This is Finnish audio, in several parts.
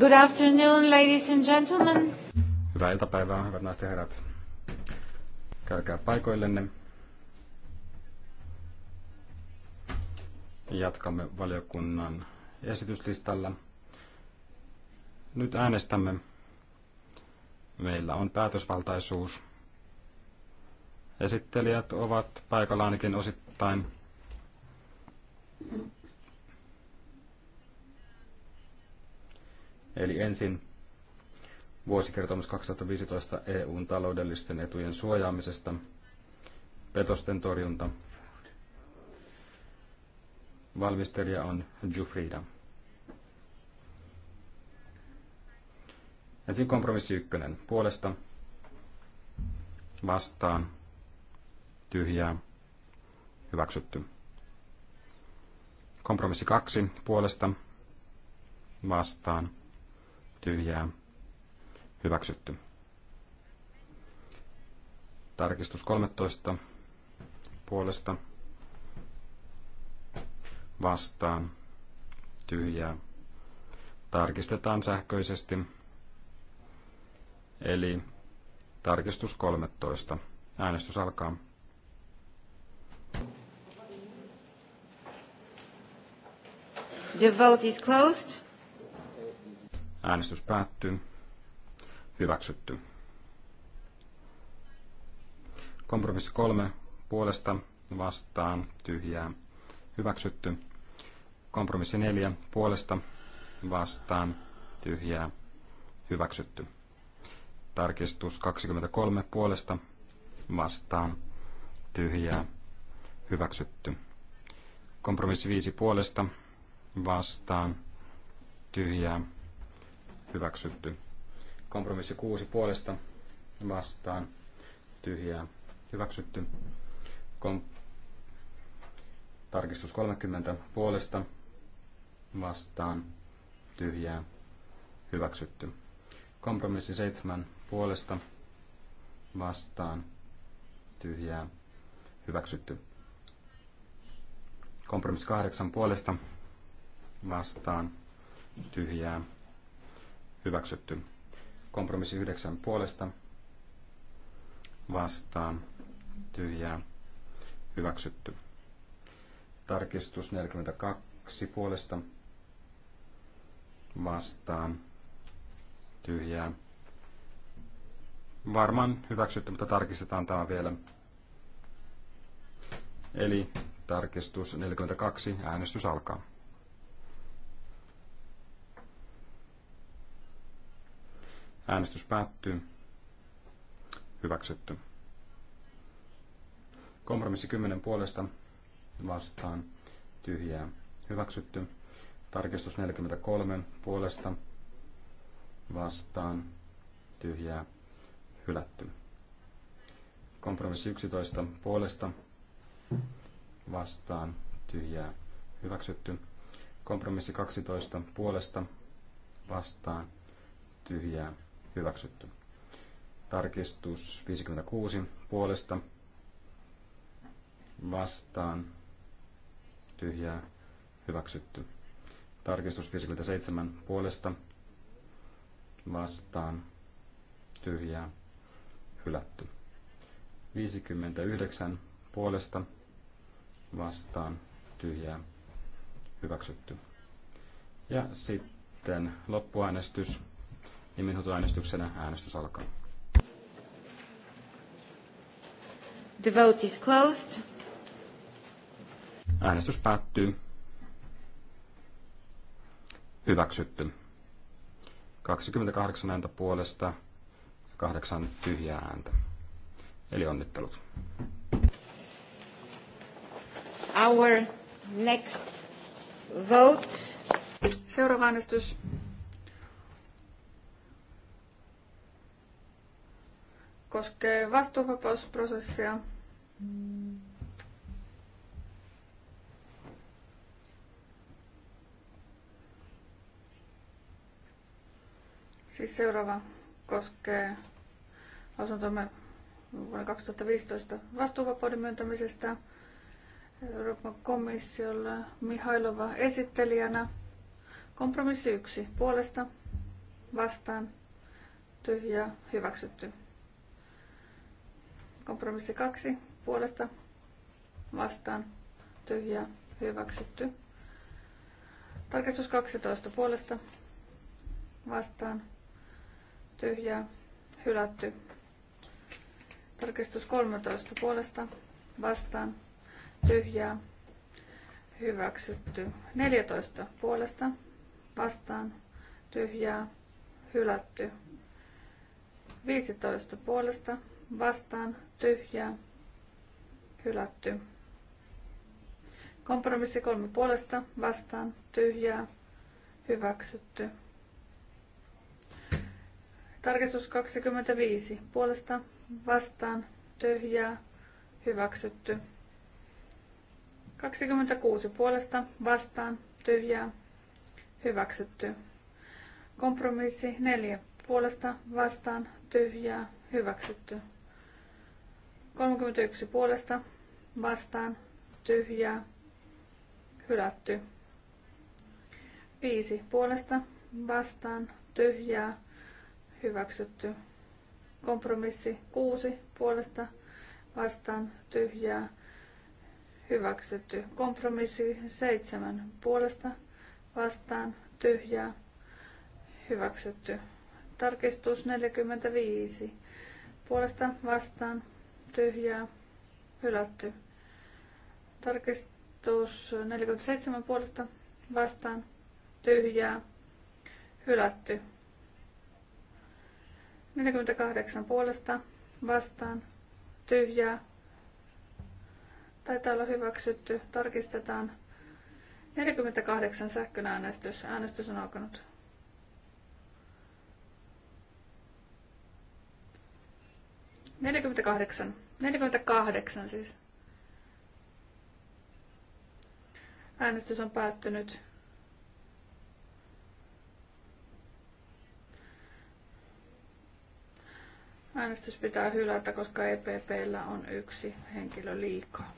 Good afternoon, ladies and gentlemen. Hyvää iltapäivää, hyvät naiset ja herrat. Käykää paikoillenne. Jatkamme valiokunnan esityslistalla. Nyt äänestämme. Meillä on päätösvaltaisuus. Esittelijät ovat paikalla ainakin osittain. Eli ensin vuosikertomus 2015 EUn taloudellisten etujen suojaamisesta, petosten torjunta. Valmistelija on Jufrida. Ensin kompromissi ykkönen puolesta vastaan tyhjää hyväksytty. Kompromissi kaksi puolesta vastaan tyhjää hyväksytty. Tarkistus 13 puolesta vastaan tyhjää. Tarkistetaan sähköisesti. Eli tarkistus 13. Äänestys alkaa. The vote is closed. Äänestys päättyy. Hyväksytty. Kompromissi kolme puolesta vastaan tyhjää. Hyväksytty. Kompromissi neljä puolesta vastaan tyhjää. Hyväksytty. Tarkistus 23 puolesta vastaan tyhjää. Hyväksytty. Kompromissi viisi puolesta vastaan tyhjää hyväksytty. Kompromissi 6 puolesta vastaan tyhjää hyväksytty. Kom- tarkistus 30 puolesta vastaan tyhjää hyväksytty. Kompromissi 7 puolesta vastaan tyhjää hyväksytty. Kompromissi 8 puolesta vastaan tyhjää hyväksytty. Kompromissi yhdeksän puolesta vastaan tyhjää hyväksytty. Tarkistus 42 puolesta vastaan tyhjää. Varmaan hyväksytty, mutta tarkistetaan tämä vielä. Eli tarkistus 42, äänestys alkaa. Äänestys päättyy. Hyväksytty. Kompromissi 10 puolesta vastaan tyhjää. Hyväksytty. Tarkistus 43 puolesta vastaan tyhjää. Hylätty. Kompromissi 11 puolesta vastaan tyhjää. Hyväksytty. Kompromissi 12 puolesta vastaan tyhjää hyväksytty. Tarkistus 56 puolesta vastaan tyhjää hyväksytty. Tarkistus 57 puolesta vastaan tyhjää hylätty. 59 puolesta vastaan tyhjää hyväksytty. Ja sitten loppuäänestys äänestyksenä äänestys alkaa. The vote is closed. Äänestys päättyy. Hyväksytty. 28 ääntä puolesta ja 8 tyhjää ääntä. Eli onnittelut. Our next vote. Seuraava äänestys. koskee vastuuvapausprosessia. Siis seuraava koskee lausuntomme vuonna 2015 vastuuvapauden myöntämisestä Euroopan komissiolla Mihailova esittelijänä. Kompromissi yksi puolesta vastaan tyhjä hyväksytty. Kompromissi kaksi puolesta vastaan tyhjä hyväksytty. Tarkistus 12 puolesta vastaan tyhjä hylätty. Tarkistus 13 puolesta vastaan tyhjää hyväksytty. 14 puolesta vastaan tyhjää hylätty. 15 puolesta vastaan tyhjää hylätty. Kompromissi kolme puolesta vastaan tyhjää hyväksytty. Tarkistus 25 puolesta vastaan tyhjää hyväksytty. 26 puolesta vastaan tyhjää hyväksytty. Kompromissi 4 puolesta vastaan tyhjää hyväksytty. 31 puolesta vastaan tyhjää hylätty. 5 puolesta vastaan tyhjää hyväksytty. Kompromissi 6 puolesta vastaan tyhjää hyväksytty. Kompromissi 7 puolesta vastaan tyhjää hyväksytty. Tarkistus 45 puolesta vastaan tyhjää, hylätty. Tarkistus 47 puolesta vastaan, tyhjää, hylätty. 48 puolesta vastaan, tyhjää. Taitaa olla hyväksytty. Tarkistetaan. 48 sähkön äänestys. Äänestys on alkanut. Neljäkymmentäkahdeksan. 48 siis. Äänestys on päättynyt. Äänestys pitää hylätä, koska EPPllä on yksi henkilö liikaa.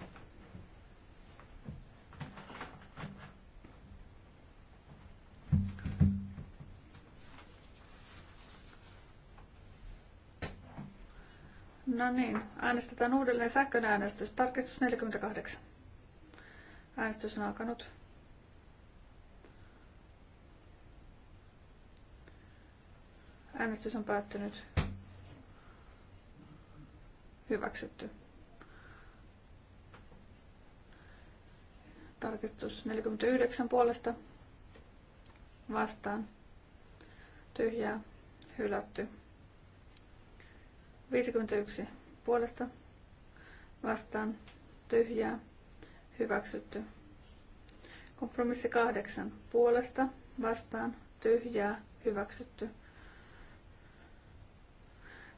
No niin, äänestetään uudelleen sähköinen äänestys. Tarkistus 48. Äänestys on alkanut. Äänestys on päättynyt. Hyväksytty. Tarkistus 49 puolesta. Vastaan. Tyhjää. Hylätty. 51 puolesta vastaan tyhjää hyväksytty. Kompromissi 8 puolesta vastaan tyhjää hyväksytty.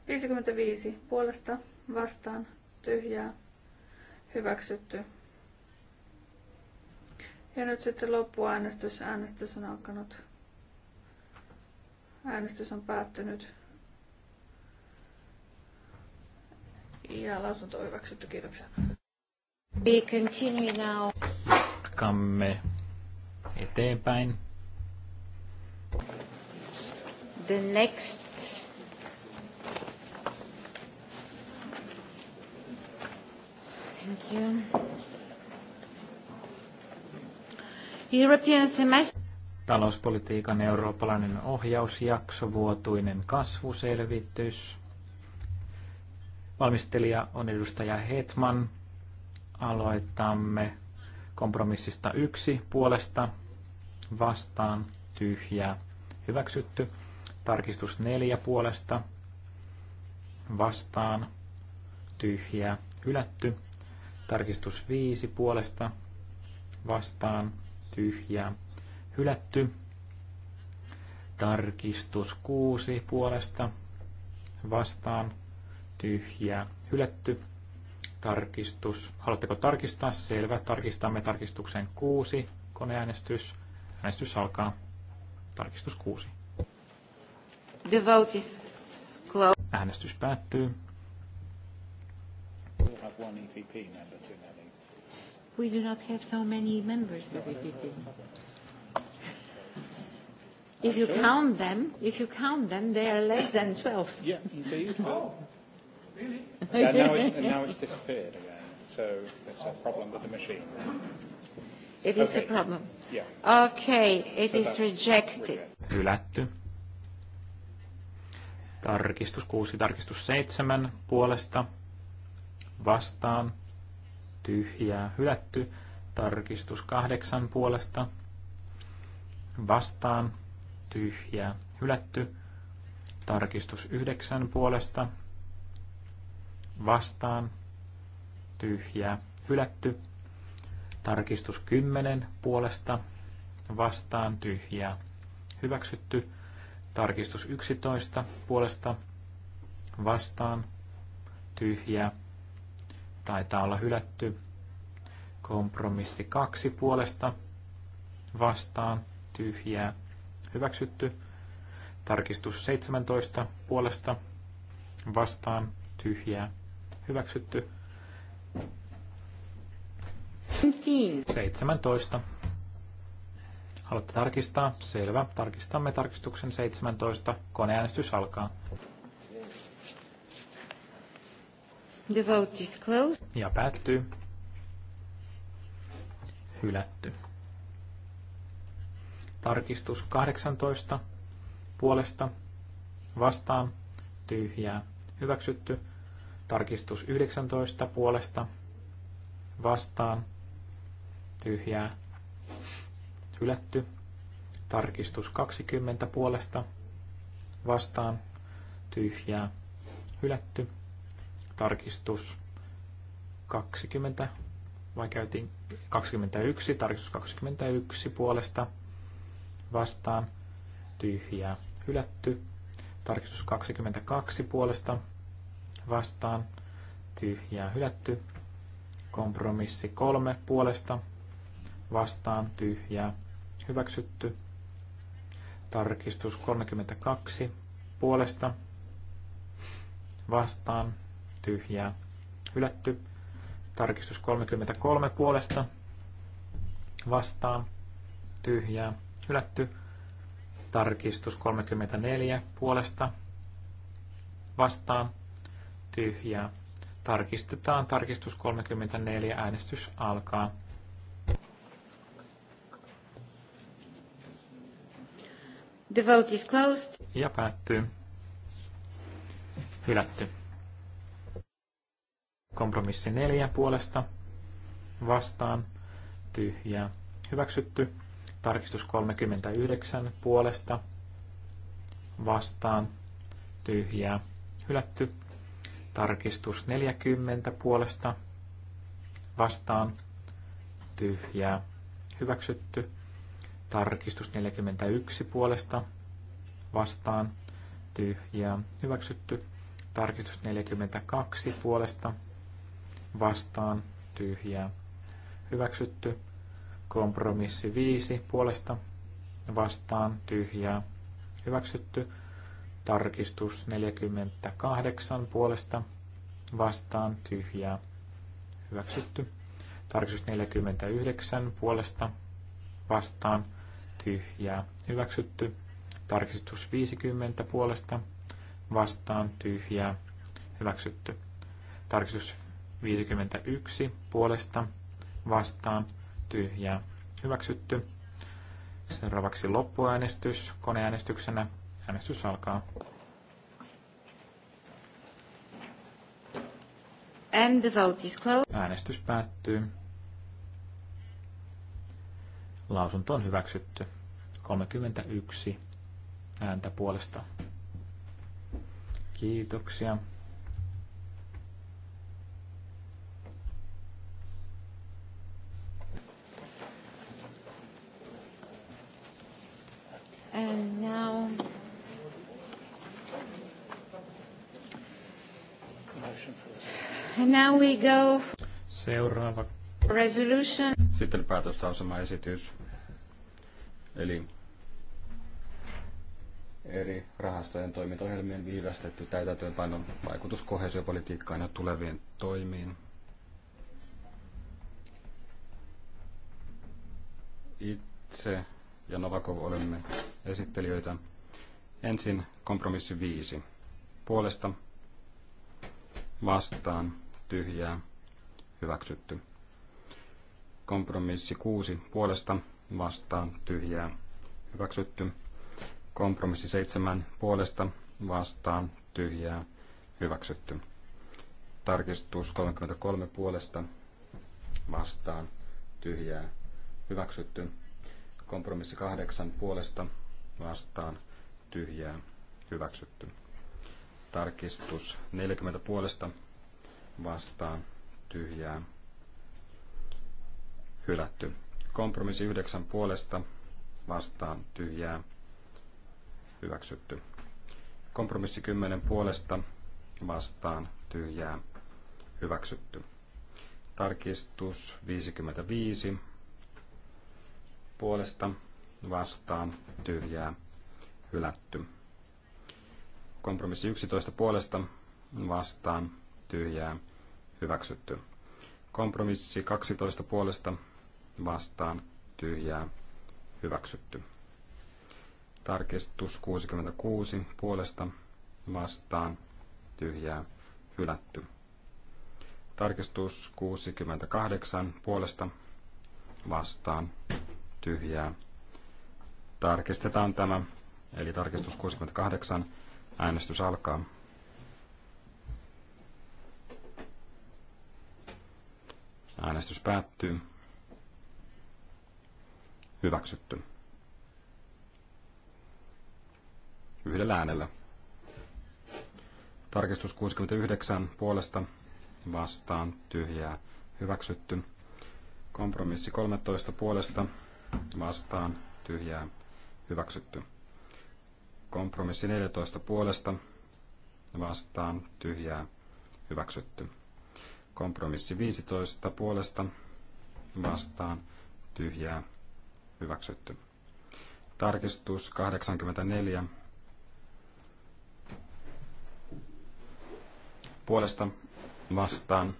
55 puolesta vastaan tyhjää hyväksytty. Ja nyt sitten loppuäänestys. Äänestys on alkanut. Äänestys on päättynyt. Ja lausunto on hyväksytty. Kiitoksia. We continue now. Jatkamme eteenpäin. The next Thank you. European semester. Talouspolitiikan eurooppalainen ohjausjakso, vuotuinen kasvuselvitys. Valmistelija on edustaja Hetman. Aloitamme kompromissista yksi puolesta vastaan tyhjä hyväksytty. Tarkistus neljä puolesta vastaan tyhjä hylätty. Tarkistus viisi puolesta vastaan tyhjä hylätty. Tarkistus kuusi puolesta vastaan tyhjä, hylätty. Tarkistus. Haluatteko tarkistaa? Selvä. Tarkistamme tarkistuksen 6. Koneäänestys. Äänestys alkaa. Tarkistus 6. The vote is closed. Äänestys päättyy. E We do not have so many members of EPP. If you count them, if you count them, they are less than 12. Yeah, indeed. Oh. Really? And now, it's, and now it's disappeared again. So it's a problem with the machine. It is okay. a problem. Yeah. Okay, it so is rejected. Hylätty. Tarkistus 6, tarkistus 7 puolesta. Vastaan. Tyhjää. Hylätty. Tarkistus 8 puolesta. Vastaan. Tyhjää. Hylätty. Tarkistus 9 puolesta vastaan, tyhjä hylätty. Tarkistus 10 puolesta, vastaan, tyhjä hyväksytty. Tarkistus 11 puolesta, vastaan, tyhjä taitaa olla hylätty. Kompromissi 2 puolesta, vastaan, tyhjä hyväksytty. Tarkistus 17 puolesta, vastaan, tyhjä Hyväksytty. 17. Haluatte tarkistaa? Selvä. Tarkistamme tarkistuksen 17. Koneäänestys alkaa. The vote is closed. Ja päättyy. Hylätty. Tarkistus 18. Puolesta. Vastaan. Tyhjää. Hyväksytty. Tarkistus 19 puolesta vastaan tyhjää hylätty. Tarkistus 20 puolesta vastaan tyhjää hylätty. Tarkistus 20 vai käytiin 21, tarkistus 21 puolesta vastaan tyhjää hylätty. Tarkistus 22 puolesta vastaan, tyhjää hylätty. Kompromissi kolme puolesta vastaan, tyhjää hyväksytty. Tarkistus 32 puolesta vastaan, tyhjää hylätty. Tarkistus 33 puolesta vastaan, tyhjää hylätty. Tarkistus 34 puolesta vastaan, tyhjää. Tarkistetaan. Tarkistus 34. Äänestys alkaa. The vote is closed. Ja päättyy. Hylätty. Kompromissi 4 puolesta. Vastaan. Tyhjää. Hyväksytty. Tarkistus 39 puolesta. Vastaan. Tyhjää. Hylätty Tarkistus 40 puolesta vastaan tyhjää hyväksytty. Tarkistus 41 puolesta vastaan tyhjää hyväksytty. Tarkistus 42 puolesta vastaan tyhjää hyväksytty. Kompromissi 5 puolesta vastaan tyhjää hyväksytty. Tarkistus 48 puolesta vastaan tyhjää hyväksytty. Tarkistus 49 puolesta vastaan tyhjää hyväksytty. Tarkistus 50 puolesta vastaan tyhjää hyväksytty. Tarkistus 51 puolesta vastaan tyhjää hyväksytty. Seuraavaksi loppuäänestys koneäänestyksenä Äänestys alkaa. And the vote is closed. Äänestys päättyy. Lausunto on hyväksytty. 31 ääntä puolesta. Kiitoksia. now we go. Seuraava. Resolution. Sitten päätöslausema esitys. Eli eri rahastojen toimintaohjelmien viivästetty täytäntöönpanon vaikutus kohesiopolitiikkaan ja tuleviin toimiin. Itse ja Novakov olemme esittelijöitä. Ensin kompromissi 5. Puolesta vastaan tyhjää hyväksytty. Kompromissi 6 puolesta vastaan tyhjää hyväksytty. Kompromissi 7 puolesta vastaan tyhjää hyväksytty. Tarkistus 33 puolesta vastaan tyhjää hyväksytty. Kompromissi 8 puolesta vastaan tyhjää hyväksytty. Tarkistus 40 puolesta vastaan tyhjää hylätty. Kompromissi yhdeksän puolesta vastaan tyhjää hyväksytty. Kompromissi kymmenen puolesta vastaan tyhjää hyväksytty. Tarkistus 55 puolesta vastaan tyhjää hylätty. Kompromissi 11 puolesta vastaan tyhjää hyväksytty. Kompromissi 12 puolesta vastaan tyhjää hyväksytty. Tarkistus 66 puolesta vastaan tyhjää hylätty. Tarkistus 68 puolesta vastaan tyhjää. Tarkistetaan tämä, eli tarkistus 68, äänestys alkaa. Äänestys päättyy. Hyväksytty. Yhdellä äänellä. Tarkistus 69 puolesta vastaan tyhjää hyväksytty. Kompromissi 13 puolesta vastaan tyhjää hyväksytty. Kompromissi 14 puolesta vastaan tyhjää hyväksytty. Kompromissi 15 puolesta vastaan tyhjää hyväksytty. Tarkistus 84 puolesta vastaan.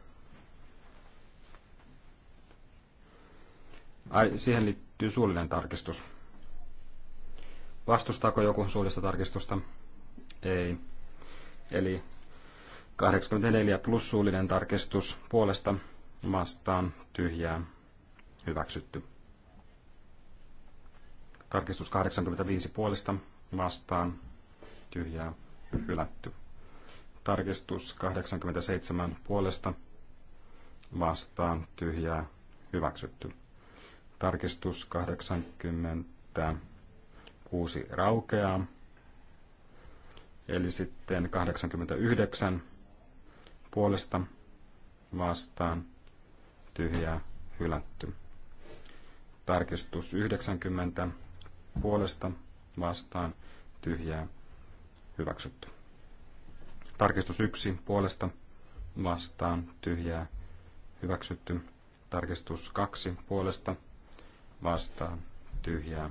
Ai, siihen liittyy suullinen tarkistus. Vastustaako joku suullista tarkistusta? Ei. Eli 84 plus suullinen tarkistus puolesta vastaan tyhjää hyväksytty. Tarkistus 85 puolesta vastaan tyhjää hylätty. Tarkistus 87 puolesta vastaan tyhjää hyväksytty. Tarkistus 86 raukeaa. Eli sitten 89 puolesta vastaan tyhjää hylätty. Tarkistus 90 puolesta vastaan tyhjää hyväksytty. Tarkistus 1 puolesta vastaan tyhjää hyväksytty. Tarkistus 2 puolesta vastaan tyhjää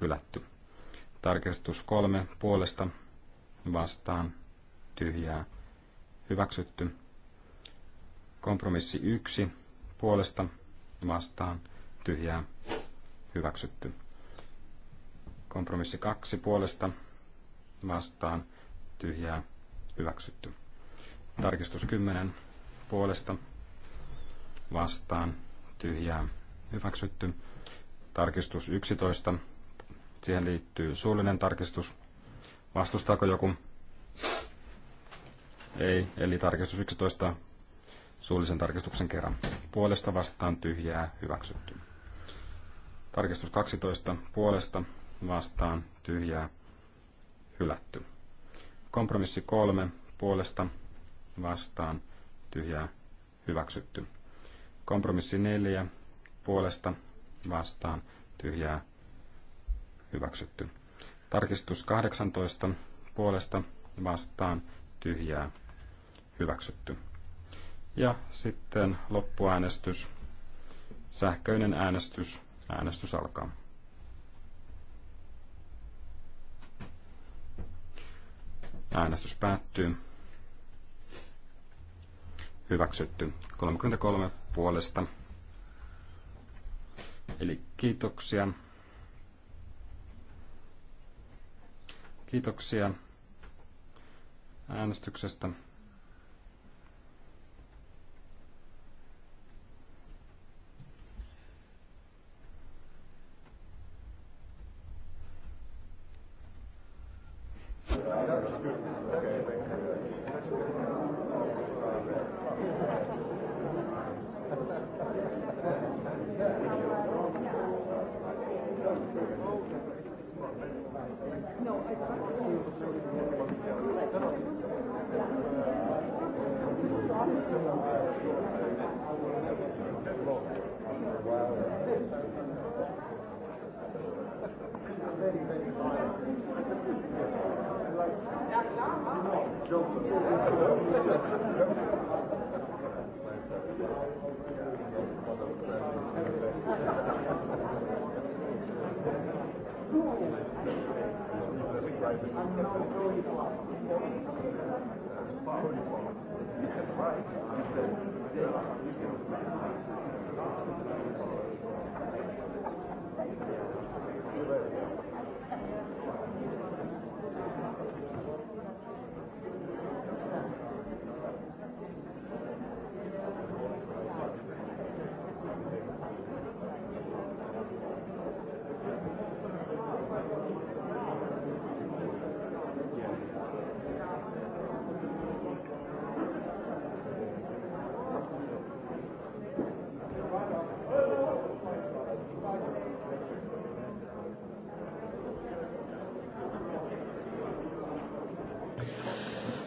hylätty. Tarkistus 3 puolesta vastaan tyhjää hylätty hyväksytty. Kompromissi yksi puolesta vastaan tyhjää hyväksytty. Kompromissi kaksi puolesta vastaan tyhjää hyväksytty. Tarkistus 10 puolesta vastaan tyhjää hyväksytty. Tarkistus 11. Siihen liittyy suullinen tarkistus. Vastustaako joku? Ei, eli tarkistus 11 suullisen tarkistuksen kerran. Puolesta vastaan tyhjää hyväksytty. Tarkistus 12 puolesta vastaan tyhjää hylätty. Kompromissi 3 puolesta vastaan tyhjää hyväksytty. Kompromissi 4 puolesta vastaan tyhjää hyväksytty. Tarkistus 18 puolesta vastaan tyhjää hyväksytty. Ja sitten loppuäänestys, sähköinen äänestys, äänestys alkaa. Äänestys päättyy. Hyväksytty 33 puolesta. Eli kiitoksia. Kiitoksia äänestyksestä.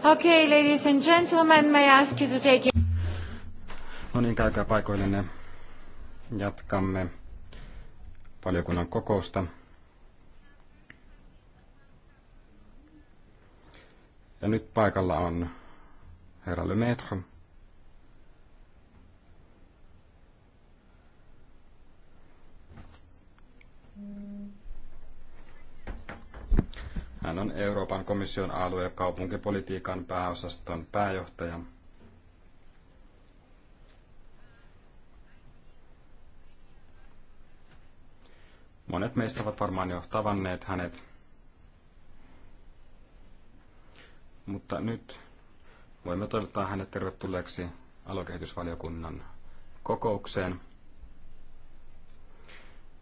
Okay, ladies and gentlemen, may I ask you to take your... No niin, käykää paikoillenne. Jatkamme valiokunnan kokousta. Ja nyt paikalla on herra Lemaitre. komission alue- ja kaupunkipolitiikan pääosaston pääjohtaja. Monet meistä ovat varmaan jo tavanneet hänet. Mutta nyt voimme toivottaa hänet tervetulleeksi alokehitysvaliokunnan kokoukseen.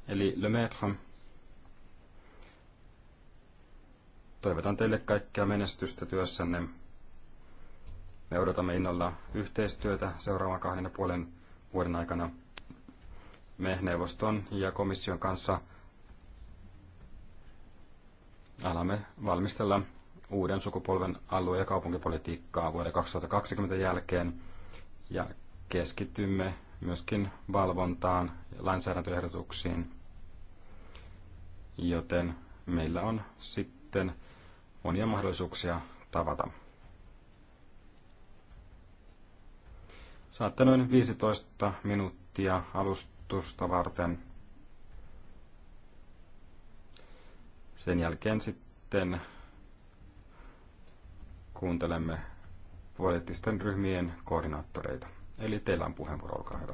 Eli Le Maître Toivotan teille kaikkea menestystä työssänne. Me odotamme innolla yhteistyötä seuraavan kahden ja puolen vuoden aikana. Me neuvoston ja komission kanssa alamme valmistella uuden sukupolven alue- ja kaupunkipolitiikkaa vuoden 2020 jälkeen ja keskitymme myöskin valvontaan ja lainsäädäntöehdotuksiin, joten meillä on sitten monia mahdollisuuksia tavata. Saatte noin 15 minuuttia alustusta varten. Sen jälkeen sitten kuuntelemme poliittisten ryhmien koordinaattoreita. Eli teillä on puheenvuoro, olkaa hyvä.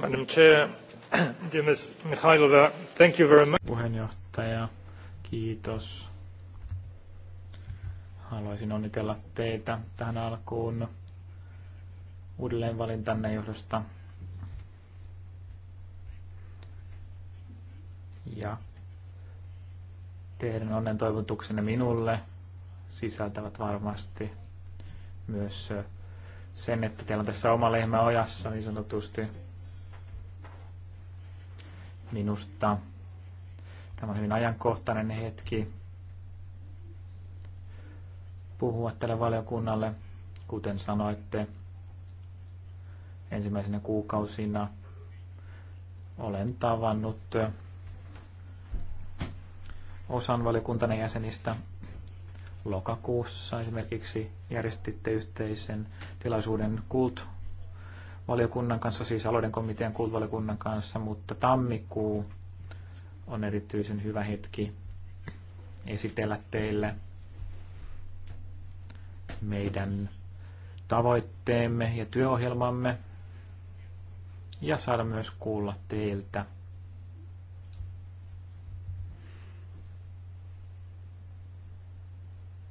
Madam Chair, Dimas Mikhailova, thank you very much. Puheenjohtaja, kiitos Haluaisin onnitella teitä tähän alkuun uudelleenvalintanne johdosta. Ja teidän onnen toivotuksenne minulle sisältävät varmasti myös sen, että teillä on tässä oma lehmä ojassa niin sanotusti minusta. Tämä on hyvin ajankohtainen hetki puhua tälle valiokunnalle, kuten sanoitte. Ensimmäisenä kuukausina olen tavannut osan valiokuntana jäsenistä lokakuussa esimerkiksi järjestitte yhteisen tilaisuuden kult valiokunnan kanssa, siis aloiden komitean kultvaliokunnan kanssa, mutta tammikuu on erityisen hyvä hetki esitellä teille meidän tavoitteemme ja työohjelmamme ja saada myös kuulla teiltä.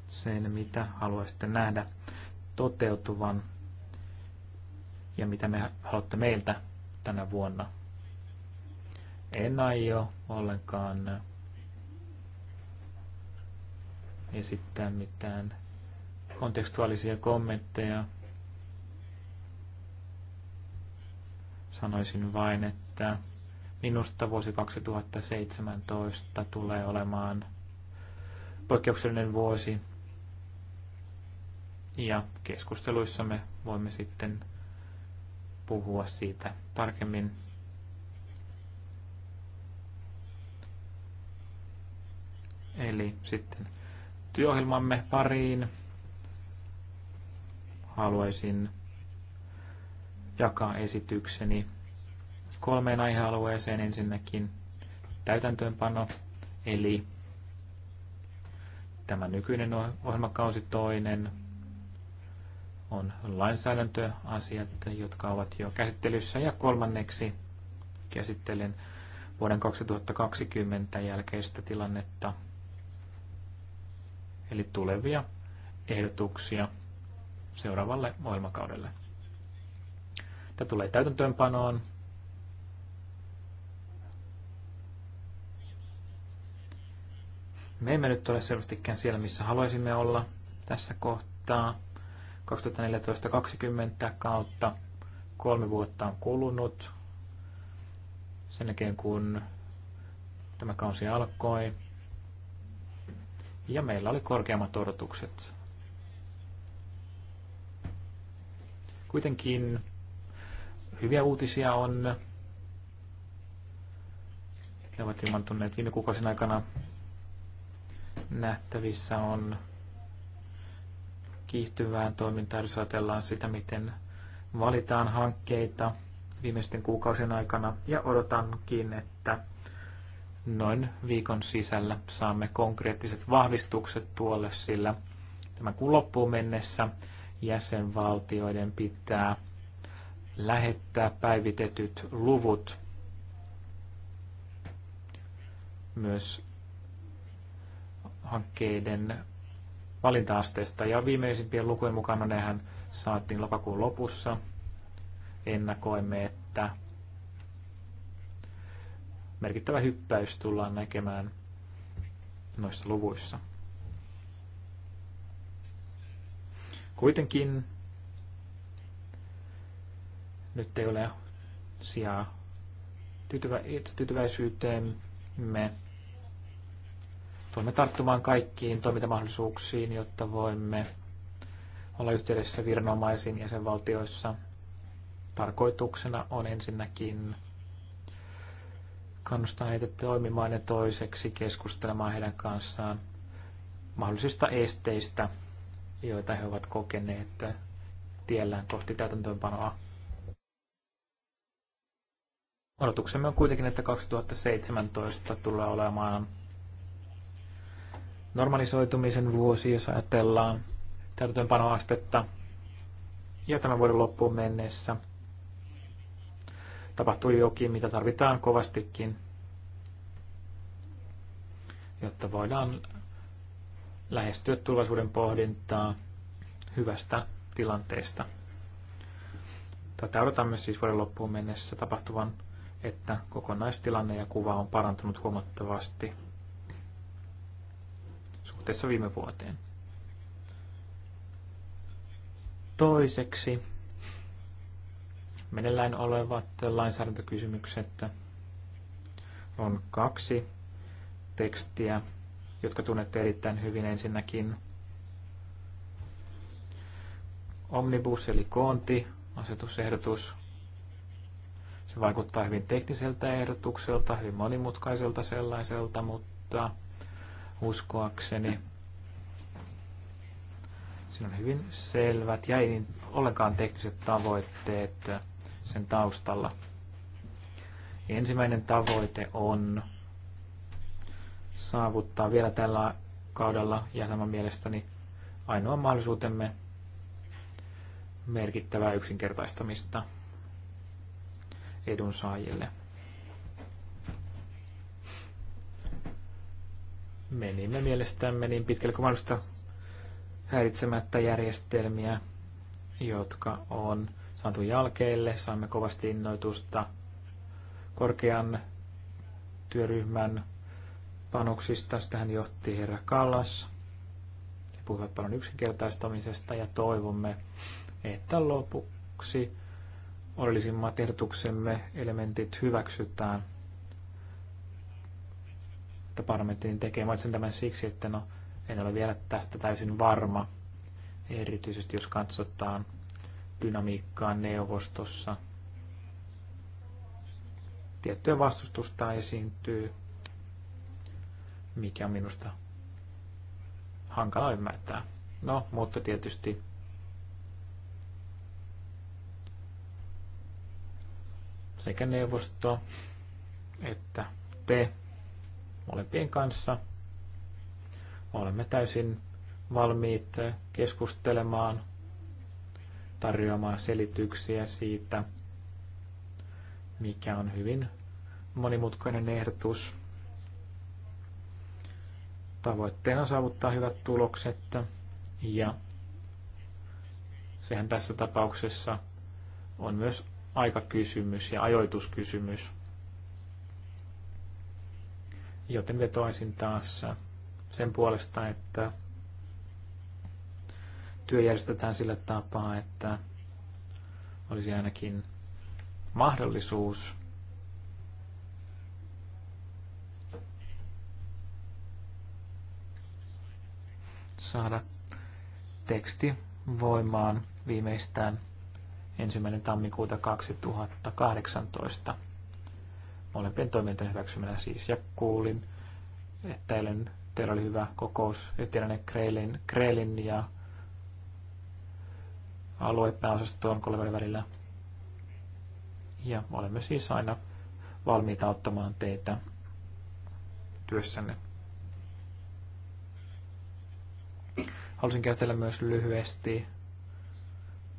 sen, mitä haluaisitte nähdä toteutuvan ja mitä me haluatte meiltä tänä vuonna. En aio ollenkaan esittää mitään kontekstuaalisia kommentteja. Sanoisin vain, että minusta vuosi 2017 tulee olemaan poikkeuksellinen vuosi. Ja keskusteluissa me voimme sitten puhua siitä tarkemmin. Eli sitten työohjelmamme pariin haluaisin jakaa esitykseni kolmeen aihealueeseen. Ensinnäkin täytäntöönpano, eli tämä nykyinen ohjelmakausi toinen on lainsäädäntöasiat, jotka ovat jo käsittelyssä, ja kolmanneksi käsittelen vuoden 2020 jälkeistä tilannetta, eli tulevia ehdotuksia seuraavalle ohjelmakaudelle. Tämä tulee täytäntöönpanoon. Me emme nyt ole selvästikään siellä, missä haluaisimme olla tässä kohtaa. 2014-2020 kautta kolme vuotta on kulunut. Sen jälkeen kun tämä kausi alkoi. Ja meillä oli korkeammat odotukset Kuitenkin hyviä uutisia on. Ne ovat ilmantuneet viime kuukausien aikana. Nähtävissä on kiihtyvää toimintaa, jos ajatellaan sitä, miten valitaan hankkeita viimeisten kuukausien aikana. Ja odotankin, että noin viikon sisällä saamme konkreettiset vahvistukset tuolle, sillä tämän kuun loppuun mennessä jäsenvaltioiden pitää lähettää päivitetyt luvut myös hankkeiden valinta-asteesta. Ja viimeisimpien lukujen mukana no nehän saatiin lokakuun lopussa. Ennakoimme, että merkittävä hyppäys tullaan näkemään noissa luvuissa. Kuitenkin nyt ei ole sijaa tyytyvä, tyytyväisyyteen. Me tulemme tarttumaan kaikkiin toimintamahdollisuuksiin, jotta voimme olla yhteydessä viranomaisiin jäsenvaltioissa. Tarkoituksena on ensinnäkin kannustaa heitä toimimaan ja toiseksi keskustelemaan heidän kanssaan mahdollisista esteistä joita he ovat kokeneet tiellään kohti täytäntöönpanoa. Odotuksemme on kuitenkin, että 2017 tulee olemaan normalisoitumisen vuosi, jos ajatellaan täytäntöönpanoastetta. Ja tämän vuoden loppuun mennessä tapahtuu jokin, mitä tarvitaan kovastikin, jotta voidaan lähestyä tulevaisuuden pohdintaa hyvästä tilanteesta. Tätä odotamme siis vuoden loppuun mennessä tapahtuvan, että kokonaistilanne ja kuva on parantunut huomattavasti suhteessa viime vuoteen. Toiseksi meneillään olevat lainsäädäntökysymykset on kaksi tekstiä jotka tunnette erittäin hyvin ensinnäkin. Omnibus eli koonti, asetusehdotus. Se vaikuttaa hyvin tekniseltä ehdotukselta, hyvin monimutkaiselta sellaiselta, mutta uskoakseni siinä on hyvin selvät ja ei niin ollenkaan tekniset tavoitteet sen taustalla. Ensimmäinen tavoite on saavuttaa vielä tällä kaudella ja tämä mielestäni ainoa mahdollisuutemme merkittävää yksinkertaistamista edunsaajille. Menimme mielestämme niin pitkälle kuin mahdollista häiritsemättä järjestelmiä, jotka on saatu jälkeelle. Saimme kovasti innoitusta korkean työryhmän panoksista. hän johti herra Kallas. He puhuivat paljon yksinkertaistamisesta ja toivomme, että lopuksi olisimmat ehdotuksemme elementit hyväksytään. Että parlamentin niin tekee. Mainitsen tämän siksi, että no, en ole vielä tästä täysin varma, erityisesti jos katsotaan dynamiikkaa neuvostossa. Tiettyä vastustusta esiintyy mikä on minusta hankala ymmärtää. No, mutta tietysti sekä neuvosto että te molempien kanssa olemme täysin valmiit keskustelemaan, tarjoamaan selityksiä siitä, mikä on hyvin monimutkainen ehdotus Tavoitteena saavuttaa hyvät tulokset ja sehän tässä tapauksessa on myös aikakysymys ja ajoituskysymys. Joten vetoaisin taas sen puolesta, että työ järjestetään sillä tapaa, että olisi ainakin mahdollisuus saada teksti voimaan viimeistään ensimmäinen tammikuuta 2018. Molempien toimintojen hyväksyminen siis. Ja kuulin, että eilen teillä oli hyvä kokous yhteydenne kreilin Kreilin ja aluepääosastoon kollegan välillä. Ja olemme siis aina valmiita auttamaan teitä työssänne. Halusin käsitellä myös lyhyesti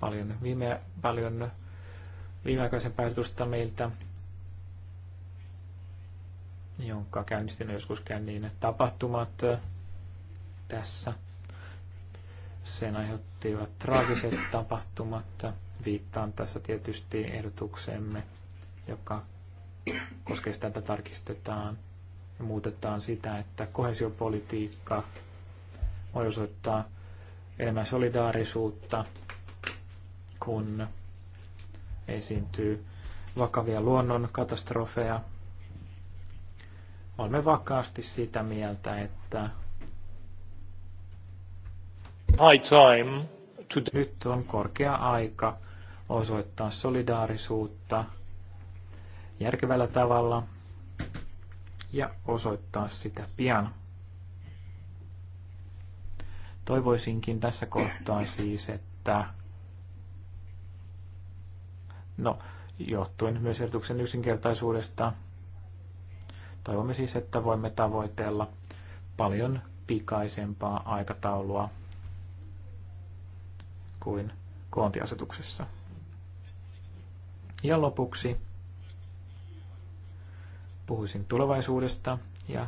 paljon, viime, paljon viimeaikaisen päätöstä meiltä, jonka käynnistin joskus niin tapahtumat tässä. Sen aiheuttivat traagiset tapahtumat. Viittaan tässä tietysti ehdotukseemme, joka koskee sitä, että tarkistetaan ja muutetaan sitä, että kohesiopolitiikka voi osoittaa enemmän solidaarisuutta, kun esiintyy vakavia luonnonkatastrofeja. Olemme vakaasti sitä mieltä, että High time to... nyt on korkea aika osoittaa solidaarisuutta järkevällä tavalla ja osoittaa sitä pian. Toivoisinkin tässä kohtaa siis, että no, johtuen myös ehdotuksen yksinkertaisuudesta, toivomme siis, että voimme tavoitella paljon pikaisempaa aikataulua kuin koontiasetuksessa. Ja lopuksi puhuisin tulevaisuudesta ja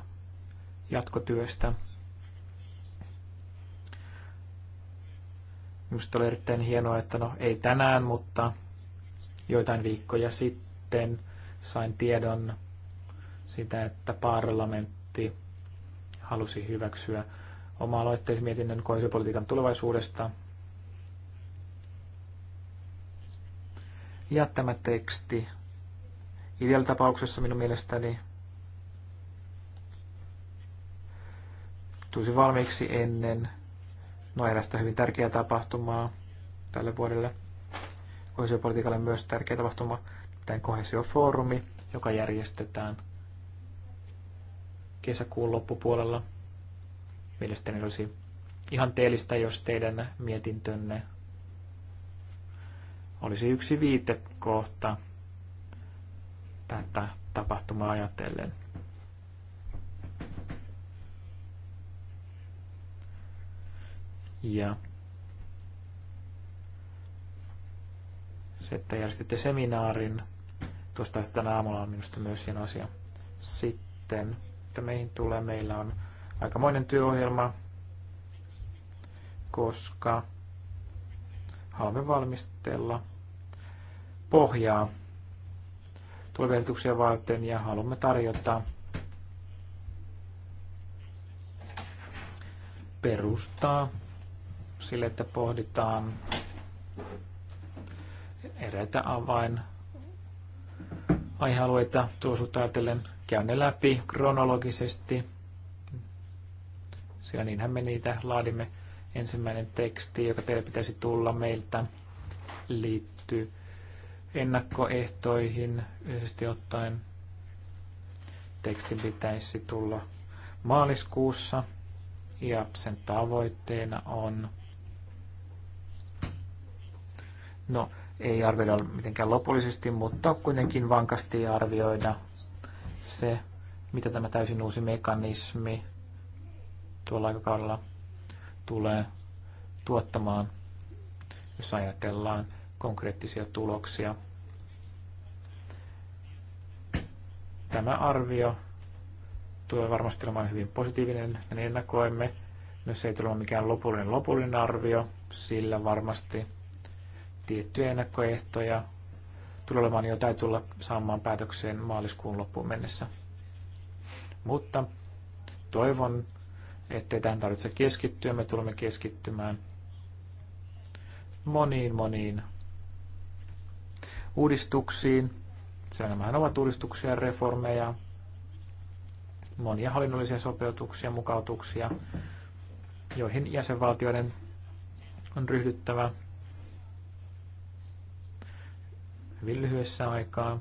jatkotyöstä. Minusta oli erittäin hienoa, että no ei tänään, mutta joitain viikkoja sitten sain tiedon sitä, että parlamentti halusi hyväksyä oma aloitteismietinnön koisopolitiikan tulevaisuudesta. Ja tämä teksti ideal tapauksessa minun mielestäni tulisi valmiiksi ennen No erästä hyvin tärkeää tapahtumaa tälle vuodelle. Kohesiopolitiikalle myös tärkeä tapahtuma, tämä kohesiofoorumi, joka järjestetään kesäkuun loppupuolella. Mielestäni olisi ihan teellistä, jos teidän mietintönne olisi yksi viitekohta tätä tapahtumaa ajatellen. Ja se, että järjestitte seminaarin tuosta tänä aamulla on minusta myös hieno asia. Sitten, että meihin tulee, meillä on aikamoinen työohjelma, koska haluamme valmistella pohjaa tulevia varten ja haluamme tarjota perustaa sille, että pohditaan eräitä avain aihealueita tuosuutta ajatellen käyn ne läpi kronologisesti. Sillä niinhän me niitä laadimme. Ensimmäinen teksti, joka teille pitäisi tulla meiltä, liittyy ennakkoehtoihin yleisesti ottaen. Teksti pitäisi tulla maaliskuussa ja sen tavoitteena on no ei arvioida mitenkään lopullisesti, mutta kuitenkin vankasti arvioida se, mitä tämä täysin uusi mekanismi tuolla aikakaudella tulee tuottamaan, jos ajatellaan konkreettisia tuloksia. Tämä arvio tulee varmasti olemaan hyvin positiivinen, ja ennakoimme. No se ei tule mikään lopullinen lopullinen arvio, sillä varmasti – tiettyjä ennakkoehtoja tulee olemaan, jo tai tulla saamaan päätökseen maaliskuun loppuun mennessä. Mutta toivon, ettei tähän tarvitse keskittyä. Me tulemme keskittymään moniin moniin uudistuksiin. Sillä nämähän ovat uudistuksia, reformeja, monia hallinnollisia sopeutuksia, mukautuksia, joihin jäsenvaltioiden on ryhdyttävä hyvin lyhyessä aikaa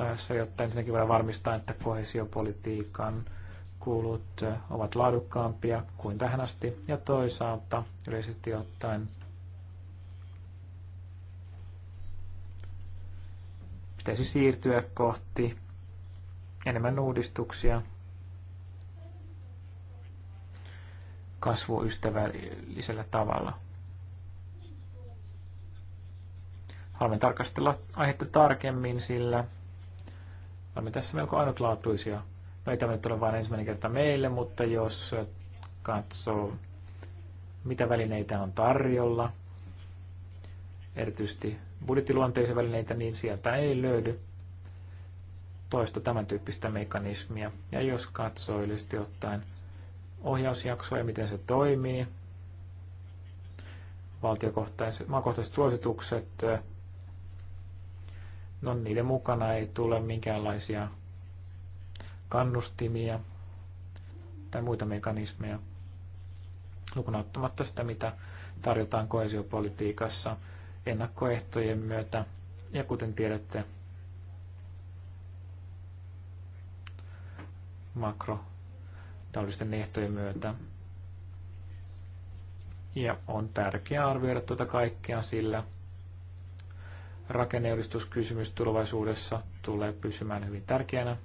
ajassa, jotta ensinnäkin voidaan varmistaa, että kohesiopolitiikan kulut ovat laadukkaampia kuin tähän asti, ja toisaalta yleisesti ottaen pitäisi siirtyä kohti enemmän uudistuksia kasvuystävällisellä tavalla. Haluamme tarkastella aihetta tarkemmin, sillä olemme tässä melko ainutlaatuisia. No ei tämä nyt ole vain ensimmäinen kerta meille, mutta jos katsoo, mitä välineitä on tarjolla, erityisesti budjettiluonteisia välineitä, niin sieltä ei löydy toista tämän tyyppistä mekanismia. Ja jos katsoo yleisesti ottaen ohjausjaksoa ja miten se toimii, valtiokohtaiset, maakohtaiset suositukset, no niiden mukana ei tule minkäänlaisia kannustimia tai muita mekanismeja, lukunottamatta sitä, mitä tarjotaan koesiopolitiikassa ennakkoehtojen myötä. Ja kuten tiedätte, makro taloudellisten ehtojen myötä. Ja on tärkeää arvioida tuota kaikkea sillä, rakenneuudistuskysymys tulevaisuudessa tulee pysymään hyvin tärkeänä.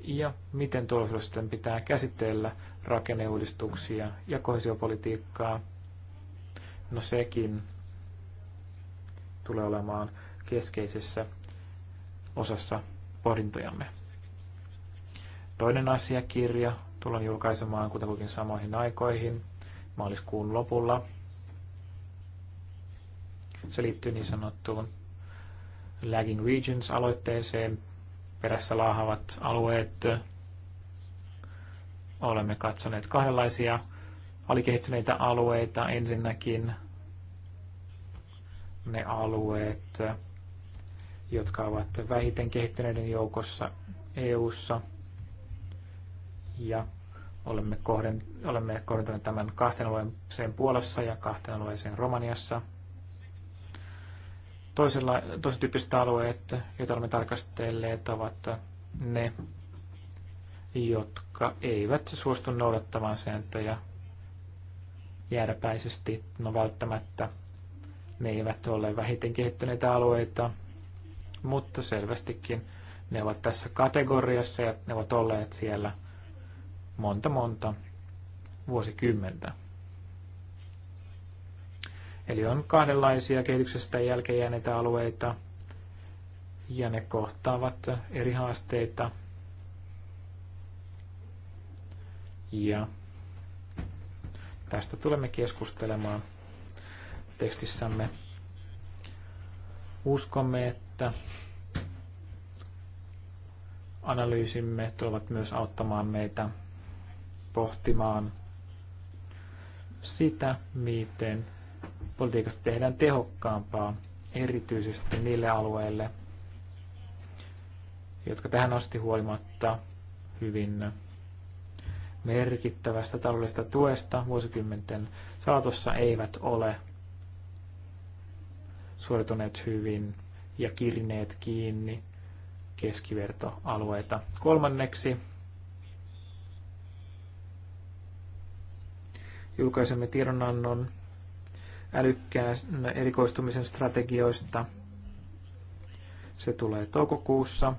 Ja miten tulevaisuudessa pitää käsitellä rakenneuudistuksia ja kohesiopolitiikkaa? No sekin tulee olemaan keskeisessä osassa pohdintojamme. Toinen asiakirja tullaan julkaisemaan kutakuinkin samoihin aikoihin maaliskuun lopulla – se liittyy niin sanottuun Lagging Regions-aloitteeseen, perässä laahavat alueet. Olemme katsoneet kahdenlaisia alikehittyneitä alueita. Ensinnäkin ne alueet, jotka ovat vähiten kehittyneiden joukossa EU:ssa ja olemme, kohden, olemme kohdentaneet tämän kahteen alueeseen Puolassa ja kahteen alueeseen Romaniassa. Toisella, toisen tyyppiset alueet, joita olemme tarkastelleet, ovat ne, jotka eivät suostu noudattamaan sääntöjä jääräpäisesti. No välttämättä ne eivät ole vähiten kehittyneitä alueita, mutta selvästikin ne ovat tässä kategoriassa ja ne ovat olleet siellä monta monta vuosikymmentä. Eli on kahdenlaisia kehityksestä jälkeenjääneitä alueita, ja ne kohtaavat eri haasteita. Ja tästä tulemme keskustelemaan tekstissämme. Uskomme, että analyysimme tulevat myös auttamaan meitä pohtimaan sitä, miten politiikasta tehdään tehokkaampaa, erityisesti niille alueille, jotka tähän asti huolimatta hyvin merkittävästä taloudellisesta tuesta vuosikymmenten saatossa eivät ole suorituneet hyvin ja kirneet kiinni keskivertoalueita. Kolmanneksi julkaisemme tiedonannon älykkään erikoistumisen strategioista. Se tulee toukokuussa.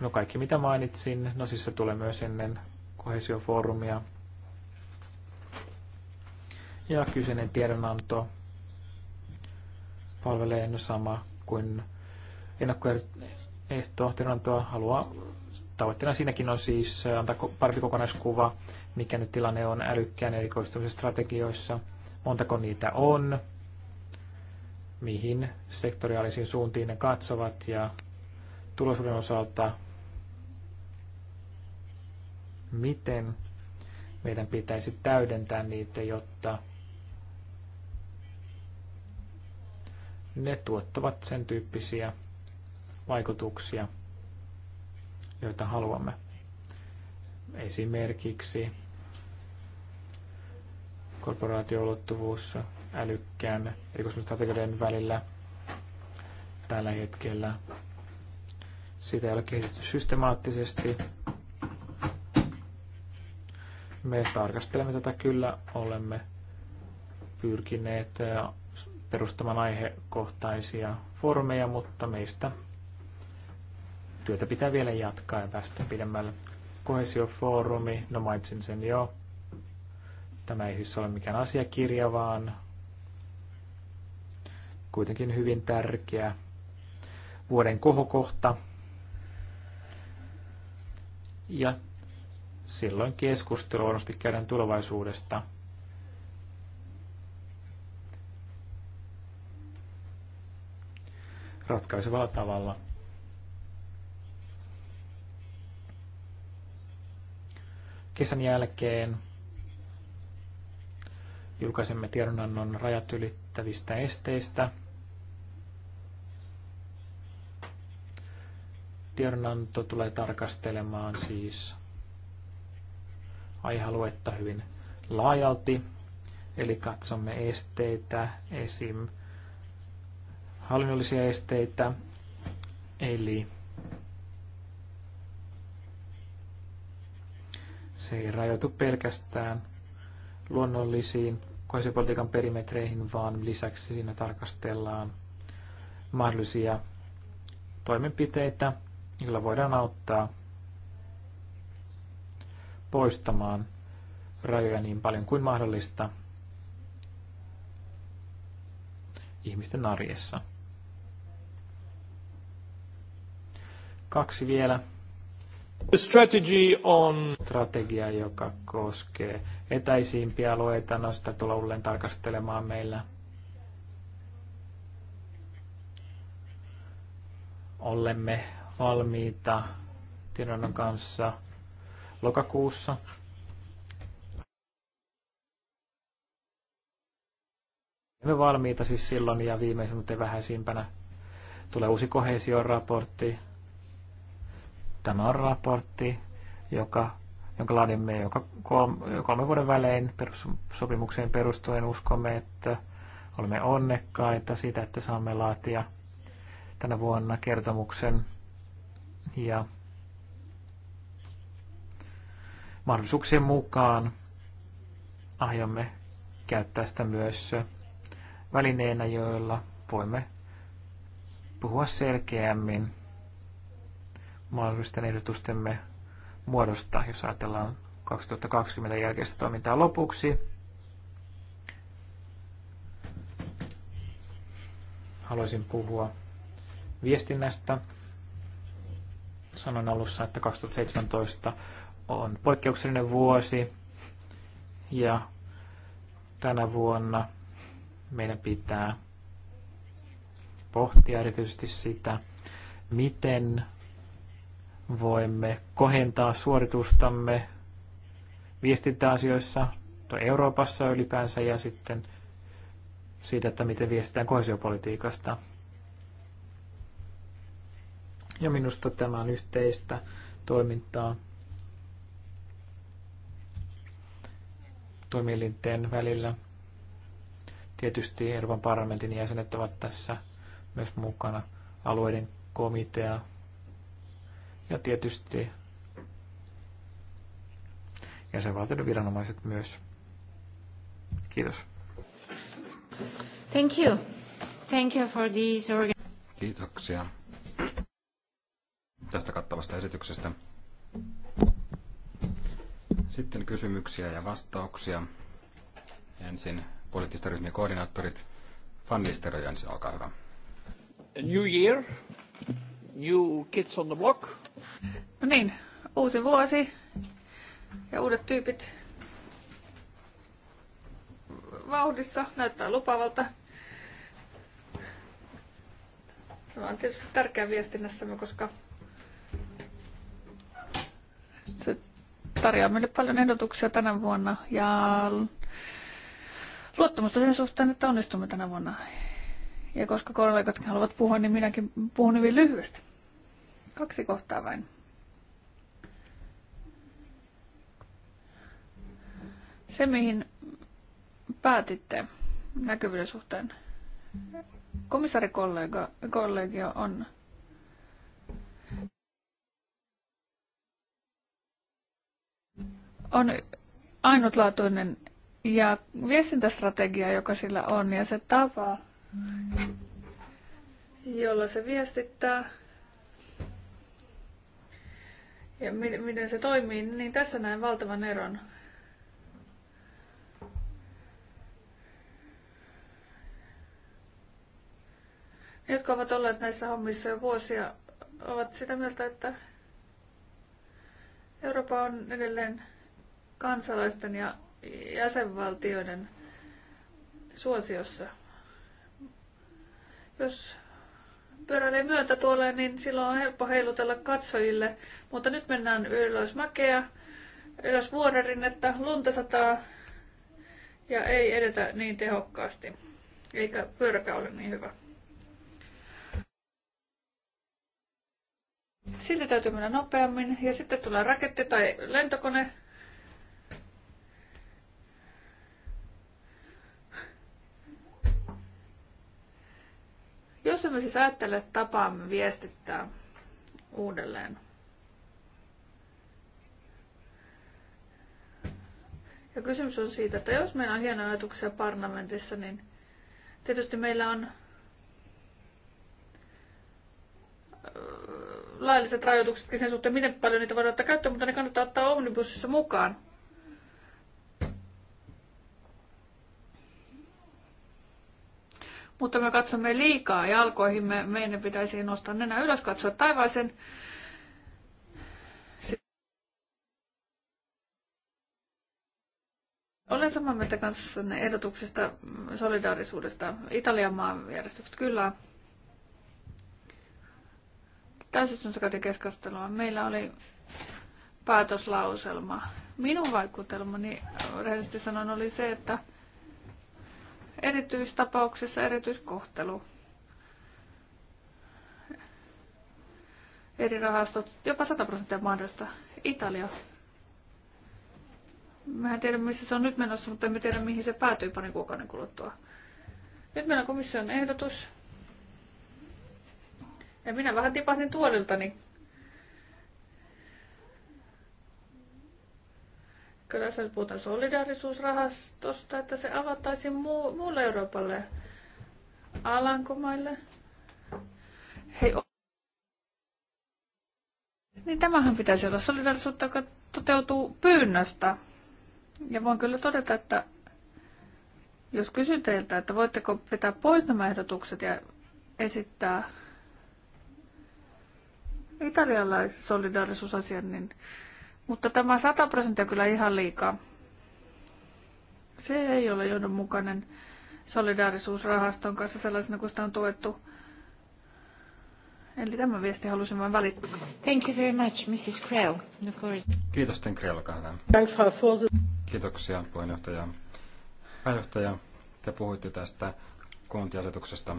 No kaikki mitä mainitsin, no siis se tulee myös ennen kohesiofoorumia. Ja kyseinen tiedonanto palvelee no sama kuin ennakkoehto tiedonantoa haluaa tavoitteena siinäkin on siis antaa parempi kokonaiskuva, mikä nyt tilanne on älykkään erikoistumisen strategioissa, montako niitä on, mihin sektoriaalisiin suuntiin ne katsovat ja tulosuuden osalta miten meidän pitäisi täydentää niitä, jotta ne tuottavat sen tyyppisiä vaikutuksia, joita haluamme. Esimerkiksi korporaatioulottuvuus älykkään rikosstrategioiden välillä tällä hetkellä. Sitä ei ole kehitetty systemaattisesti. Me tarkastelemme tätä kyllä, olemme pyrkineet perustamaan aihekohtaisia formeja, mutta meistä työtä pitää vielä jatkaa ja päästä pidemmälle. Koesiofoorumi, no mainitsin sen jo. Tämä ei siis ole mikään asiakirja, vaan kuitenkin hyvin tärkeä vuoden kohokohta. Ja silloin keskustelu varmasti käydään tulevaisuudesta. ratkaisevalla tavalla. kesän jälkeen julkaisemme tiedonannon rajat ylittävistä esteistä. Tiedonanto tulee tarkastelemaan siis aihealuetta hyvin laajalti, eli katsomme esteitä, esim. hallinnollisia esteitä, eli se ei rajoitu pelkästään luonnollisiin kohesiopolitiikan perimetreihin, vaan lisäksi siinä tarkastellaan mahdollisia toimenpiteitä, joilla voidaan auttaa poistamaan rajoja niin paljon kuin mahdollista ihmisten arjessa. Kaksi vielä Strategy on strategia, joka koskee etäisimpiä alueita. No sitä tulee uudelleen tarkastelemaan meillä. Olemme valmiita tiedonannon kanssa lokakuussa. Olemme valmiita siis silloin ja viimeisen, mutta vähäisimpänä tulee uusi kohesioraportti Tämä on raportti, joka, jonka laadimme joka kolme, kolme vuoden välein perussopimukseen perustuen. Uskomme, että olemme onnekkaita siitä, että saamme laatia tänä vuonna kertomuksen ja mahdollisuuksien mukaan aiomme käyttää sitä myös välineenä, joilla voimme puhua selkeämmin mahdollisten ehdotustemme muodosta, jos ajatellaan 2020 jälkeistä toimintaa lopuksi. Haluaisin puhua viestinnästä. Sanoin alussa, että 2017 on poikkeuksellinen vuosi ja tänä vuonna meidän pitää pohtia erityisesti sitä, miten voimme kohentaa suoritustamme viestintäasioissa, tai Euroopassa ylipäänsä ja sitten siitä, että miten viestitään kohesiopolitiikasta. Ja minusta tämä on yhteistä toimintaa toimielinten välillä. Tietysti Euroopan parlamentin jäsenet ovat tässä myös mukana, alueiden komitea, ja tietysti jäsenvaltioiden viranomaiset myös. Kiitos. Thank you. Thank you for these organ- Kiitoksia tästä kattavasta esityksestä. Sitten kysymyksiä ja vastauksia. Ensin poliittisten ryhmien koordinaattorit. Van ensin olkaa hyvä. A new year, new kids on the block. No niin, uusi vuosi ja uudet tyypit vauhdissa, näyttää lupavalta. Tämä on tietysti tärkeä viestinnässämme, koska se tarjoaa meille paljon ehdotuksia tänä vuonna ja luottamusta sen suhteen, että onnistumme tänä vuonna ja koska kollegatkin haluavat puhua, niin minäkin puhun hyvin lyhyesti. Kaksi kohtaa vain. Se, mihin päätitte näkyvyyden suhteen, komissaarikollegio on on ainutlaatuinen ja viestintästrategia, joka sillä on, ja se tapa, jolla se viestittää ja miten se toimii, niin tässä näen valtavan eron. Ne, jotka ovat olleet näissä hommissa jo vuosia, ovat sitä mieltä, että Eurooppa on edelleen kansalaisten ja jäsenvaltioiden suosiossa. Jos pyöräilee myötä tuolle, niin silloin on helppo heilutella katsojille. Mutta nyt mennään ylös mäkeä, ylös että lunta sataa ja ei edetä niin tehokkaasti. Eikä pyöräkä ole niin hyvä. Silti täytyy mennä nopeammin ja sitten tulee raketti tai lentokone Jos emme siis ajattele tapaamme viestittää uudelleen, Ja kysymys on siitä, että jos meillä on hienoja ajatuksia parlamentissa, niin tietysti meillä on äh, lailliset rajoituksetkin sen suhteen, miten paljon niitä voidaan ottaa käyttöön, mutta ne kannattaa ottaa omnibusissa mukaan. mutta me katsomme liikaa jalkoihimme. Meidän pitäisi nostaa nenä ylös, katsoa taivaaseen. Olen samaa mieltä kanssanne ehdotuksesta solidaarisuudesta. Italian maanjärjestykset kyllä. Täysistunnossa keskustelua. Meillä oli päätöslauselma. Minun vaikutelmani rehellisesti sanoen oli se, että erityistapauksessa erityiskohtelu. Eri rahastot, jopa 100 prosenttia mahdollista. Italia. Mä en tiedä, missä se on nyt menossa, mutta en tiedä, mihin se päätyy parin kuukauden kuluttua. Nyt meillä on komission ehdotus. Ja minä vähän tipahdin tuoliltani, kyllä se puhutaan solidaarisuusrahastosta, että se avattaisiin muu, muulle Euroopalle, Alankomaille. Hei, niin tämähän pitäisi olla solidaarisuutta, joka toteutuu pyynnöstä. Ja voin kyllä todeta, että jos kysyn teiltä, että voitteko vetää pois nämä ehdotukset ja esittää italialaisen solidaarisuusasian, niin mutta tämä 100 prosenttia on kyllä ihan liikaa. Se ei ole johdonmukainen solidaarisuusrahaston kanssa sellaisena kuin sitä on tuettu. Eli tämä viesti halusin vain välittää. Thank you very much, Mrs. Krell. Kiitos, Ten Krell, Kiitoksia, puheenjohtaja. Pääjohtaja, te puhuitte tästä koontiasetuksesta.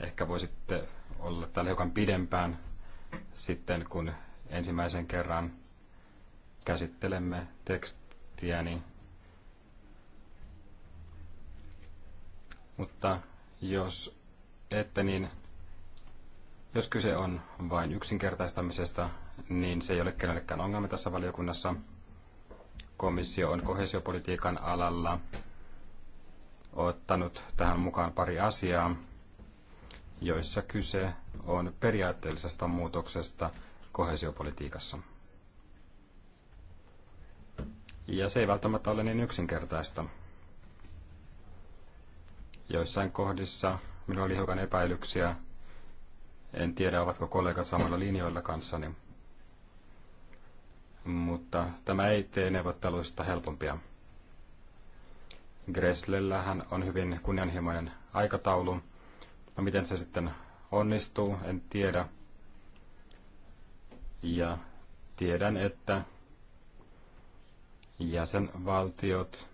Ehkä voisitte olla täällä hiukan pidempään sitten, kun ensimmäisen kerran käsittelemme tekstiäni. Mutta jos ette, niin jos kyse on vain yksinkertaistamisesta, niin se ei ole kenellekään ongelma tässä valiokunnassa. Komissio on kohesiopolitiikan alalla ottanut tähän mukaan pari asiaa, joissa kyse on periaatteellisesta muutoksesta kohesiopolitiikassa. Ja se ei välttämättä ole niin yksinkertaista. Joissain kohdissa minulla oli hiukan epäilyksiä. En tiedä, ovatko kollegat samalla linjoilla kanssani. Mutta tämä ei tee neuvotteluista helpompia. Gresslellähän on hyvin kunnianhimoinen aikataulu. No miten se sitten onnistuu, en tiedä. Ja tiedän, että jäsenvaltiot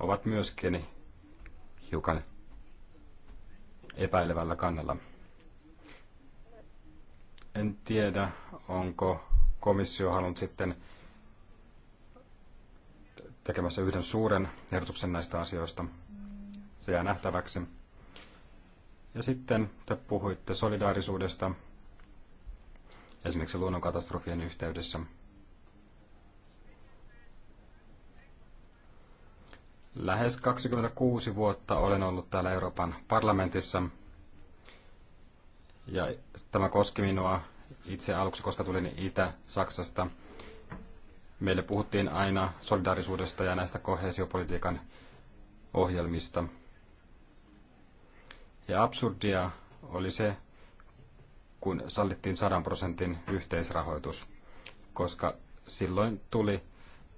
ovat myöskin hiukan epäilevällä kannalla. En tiedä, onko komissio halunnut sitten tekemässä yhden suuren ehdotuksen näistä asioista. Se jää nähtäväksi. Ja sitten te puhuitte solidaarisuudesta esimerkiksi luonnonkatastrofien yhteydessä – Lähes 26 vuotta olen ollut täällä Euroopan parlamentissa ja tämä koski minua itse aluksi, koska tulin Itä-Saksasta. Meille puhuttiin aina solidaarisuudesta ja näistä kohesiopolitiikan ohjelmista. Ja absurdia oli se, kun sallittiin 100 prosentin yhteisrahoitus, koska silloin tuli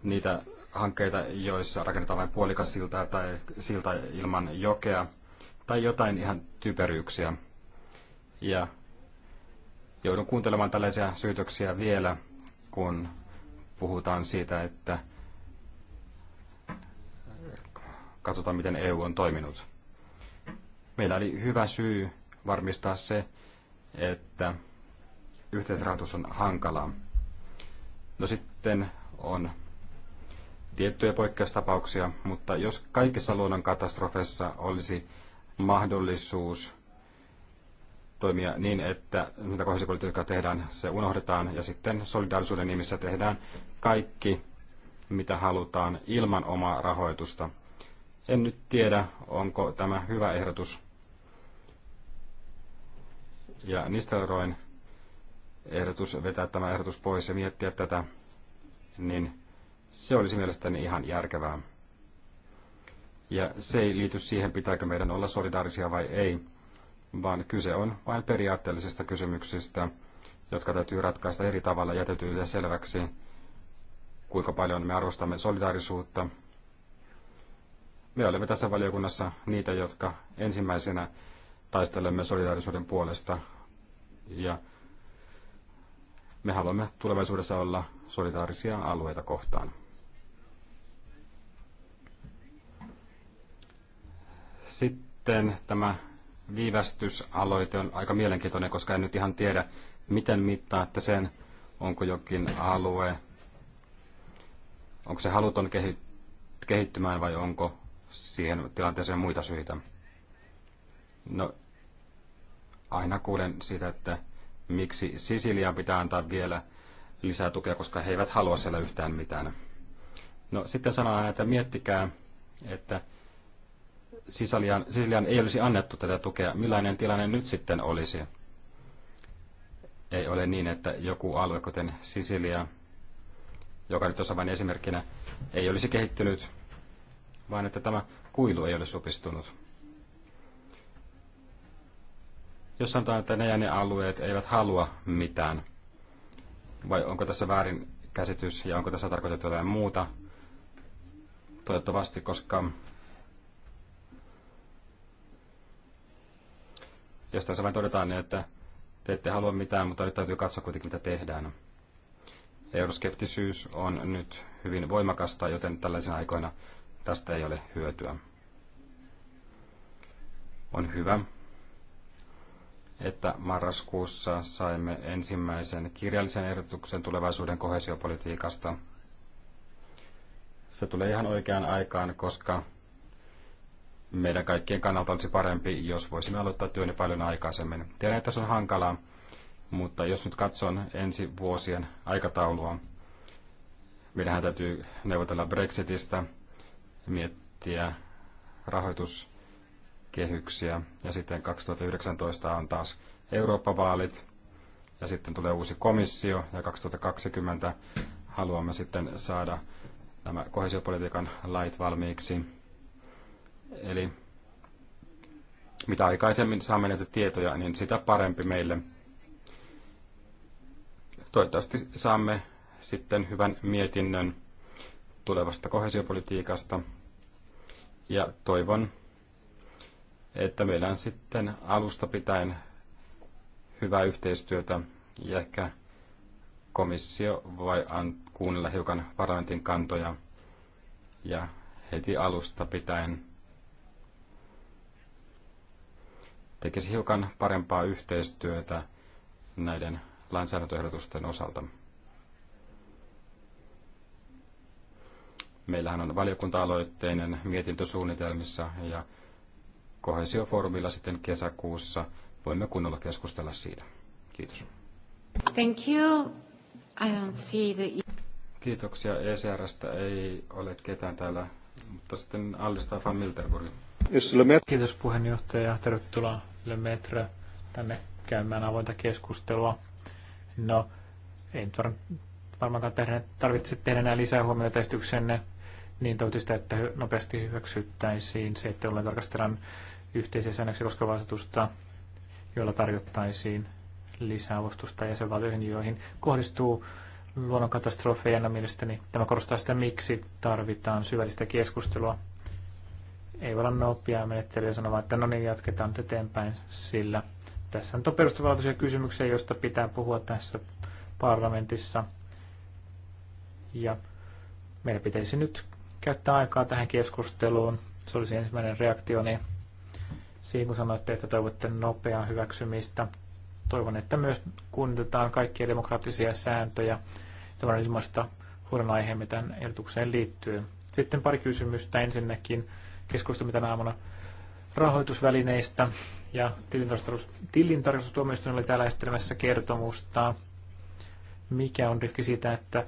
niitä hankkeita, joissa rakennetaan vain puolikas siltaa tai silta ilman jokea tai jotain ihan typeryyksiä. Ja joudun kuuntelemaan tällaisia syytöksiä vielä, kun puhutaan siitä, että katsotaan, miten EU on toiminut. Meillä oli hyvä syy varmistaa se, että yhteisrahoitus on hankalaa. No sitten on tiettyjä poikkeustapauksia, mutta jos kaikissa luonnonkatastrofeissa olisi mahdollisuus toimia niin, että mitä kohdallisuuspolitiikkaa tehdään, se unohdetaan ja sitten solidaarisuuden nimissä tehdään kaikki, mitä halutaan ilman omaa rahoitusta. En nyt tiedä, onko tämä hyvä ehdotus. Ja Nistelroin ehdotus vetää tämä ehdotus pois ja miettiä tätä, niin se olisi mielestäni ihan järkevää. Ja se ei liity siihen, pitääkö meidän olla solidaarisia vai ei, vaan kyse on vain periaatteellisista kysymyksistä, jotka täytyy ratkaista eri tavalla ja täytyy tehdä selväksi, kuinka paljon me arvostamme solidaarisuutta. Me olemme tässä valiokunnassa niitä, jotka ensimmäisenä taistelemme solidaarisuuden puolesta ja me haluamme tulevaisuudessa olla solidaarisia alueita kohtaan. Sitten tämä viivästysaloite on aika mielenkiintoinen, koska en nyt ihan tiedä, miten mittaatte sen, onko jokin alue, onko se haluton kehittymään vai onko siihen tilanteeseen muita syitä. No, aina kuulen sitä, että miksi Sisiliaan pitää antaa vielä lisää tukea, koska he eivät halua siellä yhtään mitään. No sitten sanotaan, että miettikää, että Sisilian, Sisilian ei olisi annettu tätä tukea. Millainen tilanne nyt sitten olisi? Ei ole niin, että joku alue, kuten Sisilia, joka nyt on vain esimerkkinä, ei olisi kehittynyt, vaan että tämä kuilu ei ole supistunut. Jos sanotaan, että ne ja ne alueet eivät halua mitään, vai onko tässä väärin käsitys ja onko tässä tarkoitettu jotain muuta? Toivottavasti, koska jos tässä vain todetaan, niin että te ette halua mitään, mutta nyt täytyy katsoa kuitenkin, mitä tehdään. Euroskeptisyys on nyt hyvin voimakasta, joten tällaisina aikoina tästä ei ole hyötyä. On hyvä, että marraskuussa saimme ensimmäisen kirjallisen ehdotuksen tulevaisuuden kohesiopolitiikasta. Se tulee ihan oikeaan aikaan, koska meidän kaikkien kannalta olisi parempi, jos voisimme aloittaa työni paljon aikaisemmin. Tiedän, että se on hankalaa, mutta jos nyt katson ensi vuosien aikataulua, meidän täytyy neuvotella Brexitistä, miettiä rahoitus kehyksiä. Ja sitten 2019 on taas Eurooppa-vaalit ja sitten tulee uusi komissio ja 2020 haluamme sitten saada nämä kohesiopolitiikan lait valmiiksi. Eli mitä aikaisemmin saamme näitä tietoja, niin sitä parempi meille. Toivottavasti saamme sitten hyvän mietinnön tulevasta kohesiopolitiikasta. Ja toivon, että meillä on sitten alusta pitäen hyvää yhteistyötä ja ehkä komissio voi kuunnella hiukan parlamentin kantoja ja heti alusta pitäen tekisi hiukan parempaa yhteistyötä näiden lainsäädäntöehdotusten osalta. Meillähän on valiokunta-aloitteinen mietintösuunnitelmissa ja kohesiofoorumilla sitten kesäkuussa voimme kunnolla keskustella siitä. Kiitos. Thank you. I don't see the... E- Kiitoksia. ECRstä ei ole ketään täällä, mutta sitten Allista van Milterburg. Kiitos puheenjohtaja. Tervetuloa Metre tänne käymään avointa keskustelua. No, ei nyt varmaankaan tehdä, tarvitse tehdä enää lisää huomioita esityksenne niin toivottavasti sitä, että nopeasti hyväksyttäisiin se, että ollaan tarkastellaan yhteisiä säännöksiä koskevaa asetusta, joilla tarjottaisiin lisäavustusta jäsenvaltioihin, joihin kohdistuu luonnonkatastrofeja. Ja no, mielestäni tämä korostaa sitä, miksi tarvitaan syvällistä keskustelua. Ei voi olla nopeaa menettelyä sanoa, että no niin, jatketaan nyt eteenpäin, sillä tässä on perustavanlaatuisia kysymyksiä, joista pitää puhua tässä parlamentissa. Ja meidän pitäisi nyt käyttää aikaa tähän keskusteluun. Se olisi ensimmäinen reaktioni niin siihen, kun sanoitte, että toivotte nopeaa hyväksymistä. Toivon, että myös kunnitetaan kaikkia demokraattisia sääntöjä. Tämä on ilmaista huolenaiheemme tämän ehdotukseen liittyen. Sitten pari kysymystä ensinnäkin keskustelimme tänä aamuna rahoitusvälineistä ja tilintarkastus, tilintarkastustuomioistuin oli täällä esittelemässä kertomusta, mikä on riski siitä, että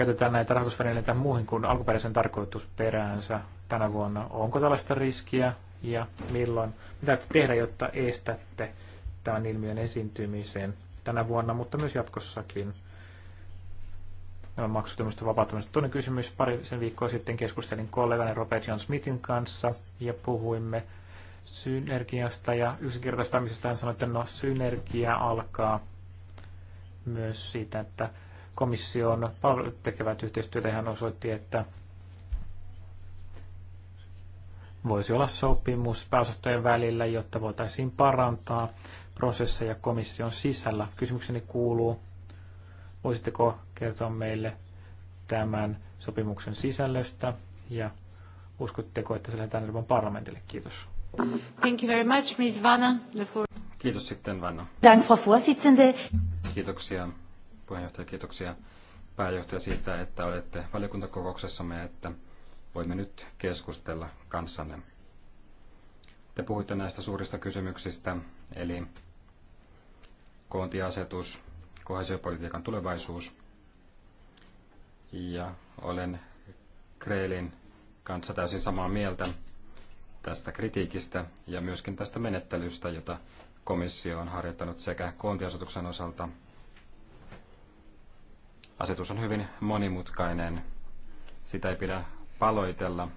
käytetään näitä rahoitusvälineitä muuhin kuin alkuperäisen tarkoitusperäänsä tänä vuonna. Onko tällaista riskiä ja milloin? Mitä tehdä, jotta estätte tämän ilmiön esiintymiseen tänä vuonna, mutta myös jatkossakin? Nämä maksutumista vapautumista. Toinen kysymys. Pari sen viikkoa sitten keskustelin kollegani Robert John Smithin kanssa ja puhuimme synergiasta ja yksinkertaistamisesta. Hän sanoi, että no synergia alkaa myös siitä, että komission tekevät yhteistyötä. Hän osoitti, että voisi olla sopimus pääosastojen välillä, jotta voitaisiin parantaa prosesseja komission sisällä. Kysymykseni kuuluu, voisitteko kertoa meille tämän sopimuksen sisällöstä ja uskotteko, että se lähdetään Euroopan parlamentille? Kiitos. Thank you very much, Ms. Vanna. Kiitos sitten, Vanna. Dank, Frau Vorsitzende. Kiitoksia, puheenjohtaja. Kiitoksia pääjohtaja siitä, että olette valiokuntakokouksessamme ja että voimme nyt keskustella kanssanne. Te puhuitte näistä suurista kysymyksistä, eli koontiasetus, kohesiopolitiikan tulevaisuus. Ja olen kreilin kanssa täysin samaa mieltä tästä kritiikistä ja myöskin tästä menettelystä, jota komissio on harjoittanut sekä koontiasetuksen osalta Asetus on hyvin monimutkainen. Sitä ei pidä paloitella.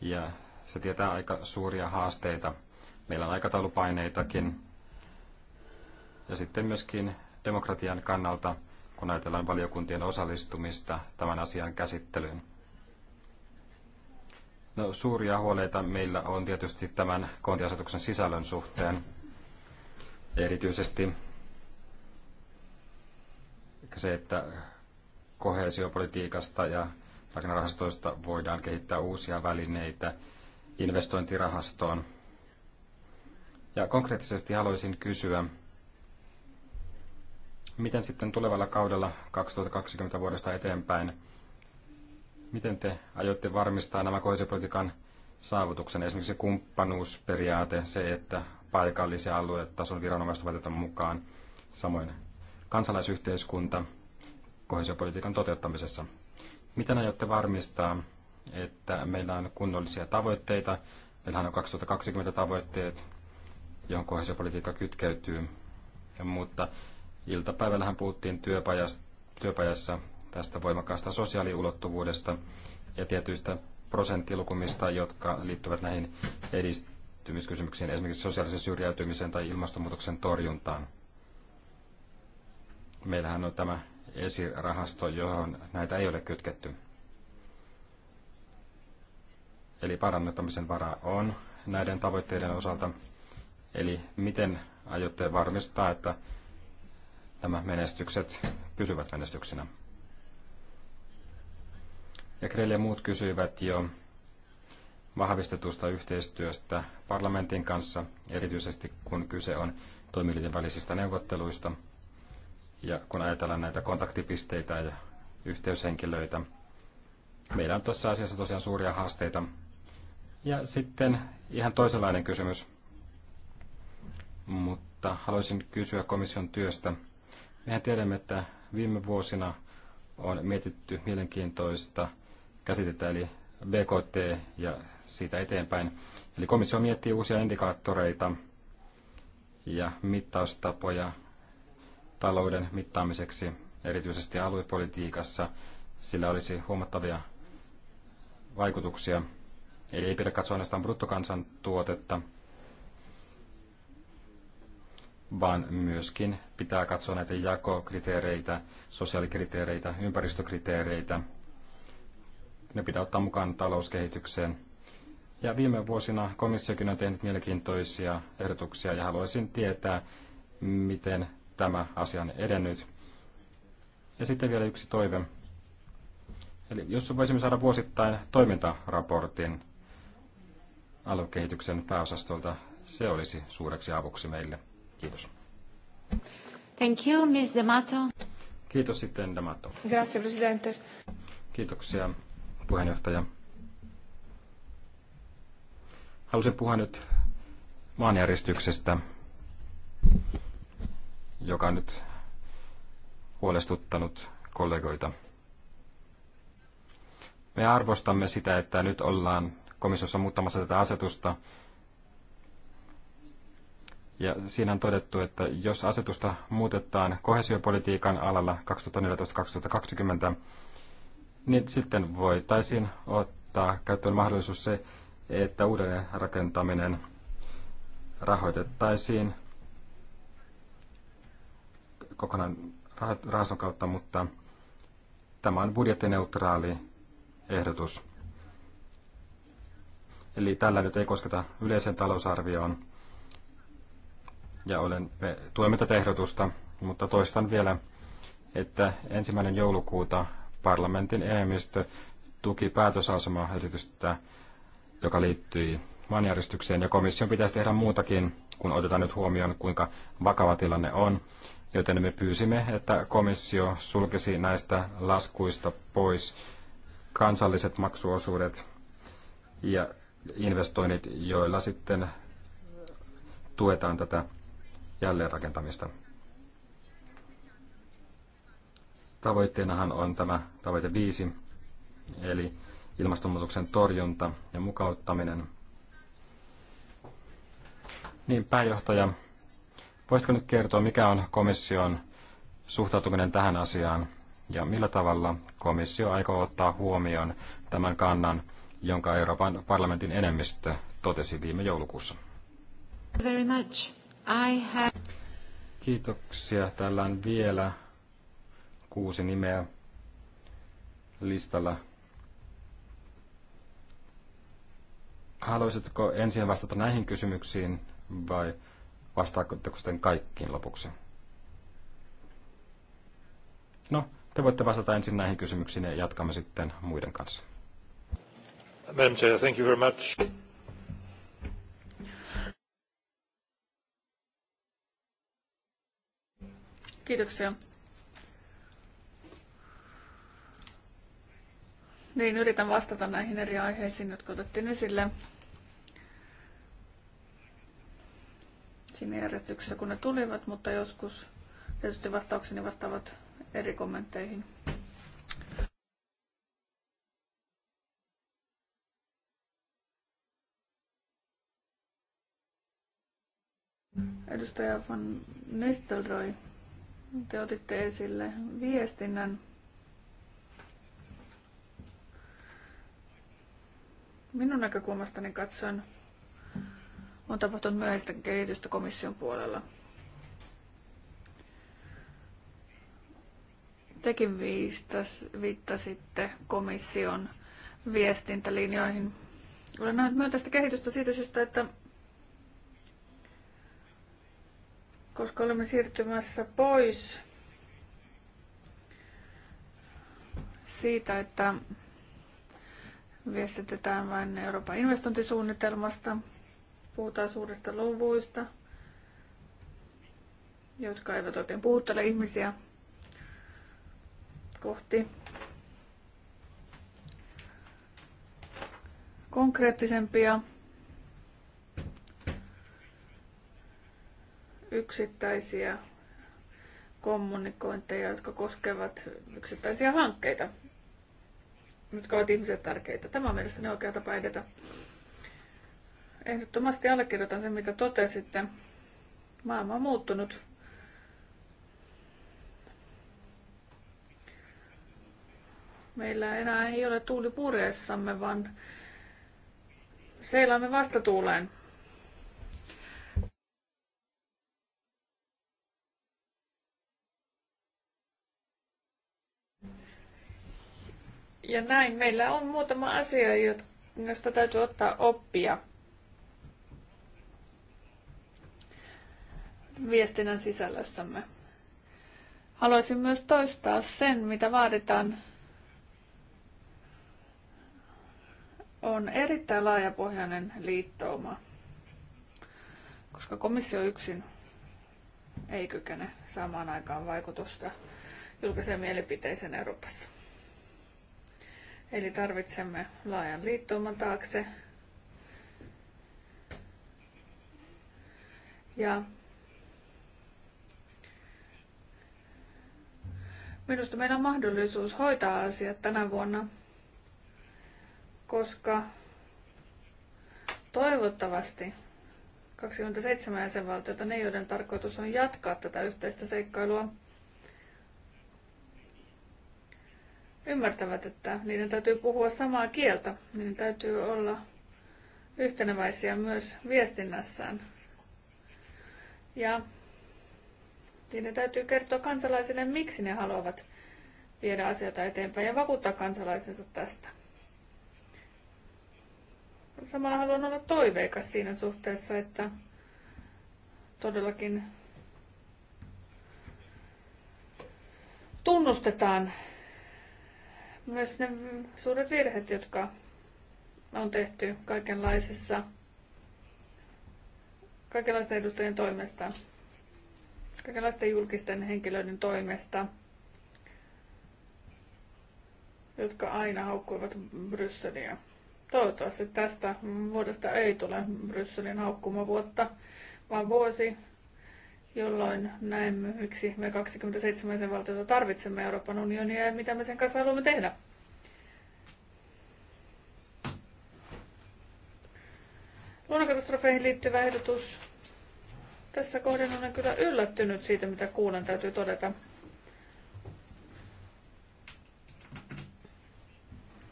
Ja se tietää aika suuria haasteita. Meillä on aikataulupaineitakin. Ja sitten myöskin demokratian kannalta, kun ajatellaan valiokuntien osallistumista tämän asian käsittelyyn. No, suuria huoleita meillä on tietysti tämän kontiasetuksen sisällön suhteen. Erityisesti se, että kohesiopolitiikasta ja rakennerahastoista voidaan kehittää uusia välineitä investointirahastoon. Ja konkreettisesti haluaisin kysyä, miten sitten tulevalla kaudella 2020 vuodesta eteenpäin, miten te aiotte varmistaa nämä kohesiopolitiikan saavutuksen, esimerkiksi kumppanuusperiaate, se, että paikallisia tason viranomaiset mukaan, samoin kansalaisyhteiskunta kohesiopolitiikan toteuttamisessa. Miten aiotte varmistaa, että meillä on kunnollisia tavoitteita? Meillähän on 2020 tavoitteet, johon kohesiopolitiikka kytkeytyy. Ja, mutta iltapäivällähän puhuttiin työpajassa, työpajassa tästä voimakkaasta sosiaaliulottuvuudesta ja tietyistä prosenttilukumista, jotka liittyvät näihin edistymiskysymyksiin, esimerkiksi sosiaalisen syrjäytymisen tai ilmastonmuutoksen torjuntaan. Meillähän on tämä esirahasto, johon näitä ei ole kytketty. Eli parannettamisen vara on näiden tavoitteiden osalta. Eli miten aiotte varmistaa, että nämä menestykset pysyvät menestyksinä? Ja Krell ja muut kysyivät jo vahvistetusta yhteistyöstä parlamentin kanssa, erityisesti kun kyse on toimielinten välisistä neuvotteluista – ja kun ajatellaan näitä kontaktipisteitä ja yhteyshenkilöitä, meillä on tuossa asiassa tosiaan suuria haasteita. Ja sitten ihan toisenlainen kysymys, mutta haluaisin kysyä komission työstä. Mehän tiedämme, että viime vuosina on mietitty mielenkiintoista käsitettä, eli BKT ja siitä eteenpäin. Eli komissio miettii uusia indikaattoreita ja mittaustapoja talouden mittaamiseksi, erityisesti aluepolitiikassa. Sillä olisi huomattavia vaikutuksia. Eli ei pidä katsoa ainoastaan bruttokansantuotetta, vaan myöskin pitää katsoa näitä jakokriteereitä, sosiaalikriteereitä, ympäristökriteereitä. Ne pitää ottaa mukaan talouskehitykseen. Ja viime vuosina komissiokin on tehnyt mielenkiintoisia ehdotuksia ja haluaisin tietää, miten tämä asia on edennyt. Ja sitten vielä yksi toive. Eli jos voisimme saada vuosittain toimintaraportin aluekehityksen pääosastolta, se olisi suureksi avuksi meille. Kiitos. Thank you, Ms. D'Amato. Kiitos sitten D'Amato. Grazie, Presidente. Kiitoksia, puheenjohtaja. Halusin puhua nyt maanjäristyksestä joka on nyt huolestuttanut kollegoita. Me arvostamme sitä, että nyt ollaan komissiossa muuttamassa tätä asetusta. Ja siinä on todettu, että jos asetusta muutetaan kohesiopolitiikan alalla 2014-2020, niin sitten voitaisiin ottaa käyttöön mahdollisuus se, että uudelleen rakentaminen rahoitettaisiin kokonaan rahaston kautta, mutta tämä on budjettineutraali ehdotus. Eli tällä nyt ei kosketa yleiseen talousarvioon. Ja olen, me tuemme tätä ehdotusta, mutta toistan vielä, että ensimmäinen joulukuuta parlamentin enemmistö tuki esitystä, joka liittyi maanjärjestykseen. ja komission pitäisi tehdä muutakin, kun otetaan nyt huomioon, kuinka vakava tilanne on, joten me pyysimme, että komissio sulkisi näistä laskuista pois kansalliset maksuosuudet ja investoinnit, joilla sitten tuetaan tätä jälleenrakentamista. Tavoitteenahan on tämä tavoite 5, eli ilmastonmuutoksen torjunta ja mukauttaminen. Niin, pääjohtaja, Voisitko nyt kertoa, mikä on komission suhtautuminen tähän asiaan ja millä tavalla komissio aikoo ottaa huomioon tämän kannan, jonka Euroopan parlamentin enemmistö totesi viime joulukuussa? Very much. I have... Kiitoksia. Täällä on vielä kuusi nimeä listalla. Haluaisitko ensin vastata näihin kysymyksiin vai Vastaatteko sitten kaikkiin lopuksi? No, te voitte vastata ensin näihin kysymyksiin ja jatkamme sitten muiden kanssa. Madam Chair, thank you very much. Kiitoksia. Niin, yritän vastata näihin eri aiheisiin, jotka otettiin esille. siinä järjestyksessä, kun ne tulivat, mutta joskus tietysti vastaukseni vastaavat eri kommentteihin. Edustaja Van Nistelrooy, te otitte esille viestinnän. Minun näkökulmastani katson on tapahtunut myöhäistä kehitystä komission puolella. Tekin viittas, viittasitte komission viestintälinjoihin. Olen nähnyt myöntäistä kehitystä siitä syystä, että koska olemme siirtymässä pois siitä, että viestitetään vain Euroopan investointisuunnitelmasta – Puhutaan suurista luvuista, jotka eivät oikein puhuttele ihmisiä kohti konkreettisempia yksittäisiä kommunikointeja, jotka koskevat yksittäisiä hankkeita, jotka ovat ihmisille tärkeitä. Tämä on mielestäni oikea tapa edetä ehdottomasti allekirjoitan sen, mitä totesitte. Maailma on muuttunut. Meillä enää ei ole tuuli purjeessamme vaan seilaamme vastatuuleen. Ja näin, meillä on muutama asia, josta täytyy ottaa oppia. viestinnän sisällössämme. Haluaisin myös toistaa sen, mitä vaaditaan. On erittäin laajapohjainen liittouma, koska komissio yksin ei kykene saamaan aikaan vaikutusta julkiseen mielipiteeseen Euroopassa. Eli tarvitsemme laajan liittouman taakse. Ja Minusta meillä on mahdollisuus hoitaa asiat tänä vuonna, koska toivottavasti 27 jäsenvaltiota, ne joiden tarkoitus on jatkaa tätä yhteistä seikkailua, ymmärtävät, että niiden täytyy puhua samaa kieltä. Niiden täytyy olla yhteneväisiä myös viestinnässään. Ja Siinä täytyy kertoa kansalaisille, miksi ne haluavat viedä asioita eteenpäin ja vakuuttaa kansalaisensa tästä. Samalla haluan olla toiveikas siinä suhteessa, että todellakin tunnustetaan myös ne suuret virheet, jotka on tehty kaikenlaisissa, kaikenlaisten edustajien toimesta kaikenlaisten julkisten henkilöiden toimesta, jotka aina haukkuivat Brysseliä. Toivottavasti tästä vuodesta ei tule Brysselin haukkumavuotta, vaan vuosi, jolloin näemme, miksi me 27 valtiota tarvitsemme Euroopan unionia ja mitä me sen kanssa haluamme tehdä. Luonnonkatastrofeihin liittyvä ehdotus tässä kohden olen kyllä yllättynyt siitä, mitä kuulen, täytyy todeta.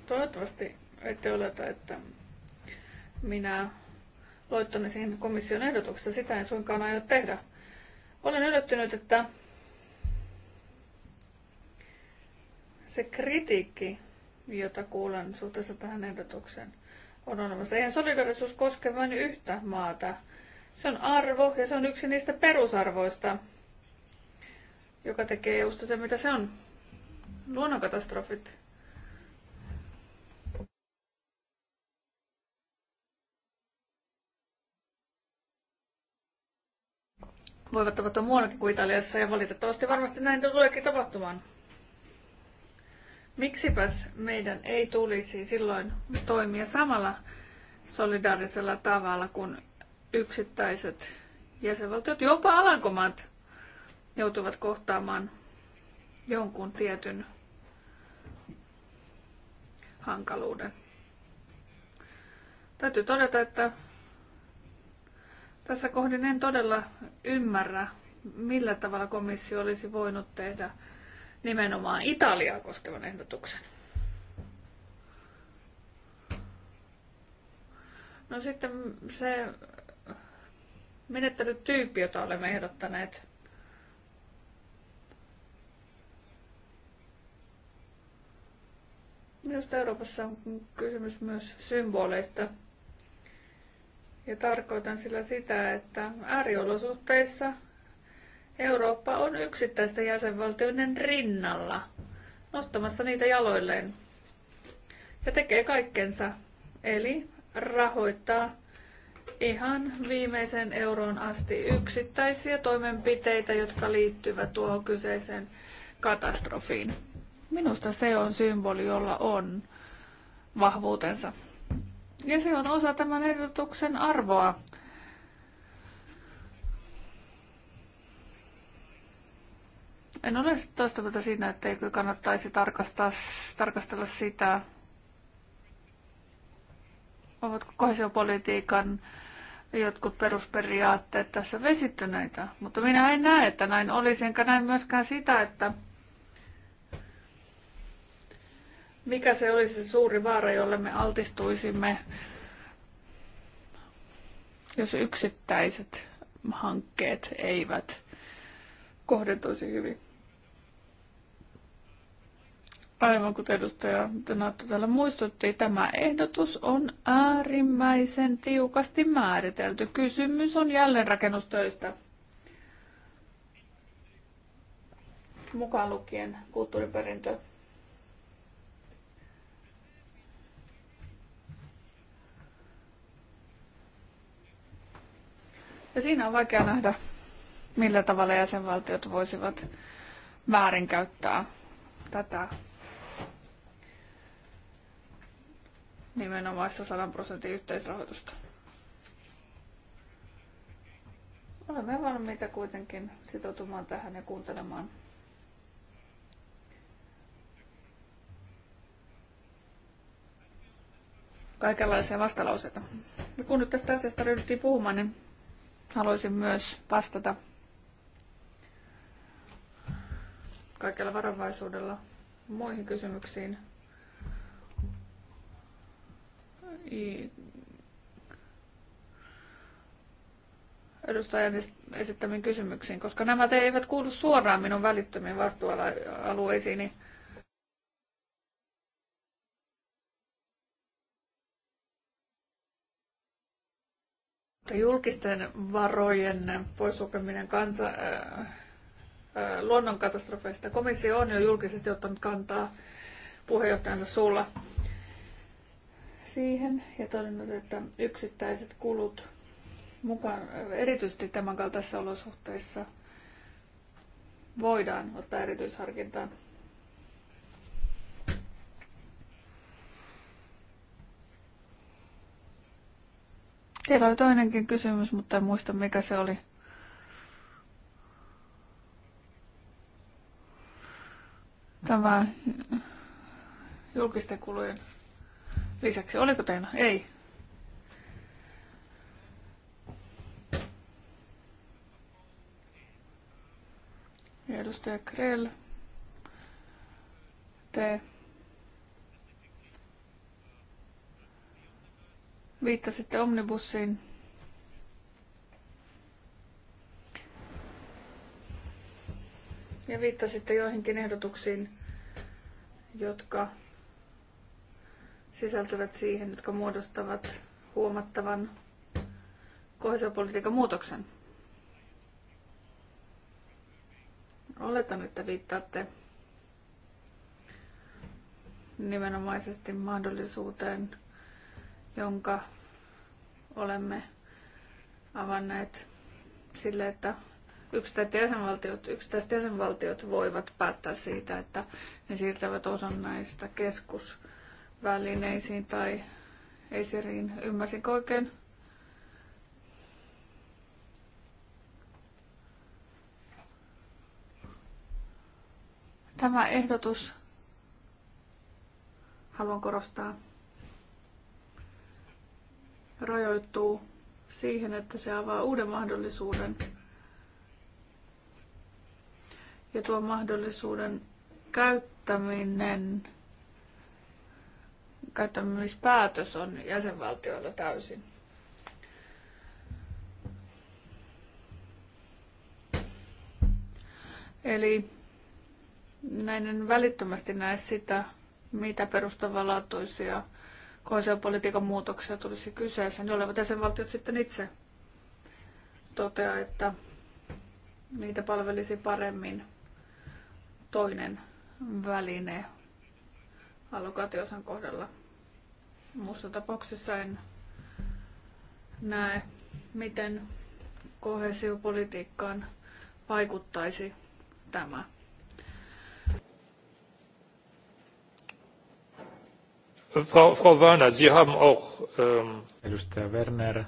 Toivottavasti ette oleta, että minä loittanisin komission ehdotuksesta. Sitä en suinkaan aio tehdä. Olen yllättynyt, että se kritiikki, jota kuulen suhteessa tähän ehdotukseen, on olemassa. Eihän solidarisuus koske vain yhtä maata se on arvo ja se on yksi niistä perusarvoista, joka tekee EUsta se, mitä se on. Luonnonkatastrofit. voivat tapahtua muuallakin kuin Italiassa ja valitettavasti varmasti näin tuleekin tapahtumaan. Miksipäs meidän ei tulisi silloin toimia samalla solidaarisella tavalla kuin yksittäiset jäsenvaltiot, jopa Alankomaat joutuvat kohtaamaan jonkun tietyn hankaluuden. Täytyy todeta, että tässä kohdin en todella ymmärrä, millä tavalla komissio olisi voinut tehdä nimenomaan Italiaa koskevan ehdotuksen. No sitten se menettelytyyppi, jota olemme ehdottaneet, Minusta Euroopassa on kysymys myös symboleista. Ja tarkoitan sillä sitä, että ääriolosuhteissa Eurooppa on yksittäisten jäsenvaltioiden rinnalla nostamassa niitä jaloilleen ja tekee kaikkensa, eli rahoittaa ihan viimeisen euroon asti yksittäisiä toimenpiteitä, jotka liittyvät tuohon kyseiseen katastrofiin. Minusta se on symboli, jolla on vahvuutensa. Ja se on osa tämän ehdotuksen arvoa. En ole toista mieltä siinä, etteikö kannattaisi tarkastaa, tarkastella sitä, ovatko kohesiopolitiikan jotkut perusperiaatteet tässä vesittyneitä, mutta minä en näe, että näin olisi, enkä näin myöskään sitä, että mikä se olisi se suuri vaara, jolle me altistuisimme, jos yksittäiset hankkeet eivät kohdentuisi hyvin. Aivan kuten edustaja Donato täällä muistutti, tämä ehdotus on äärimmäisen tiukasti määritelty. Kysymys on jälleenrakennustöistä. Mukaan lukien kulttuuriperintö. Ja siinä on vaikea nähdä, millä tavalla jäsenvaltiot voisivat väärinkäyttää tätä nimenomaista 100 prosentin yhteisrahoitusta. Olemme valmiita kuitenkin sitoutumaan tähän ja kuuntelemaan kaikenlaisia vastalauseita. Ja kun nyt tästä asiasta ryhdyttiin puhumaan, niin haluaisin myös vastata kaikella varovaisuudella muihin kysymyksiin, edustajan esittämiin kysymyksiin, koska nämä te eivät kuulu suoraan minun välittömiin vastuualueisiini. Julkisten varojen poissulkeminen kansa, äh, äh, luonnonkatastrofeista. Komissio on jo julkisesti ottanut kantaa puheenjohtajansa suulla siihen ja todennut, että yksittäiset kulut mukaan, erityisesti tämän kaltaisissa olosuhteissa voidaan ottaa erityisharkintaan. Siellä oli toinenkin kysymys, mutta en muista mikä se oli. Tämä julkisten kulujen lisäksi. Oliko teina? Ei. Edustaja Krell, te viittasitte omnibussiin. Ja viittasitte joihinkin ehdotuksiin, jotka sisältyvät siihen, jotka muodostavat huomattavan kohesiopolitiikan muutoksen. Oletan, että viittaatte nimenomaisesti mahdollisuuteen, jonka olemme avanneet sille, että yksittäiset jäsenvaltiot, yksittäiset jäsenvaltiot voivat päättää siitä, että ne siirtävät osan näistä keskus välineisiin tai esiriin. Ymmärsin oikein? Tämä ehdotus haluan korostaa rajoittuu siihen, että se avaa uuden mahdollisuuden ja tuo mahdollisuuden käyttäminen käyttämispäätös on jäsenvaltioilla täysin. Eli näiden välittömästi näe sitä, mitä perustavanlaatuisia konseopolitiikan muutoksia tulisi niin olevat jäsenvaltiot sitten itse toteaa, että niitä palvelisi paremmin toinen väline allokaatiosan kohdalla. Muussa tapauksessa en näe, miten kohesiopolitiikkaan vaikuttaisi tämä. Frau, Frau Werner, Sie haben auch... Ähm Edustaja Werner,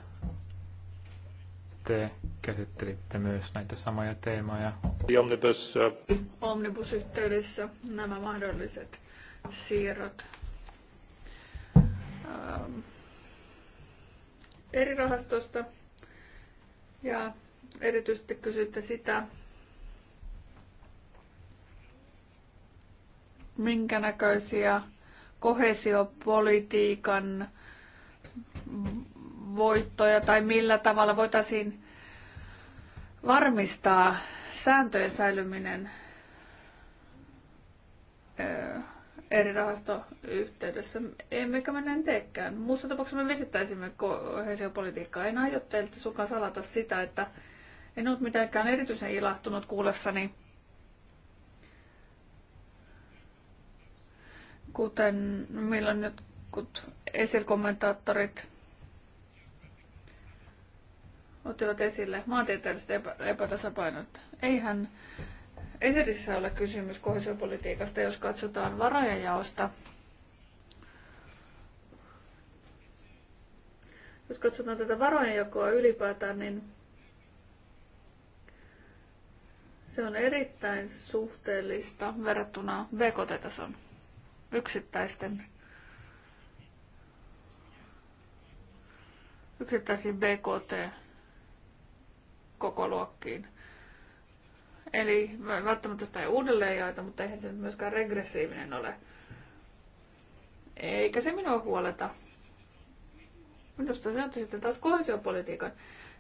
te käsittelitte myös näitä samoja teemoja. Omnibus. Äh, Omnibus-yhteydessä nämä mahdolliset siirrot eri rahastosta ja erityisesti kysytte sitä, minkä näköisiä kohesiopolitiikan voittoja tai millä tavalla voitaisiin varmistaa sääntöjen säilyminen eri rahastoyhteydessä, emmekä me näin teekään. Muussa tapauksessa me vesittäisimme kohesiopolitiikkaa. En aio teiltä sukaan salata sitä, että en ole mitenkään erityisen ilahtunut kuullessani, kuten milloin jotkut esilkommentaattorit ottivat esille maantieteelliset epä- epätasapainot. Eihän ei edessä ole kysymys kohesiopolitiikasta, jos katsotaan varajajaosta. Jos katsotaan tätä varojenjakoa ylipäätään, niin se on erittäin suhteellista verrattuna BKT-tason yksittäisten yksittäisiin BKT-kokoluokkiin. Eli välttämättä sitä ei uudelleen jaeta, mutta eihän se myöskään regressiivinen ole. Eikä se minua huoleta. Minusta se on sitten taas kohesiopolitiikan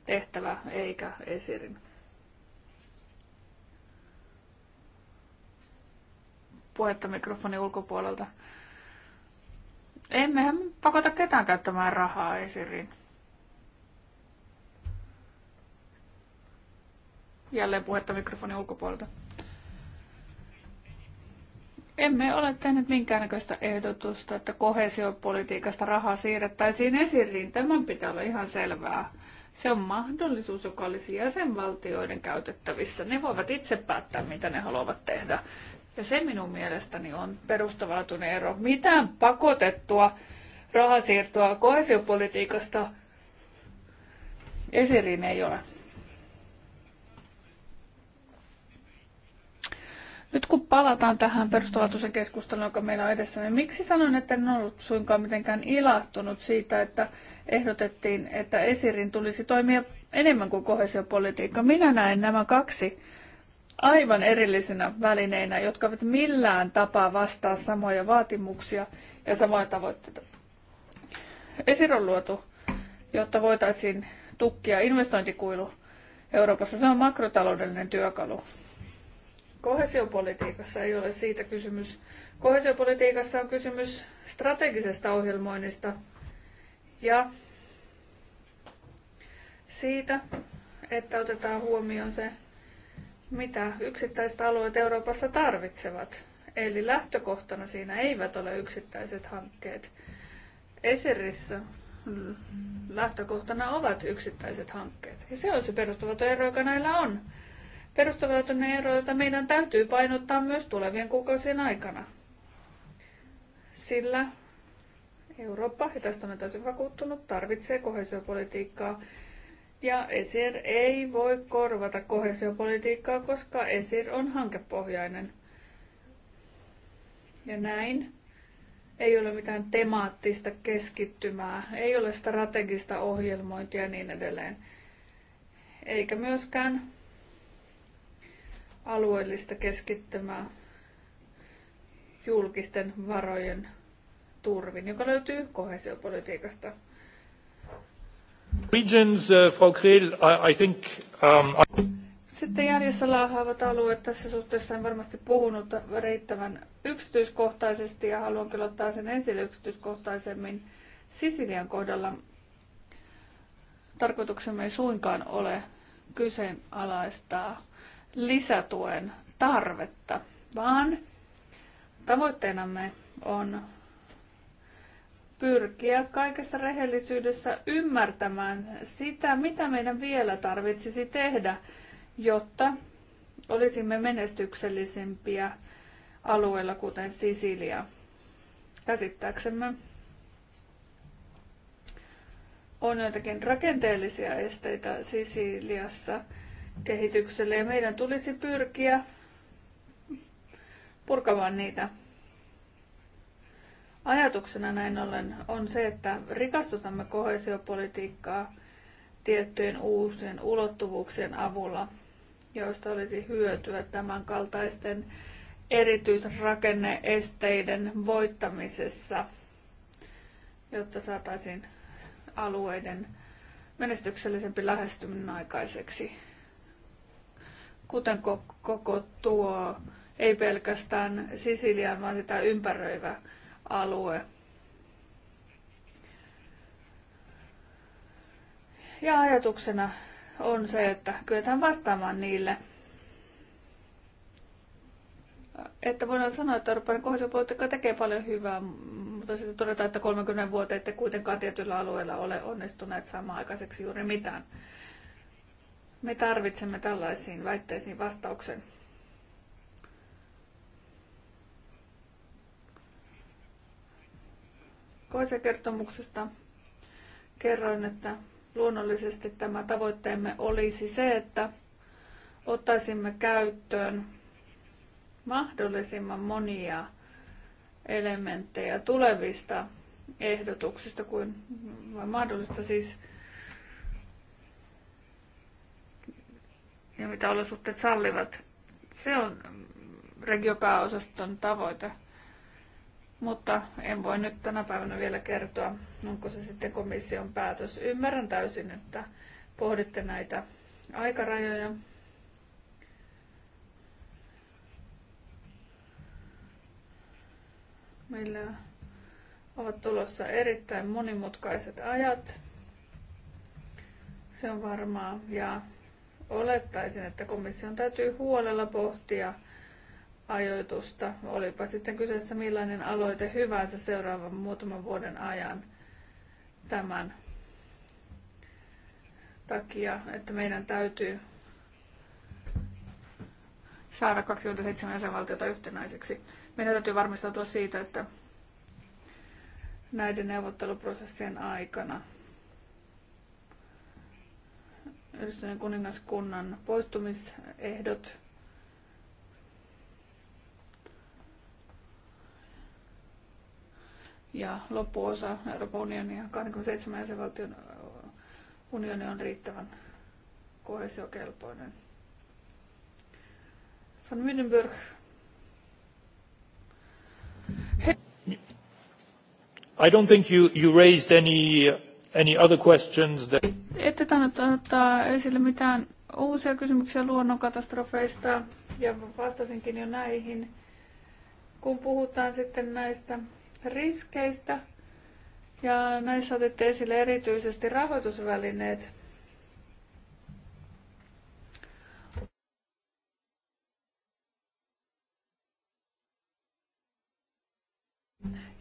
tehtävä, eikä esirin. Puhetta mikrofonin ulkopuolelta. Emmehän pakota ketään käyttämään rahaa esiriin. Jälleen puhetta mikrofonin ulkopuolelta. Emme ole tehneet minkäännäköistä ehdotusta, että kohesiopolitiikasta rahaa siirrettäisiin esiriin. Tämän pitää olla ihan selvää. Se on mahdollisuus, joka olisi jäsenvaltioiden käytettävissä. Ne voivat itse päättää, mitä ne haluavat tehdä. Ja se minun mielestäni on perustavalatuinen ero. Mitään pakotettua rahasiirtoa kohesiopolitiikasta esiriin ei ole. Nyt kun palataan tähän perustavaltuisen keskusteluun, joka meillä on edessä, niin miksi sanon, että en ollut suinkaan mitenkään ilahtunut siitä, että ehdotettiin, että esirin tulisi toimia enemmän kuin kohesiopolitiikka. Minä näen nämä kaksi aivan erillisinä välineinä, jotka eivät millään tapaa vastaa samoja vaatimuksia ja samoja tavoitteita. Esir on luotu, jotta voitaisiin tukkia investointikuilu Euroopassa. Se on makrotaloudellinen työkalu Kohesiopolitiikassa ei ole siitä kysymys. Kohesiopolitiikassa on kysymys strategisesta ohjelmoinnista ja siitä, että otetaan huomioon se, mitä yksittäiset alueet Euroopassa tarvitsevat. Eli lähtökohtana siinä eivät ole yksittäiset hankkeet. Eserissä lähtökohtana ovat yksittäiset hankkeet. Ja se on se perustava ero, joka näillä on perustavanlaatuinen ero, jota meidän täytyy painottaa myös tulevien kuukausien aikana. Sillä Eurooppa, ja tästä olen täysin vakuuttunut, tarvitsee kohesiopolitiikkaa. Ja ESIR ei voi korvata kohesiopolitiikkaa, koska ESIR on hankepohjainen. Ja näin ei ole mitään temaattista keskittymää, ei ole strategista ohjelmointia ja niin edelleen. Eikä myöskään alueellista keskittymää julkisten varojen turvin, joka löytyy kohesiopolitiikasta. Regions, uh, Frau Krill, I, I think, um, I... Sitten jäljessä laahaavat alueet. Tässä suhteessa en varmasti puhunut riittävän yksityiskohtaisesti ja haluan kyllä ottaa sen ensin yksityiskohtaisemmin Sisilian kohdalla. Tarkoituksemme ei suinkaan ole kyseenalaistaa lisätuen tarvetta, vaan tavoitteenamme on pyrkiä kaikessa rehellisyydessä ymmärtämään sitä, mitä meidän vielä tarvitsisi tehdä, jotta olisimme menestyksellisempiä alueella, kuten Sisilia. Käsittääksemme on joitakin rakenteellisia esteitä Sisiliassa, kehitykselle ja meidän tulisi pyrkiä purkamaan niitä. Ajatuksena näin ollen on se, että rikastutamme kohesiopolitiikkaa tiettyjen uusien ulottuvuuksien avulla, joista olisi hyötyä tämän kaltaisten erityisrakenneesteiden voittamisessa, jotta saataisiin alueiden menestyksellisempi lähestyminen aikaiseksi kuten koko tuo, ei pelkästään Sisilian, vaan sitä ympäröivä alue. Ja ajatuksena on se, että kyetään vastaamaan niille. Että voidaan sanoa, että Euroopan kohdallisuuspolitiikka tekee paljon hyvää, mutta sitten todetaan, että 30 vuotta ette kuitenkaan Tietyllä alueella ole onnistuneet saamaan aikaiseksi juuri mitään. Me tarvitsemme tällaisiin väitteisiin vastauksen. Koise-kertomuksesta kerroin, että luonnollisesti tämä tavoitteemme olisi se, että ottaisimme käyttöön mahdollisimman monia elementtejä tulevista ehdotuksista kuin mahdollista siis ja mitä olosuhteet sallivat. Se on regiopääosaston tavoite. Mutta en voi nyt tänä päivänä vielä kertoa, onko se sitten komission päätös. Ymmärrän täysin, että pohditte näitä aikarajoja. Meillä ovat tulossa erittäin monimutkaiset ajat. Se on varmaa. Ja olettaisin, että komission täytyy huolella pohtia ajoitusta, olipa sitten kyseessä millainen aloite hyvänsä seuraavan muutaman vuoden ajan tämän takia, että meidän täytyy saada 27 jäsenvaltiota yhtenäiseksi. Meidän täytyy varmistautua siitä, että näiden neuvotteluprosessien aikana yhdistyneen kuningaskunnan poistumisehdot. Ja loppuosa Euroopan unionin ja 27 jäsenvaltion unioni on riittävän kohesiokelpoinen. Van Middenburg. I don't think you, you raised any Any other questions that... Ette tainnut ottaa esille mitään uusia kysymyksiä luonnonkatastrofeista ja vastasinkin jo näihin. Kun puhutaan sitten näistä riskeistä ja näissä otitte esille erityisesti rahoitusvälineet,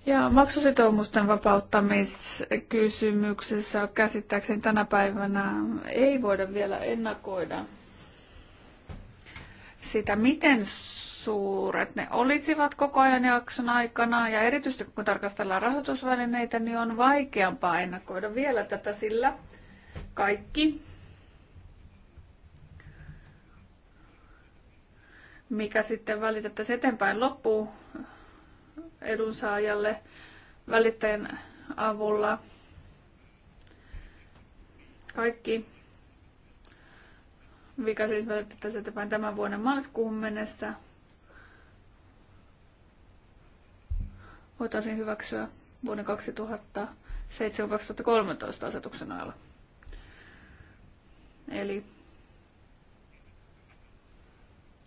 Ja maksusitoumusten vapauttamiskysymyksessä käsittääkseni tänä päivänä ei voida vielä ennakoida sitä, miten suuret ne olisivat koko ajan jakson aikana. Ja erityisesti kun tarkastellaan rahoitusvälineitä, niin on vaikeampaa ennakoida vielä tätä, sillä kaikki, mikä sitten välitettäisiin eteenpäin loppuun, edunsaajalle välittäjän avulla. Kaikki vika siis välitettäisiin eteenpäin tämän vuoden maaliskuun mennessä. Voitaisiin hyväksyä vuoden 2007-2013 asetuksen ajalla. Eli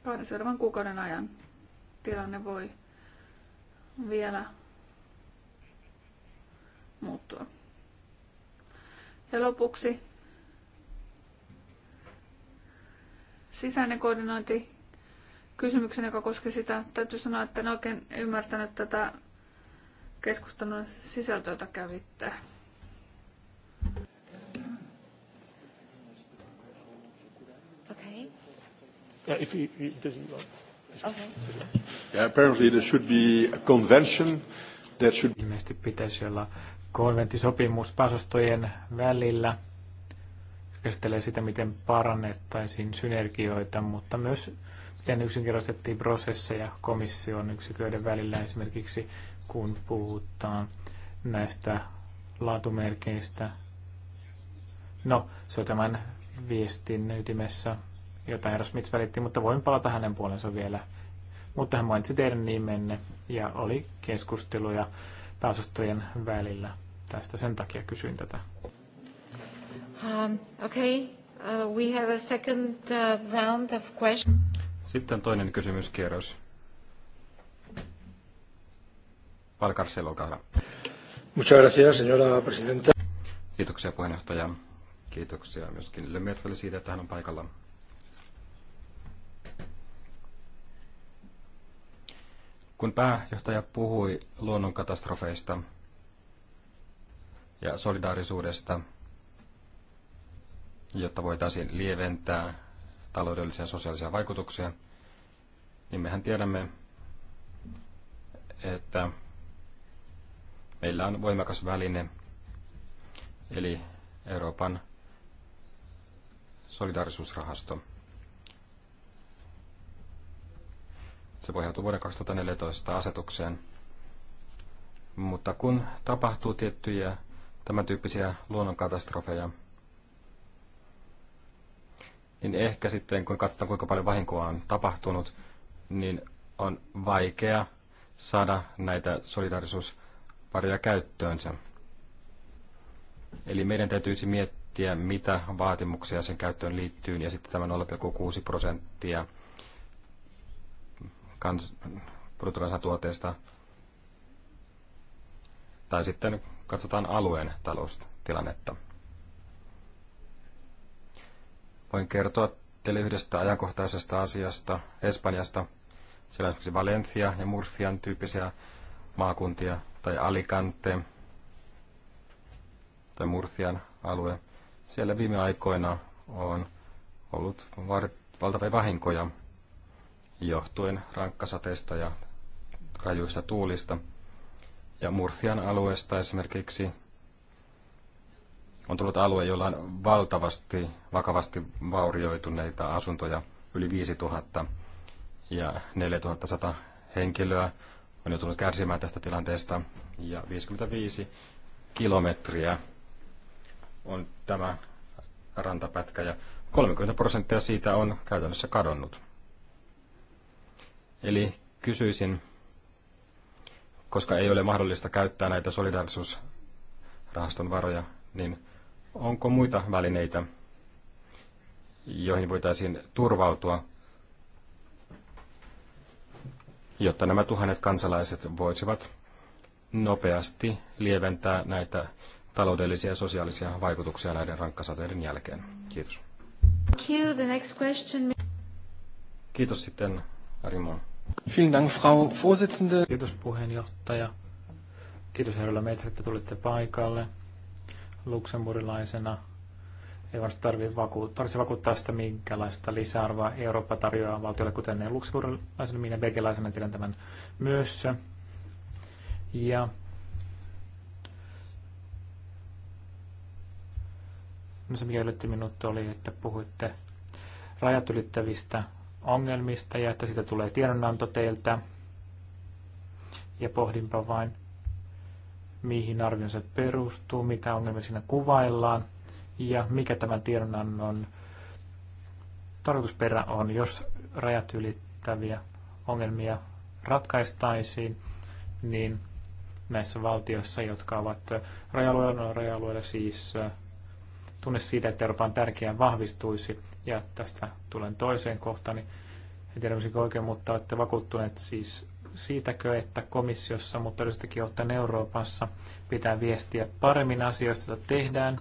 kahden seuraavan kuukauden ajan tilanne voi vielä muuttua. Ja lopuksi sisäinen koordinointi kysymyksen, joka koski sitä. Täytyy sanoa, että en oikein ymmärtänyt tätä keskustelun sisältöä, jota kävitte. Okay. Yeah, if he, he doesn't Okay. Yeah, apparently there should be a convention that should... Ilmeisesti pitäisi olla konventtisopimus pasastojen välillä. käsittelee sitä, miten parannettaisiin synergioita, mutta myös miten yksinkertaistettiin prosesseja komission yksiköiden välillä esimerkiksi, kun puhutaan näistä laatumerkeistä. No, se on tämän viestin ytimessä jota herra Smith välitti, mutta voin palata hänen puolensa vielä. Mutta hän mainitsi teidän nimenne ja oli keskusteluja pääosastojen välillä. Tästä sen takia kysyin tätä. Um, okay. uh, we have a second uh, round of questions. Sitten toinen kysymyskierros. Valkarsel, olkaa hyvä. Muchas gracias, señora presidenta. Kiitoksia puheenjohtaja. Kiitoksia myöskin Lemmetrelle siitä, että hän on paikalla. Kun pääjohtaja puhui luonnonkatastrofeista ja solidaarisuudesta, jotta voitaisiin lieventää taloudellisia ja sosiaalisia vaikutuksia, niin mehän tiedämme, että meillä on voimakas väline, eli Euroopan solidaarisuusrahasto. Se pohjautuu vuoden 2014 asetukseen. Mutta kun tapahtuu tiettyjä tämän tyyppisiä luonnonkatastrofeja, niin ehkä sitten kun katsotaan kuinka paljon vahinkoa on tapahtunut, niin on vaikea saada näitä solidarisuusvaroja käyttöönsä. Eli meidän täytyisi miettiä, mitä vaatimuksia sen käyttöön liittyy, ja sitten tämä 0,6 prosenttia – kans, bruttokansantuotteesta, tai sitten katsotaan alueen taloustilannetta. Voin kertoa teille yhdestä ajankohtaisesta asiasta Espanjasta. Siellä on esimerkiksi Valencia ja Murcian tyyppisiä maakuntia, tai Alicante, tai Murcian alue. Siellä viime aikoina on ollut valtavia vahinkoja johtuen rankkasateista ja rajuista tuulista. Ja Murcian alueesta esimerkiksi on tullut alue, jolla on valtavasti, vakavasti vaurioituneita asuntoja, yli 5000 ja 4100 henkilöä on joutunut kärsimään tästä tilanteesta ja 55 kilometriä on tämä rantapätkä ja 30 prosenttia siitä on käytännössä kadonnut. Eli kysyisin, koska ei ole mahdollista käyttää näitä solidarisuusrahaston varoja, niin onko muita välineitä, joihin voitaisiin turvautua, jotta nämä tuhannet kansalaiset voisivat nopeasti lieventää näitä taloudellisia ja sosiaalisia vaikutuksia näiden rankkasateiden jälkeen. Kiitos. Kiitos sitten, Arimon. Vielen Dank, Frau Vorsitzende. Kiitos puheenjohtaja. Kiitos herra Metri, että tulitte paikalle luksemburilaisena. Ei varmasti tarvitse vakuuttaa, tarvitse vakuuttaa sitä, minkälaista lisäarvoa Eurooppa tarjoaa valtiolle, kuten ne luksemburilaisena, minä belgialaisena tiedän tämän myös. Ja no se, mikä yllätti minut, oli, että puhuitte rajat ylittävistä ongelmista ja että siitä tulee tiedonanto teiltä. Ja pohdinpa vain, mihin arvion se perustuu, mitä ongelmia siinä kuvaillaan ja mikä tämän tiedonannon tarkoitusperä on, jos rajat ylittäviä ongelmia ratkaistaisiin, niin näissä valtioissa, jotka ovat rajalueilla, alueella siis tunne siitä, että Euroopan tärkeä vahvistuisi. Ja tästä tulen toiseen kohtaan. Niin en tiedä, olisiko oikein, mutta olette vakuuttuneet siis siitäkö, että komissiossa, mutta yleisestikin ottaen Euroopassa pitää viestiä paremmin asioista, joita tehdään,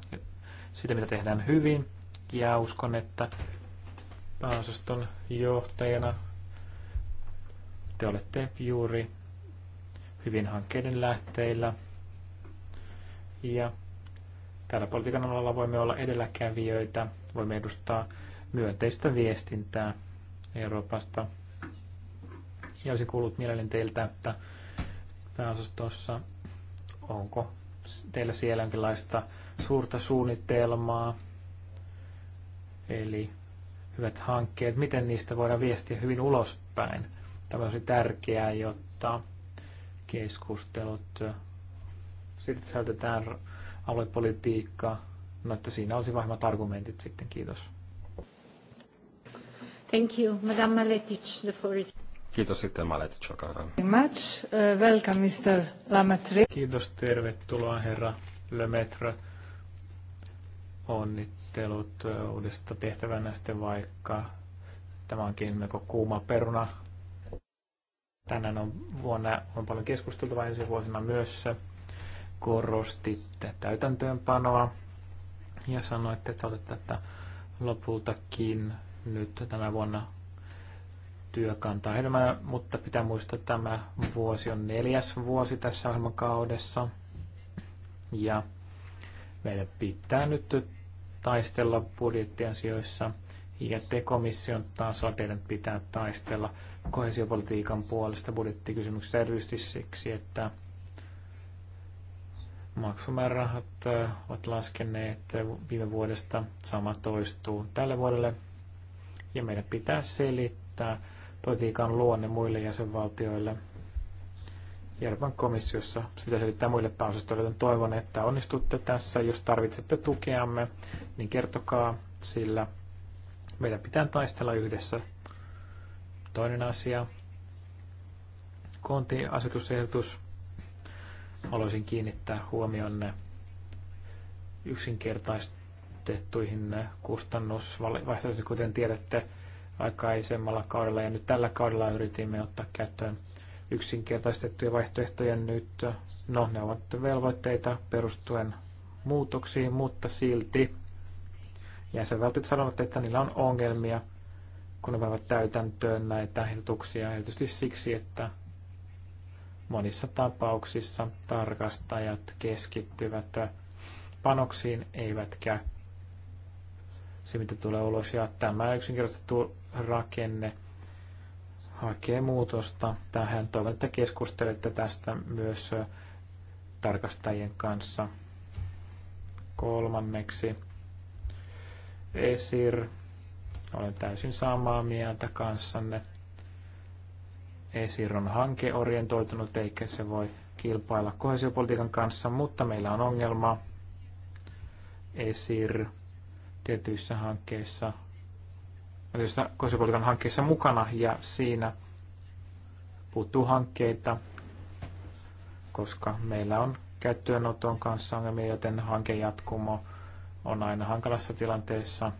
sitä mitä tehdään hyvin. Ja uskon, että pääosaston johtajana te olette juuri hyvin hankkeiden lähteillä. Ja Täällä politiikan alalla voimme olla edelläkävijöitä, voimme edustaa myönteistä viestintää Euroopasta. Ja olisin kuullut mielelläni teiltä, että pääosastossa onko teillä siellä jonkinlaista suurta suunnitelmaa, eli hyvät hankkeet, miten niistä voidaan viestiä hyvin ulospäin. Tämä olisi tärkeää, jotta keskustelut äh, sisältetään aluepolitiikkaa. No, että siinä olisi vahvat argumentit sitten. Kiitos. Thank you. Madame Maletic, the floor is... Kiitos sitten Maletic, joka on. Much. Uh, welcome, Mr. Lametri. Kiitos, tervetuloa herra Lemetre. Onnittelut uh, uudesta tehtävänä sitten vaikka tämä onkin melko kuuma peruna. Tänään on vuonna on paljon keskusteltava ensi vuosina myös korostitte täytäntöönpanoa ja sanoitte, että otatte tätä lopultakin nyt tänä vuonna työkantaa enemmän, mutta pitää muistaa, että tämä vuosi on neljäs vuosi tässä ohjelmakaudessa. Ja meidän pitää nyt taistella budjettien sijoissa ja te komission tasolla teidän pitää taistella kohesiopolitiikan puolesta budjettikysymyksistä erityisesti siksi, että maksumäärärahat ovat laskeneet viime vuodesta. Sama toistuu tälle vuodelle. Ja meidän pitää selittää politiikan luonne muille jäsenvaltioille. Euroopan komissiossa sitä selittää muille pääosastoille. toivon, että onnistutte tässä. Jos tarvitsette tukeamme, niin kertokaa, sillä meidän pitää taistella yhdessä. Toinen asia, kontiasetusehdotus haluaisin kiinnittää huomionne yksinkertaistettuihin kustannusvaihtoehtoihin, kuten tiedätte aikaisemmalla kaudella ja nyt tällä kaudella yritimme ottaa käyttöön yksinkertaistettuja vaihtoehtoja nyt. No, ne ovat velvoitteita perustuen muutoksiin, mutta silti jäsenvaltiot sanovat, että niillä on ongelmia, kun ne voivat täytäntöön näitä ehdotuksia, erityisesti siksi, että Monissa tapauksissa tarkastajat keskittyvät panoksiin eivätkä se, mitä tulee ulos. Ja tämä yksinkertaistettu rakenne hakee muutosta tähän. Toivon, että keskustelette tästä myös tarkastajien kanssa. Kolmanneksi Esir. Olen täysin samaa mieltä kanssanne. Esiron hanke orientoitunut eikä se voi kilpailla kohesiopolitiikan kanssa, mutta meillä on ongelma ESIR tietyissä hankkeissa, tietyissä kohesiopolitiikan hankkeissa mukana ja siinä puuttuu hankkeita, koska meillä on käyttöönoton kanssa ongelmia, joten hankejatkumo on aina hankalassa tilanteessa.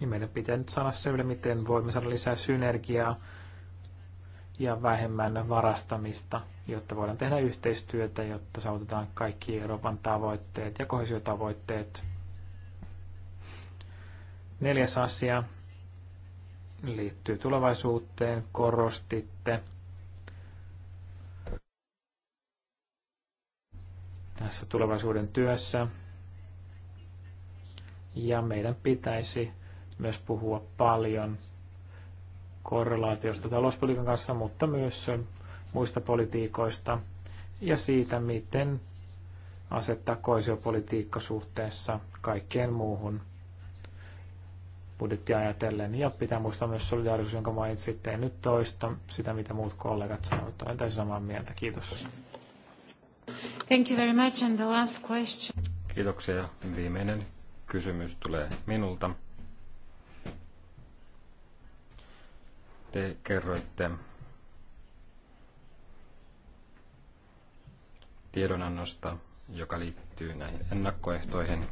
Ja meidän pitää nyt saada selville, miten voimme saada lisää synergiaa ja vähemmän varastamista, jotta voidaan tehdä yhteistyötä, jotta saavutetaan kaikki Euroopan tavoitteet ja kohesiotavoitteet. Neljäs asia liittyy tulevaisuuteen, korostitte. Tässä tulevaisuuden työssä. Ja meidän pitäisi myös puhua paljon korrelaatiosta talouspolitiikan kanssa, mutta myös muista politiikoista ja siitä, miten asettaa koisiopolitiikka suhteessa kaikkeen muuhun budjettia ajatellen. Ja pitää muistaa myös solidaarisuus, jonka mainitsitte. En nyt toista sitä, mitä muut kollegat sanoivat. Olen täysin samaa mieltä. Kiitos. Thank you very much. And the last question. Kiitoksia. Viimeinen kysymys tulee minulta. te kerroitte tiedonannosta, joka liittyy näihin ennakkoehtoihin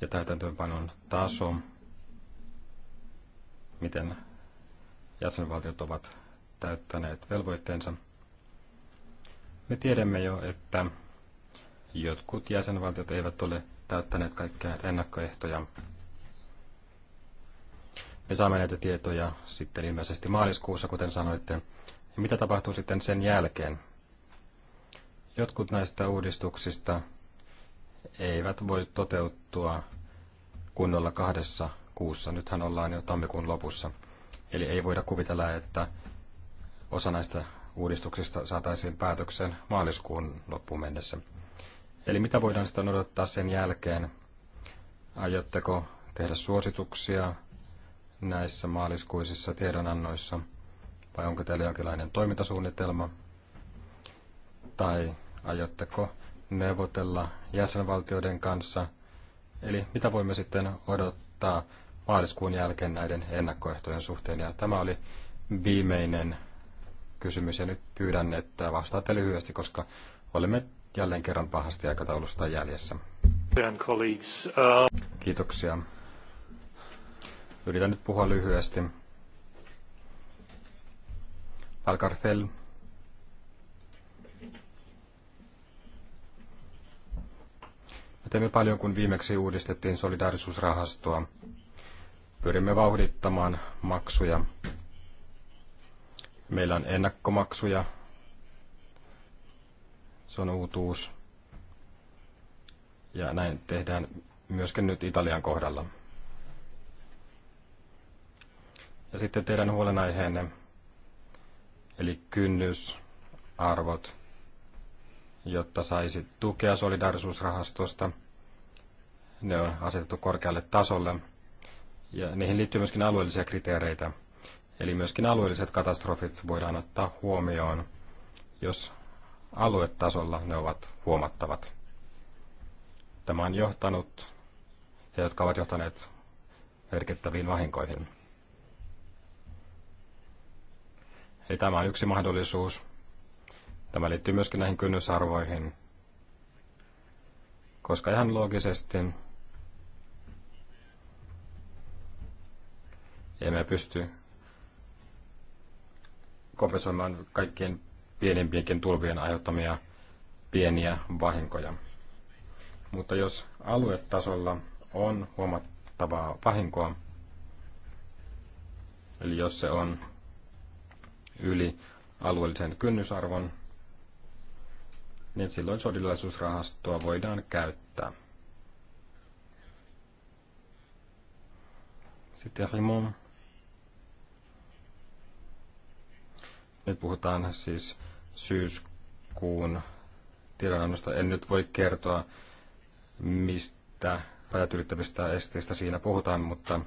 ja täytäntöönpanon taso, miten jäsenvaltiot ovat täyttäneet velvoitteensa. Me tiedämme jo, että jotkut jäsenvaltiot eivät ole täyttäneet kaikkia ennakkoehtoja, me saamme näitä tietoja sitten ilmeisesti maaliskuussa, kuten sanoitte. Ja mitä tapahtuu sitten sen jälkeen? Jotkut näistä uudistuksista eivät voi toteutua kunnolla kahdessa kuussa. Nythän ollaan jo tammikuun lopussa. Eli ei voida kuvitella, että osa näistä uudistuksista saataisiin päätöksen maaliskuun loppuun mennessä. Eli mitä voidaan sitten odottaa sen jälkeen? Aiotteko tehdä suosituksia näissä maaliskuisissa tiedonannoissa, vai onko teillä jonkinlainen toimintasuunnitelma, tai aiotteko neuvotella jäsenvaltioiden kanssa, eli mitä voimme sitten odottaa maaliskuun jälkeen näiden ennakkoehtojen suhteen. Ja tämä oli viimeinen kysymys, ja nyt pyydän, että vastaatte lyhyesti, koska olemme jälleen kerran pahasti aikataulusta jäljessä. Uh, Kiitoksia. Yritän nyt puhua lyhyesti. Valkarfell. Me teemme paljon, kun viimeksi uudistettiin solidaarisuusrahastoa. Pyrimme vauhdittamaan maksuja. Meillä on ennakkomaksuja. Se on uutuus. Ja näin tehdään myöskin nyt Italian kohdalla. Ja sitten teidän huolenaiheenne, eli kynnysarvot, jotta saisi tukea solidarisuusrahastosta. Ne on asetettu korkealle tasolle ja niihin liittyy myöskin alueellisia kriteereitä. Eli myöskin alueelliset katastrofit voidaan ottaa huomioon, jos aluetasolla ne ovat huomattavat. Tämä on johtanut, ja jotka ovat johtaneet merkittäviin vahinkoihin. Eli tämä on yksi mahdollisuus. Tämä liittyy myöskin näihin kynnysarvoihin, koska ihan loogisesti emme pysty kompensoimaan kaikkien pienimpienkin tulvien aiheuttamia pieniä vahinkoja. Mutta jos aluetasolla on huomattavaa vahinkoa, eli jos se on yli alueellisen kynnysarvon, niin silloin sodillisuusrahastoa voidaan käyttää. Sitten Rimon. Nyt puhutaan siis syyskuun tiedonannosta. En nyt voi kertoa, mistä rajat ylittävistä esteistä siinä puhutaan, mutta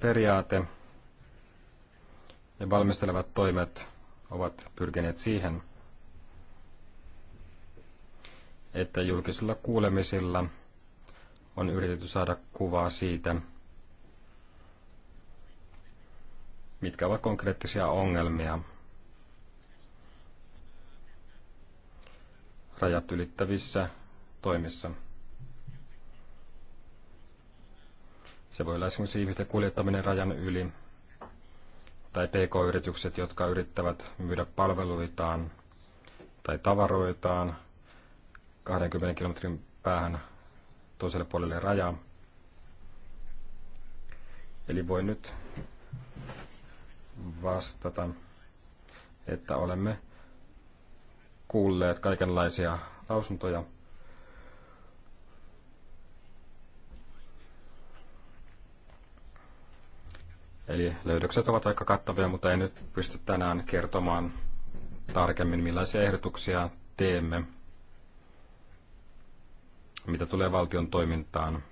periaate ja valmistelevat toimet ovat pyrkineet siihen, että julkisilla kuulemisilla on yritetty saada kuvaa siitä, mitkä ovat konkreettisia ongelmia rajat ylittävissä toimissa. Se voi olla esimerkiksi ihmisten kuljettaminen rajan yli tai pk-yritykset, jotka yrittävät myydä palveluitaan tai tavaroitaan 20 kilometrin päähän toiselle puolelle rajaa. Eli voi nyt vastata, että olemme kuulleet kaikenlaisia lausuntoja Eli löydökset ovat aika kattavia, mutta en nyt pysty tänään kertomaan tarkemmin, millaisia ehdotuksia teemme, mitä tulee valtion toimintaan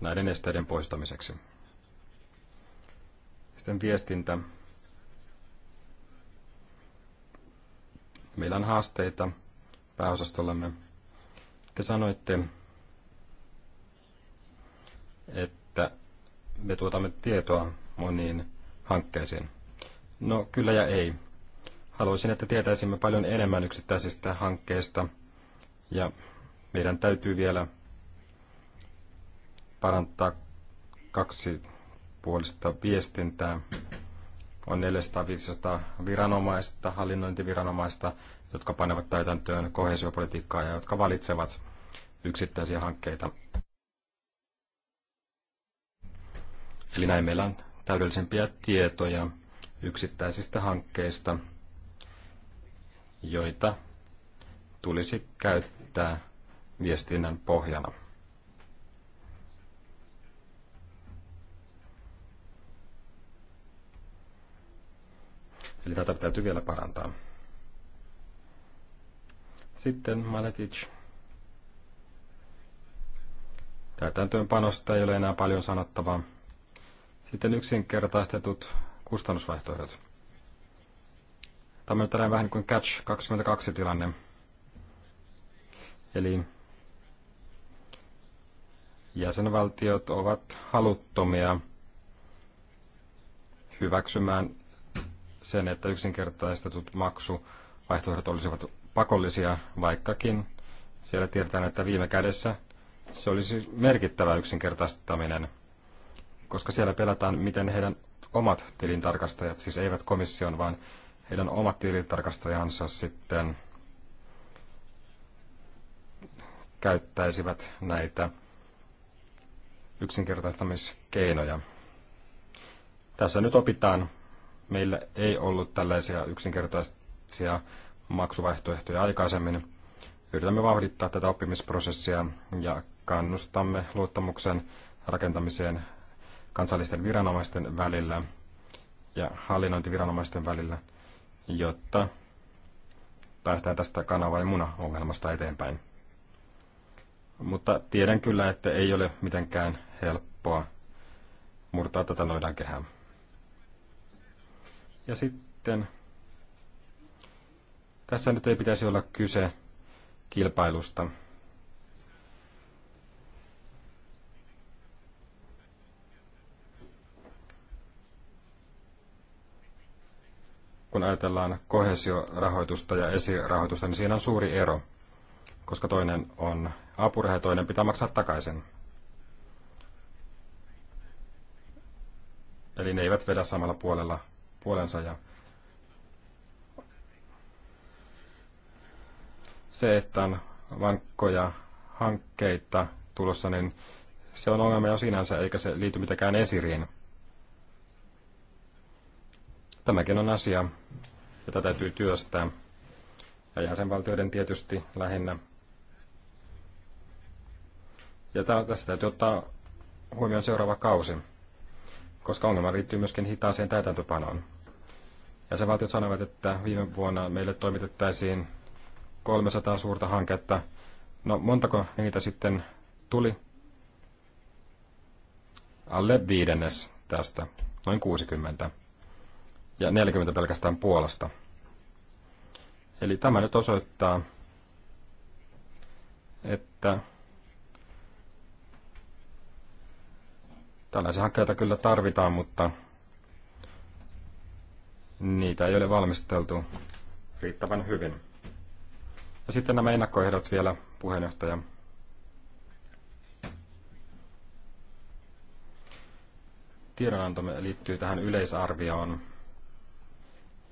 näiden esteiden poistamiseksi. Sitten viestintä. Meillä on haasteita pääosastollamme. Te sanoitte, että me tuotamme tietoa moniin hankkeisiin. No kyllä ja ei. Haluaisin, että tietäisimme paljon enemmän yksittäisistä hankkeista ja meidän täytyy vielä parantaa kaksi puolista viestintää. On 400-500 viranomaista, hallinnointiviranomaista, jotka panevat täytäntöön kohesiopolitiikkaa ja jotka valitsevat yksittäisiä hankkeita. Eli näin meillä on täydellisempiä tietoja yksittäisistä hankkeista, joita tulisi käyttää viestinnän pohjana. Eli tätä täytyy vielä parantaa. Sitten Maletic. Täytäntöönpanosta ei ole enää paljon sanottavaa. Sitten yksinkertaistetut kustannusvaihtoehdot. Tämä on tällainen vähän niin kuin catch 22 tilanne. Eli jäsenvaltiot ovat haluttomia hyväksymään sen, että yksinkertaistetut maksuvaihtoehdot olisivat pakollisia, vaikkakin siellä tiedetään, että viime kädessä se olisi merkittävä yksinkertaistaminen – koska siellä pelataan, miten heidän omat tilintarkastajat, siis eivät komission, vaan heidän omat tilintarkastajansa sitten käyttäisivät näitä yksinkertaistamiskeinoja. Tässä nyt opitaan. Meillä ei ollut tällaisia yksinkertaisia maksuvaihtoehtoja aikaisemmin. Yritämme vauhdittaa tätä oppimisprosessia ja kannustamme luottamuksen rakentamiseen kansallisten viranomaisten välillä ja hallinnointiviranomaisten välillä, jotta päästään tästä kanava- ja muna-ongelmasta eteenpäin. Mutta tiedän kyllä, että ei ole mitenkään helppoa murtaa tätä noidan kehää. Ja sitten tässä nyt ei pitäisi olla kyse kilpailusta. kun ajatellaan kohesiorahoitusta ja esirahoitusta, niin siinä on suuri ero, koska toinen on apuraha ja toinen pitää maksaa takaisin. Eli ne eivät vedä samalla puolella puolensa. Ja se, että on vankkoja hankkeita tulossa, niin se on ongelma jo sinänsä, eikä se liity mitenkään esiriin. Tämäkin on asia, jota täytyy työstää. Ja jäsenvaltioiden tietysti lähinnä. Ja tässä täytyy ottaa huomioon seuraava kausi, koska ongelma liittyy myöskin hitaaseen täytäntöpanoon. Jäsenvaltiot sanovat, että viime vuonna meille toimitettaisiin 300 suurta hanketta. No montako niitä sitten tuli? Alle viidennes tästä, noin 60 ja 40 pelkästään Puolasta. Eli tämä nyt osoittaa, että tällaisia hankkeita kyllä tarvitaan, mutta niitä ei ole valmisteltu riittävän hyvin. Ja sitten nämä ennakkoehdot vielä, puheenjohtaja. Tiedonantomme liittyy tähän yleisarvioon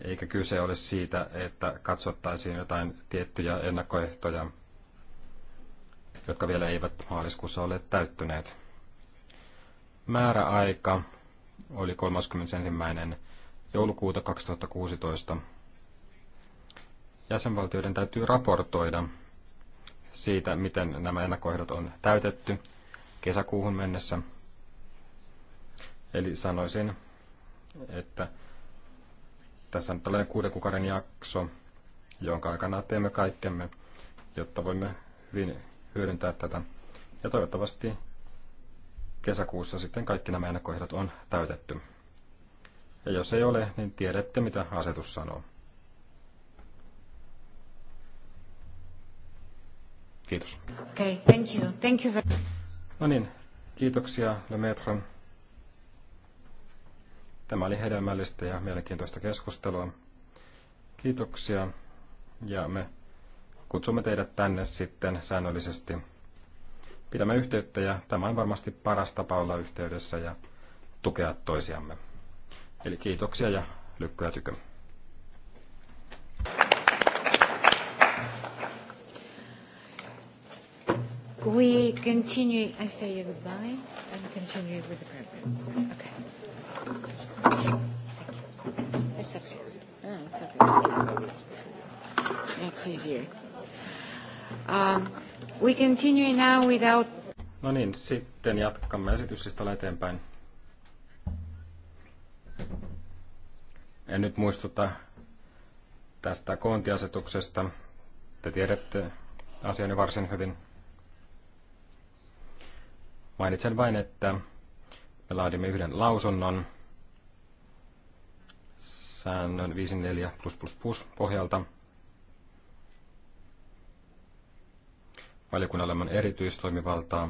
eikä kyse ole siitä, että katsottaisiin jotain tiettyjä ennakkoehtoja, jotka vielä eivät maaliskuussa ole täyttyneet. Määräaika oli 31. joulukuuta 2016. Jäsenvaltioiden täytyy raportoida siitä, miten nämä ennakkoehdot on täytetty kesäkuuhun mennessä. Eli sanoisin, että tässä on tällainen kuuden kuukauden jakso, jonka aikana teemme kaikkemme, jotta voimme hyvin hyödyntää tätä. Ja toivottavasti kesäkuussa sitten kaikki nämä ennakkoehdot on täytetty. Ja jos ei ole, niin tiedätte mitä asetus sanoo. Kiitos. Okay, thank you. Thank you very... No niin, kiitoksia Lemaitre. Tämä oli hedelmällistä ja mielenkiintoista keskustelua. Kiitoksia ja me kutsumme teidät tänne sitten säännöllisesti. Pidämme yhteyttä ja tämä on varmasti paras tapa olla yhteydessä ja tukea toisiamme. Eli kiitoksia ja lykkyä tykö. We continue, I say goodbye and continue with the program okay. No, okay. easier. Um, we continue now without... No niin, sitten jatkamme esityslistalla eteenpäin. En nyt muistuta tästä koontiasetuksesta. Te tiedätte asiani varsin hyvin. Mainitsen vain, että me laadimme yhden lausunnon säännön 54 pohjalta. valiokunnalle on erityistoimivaltaa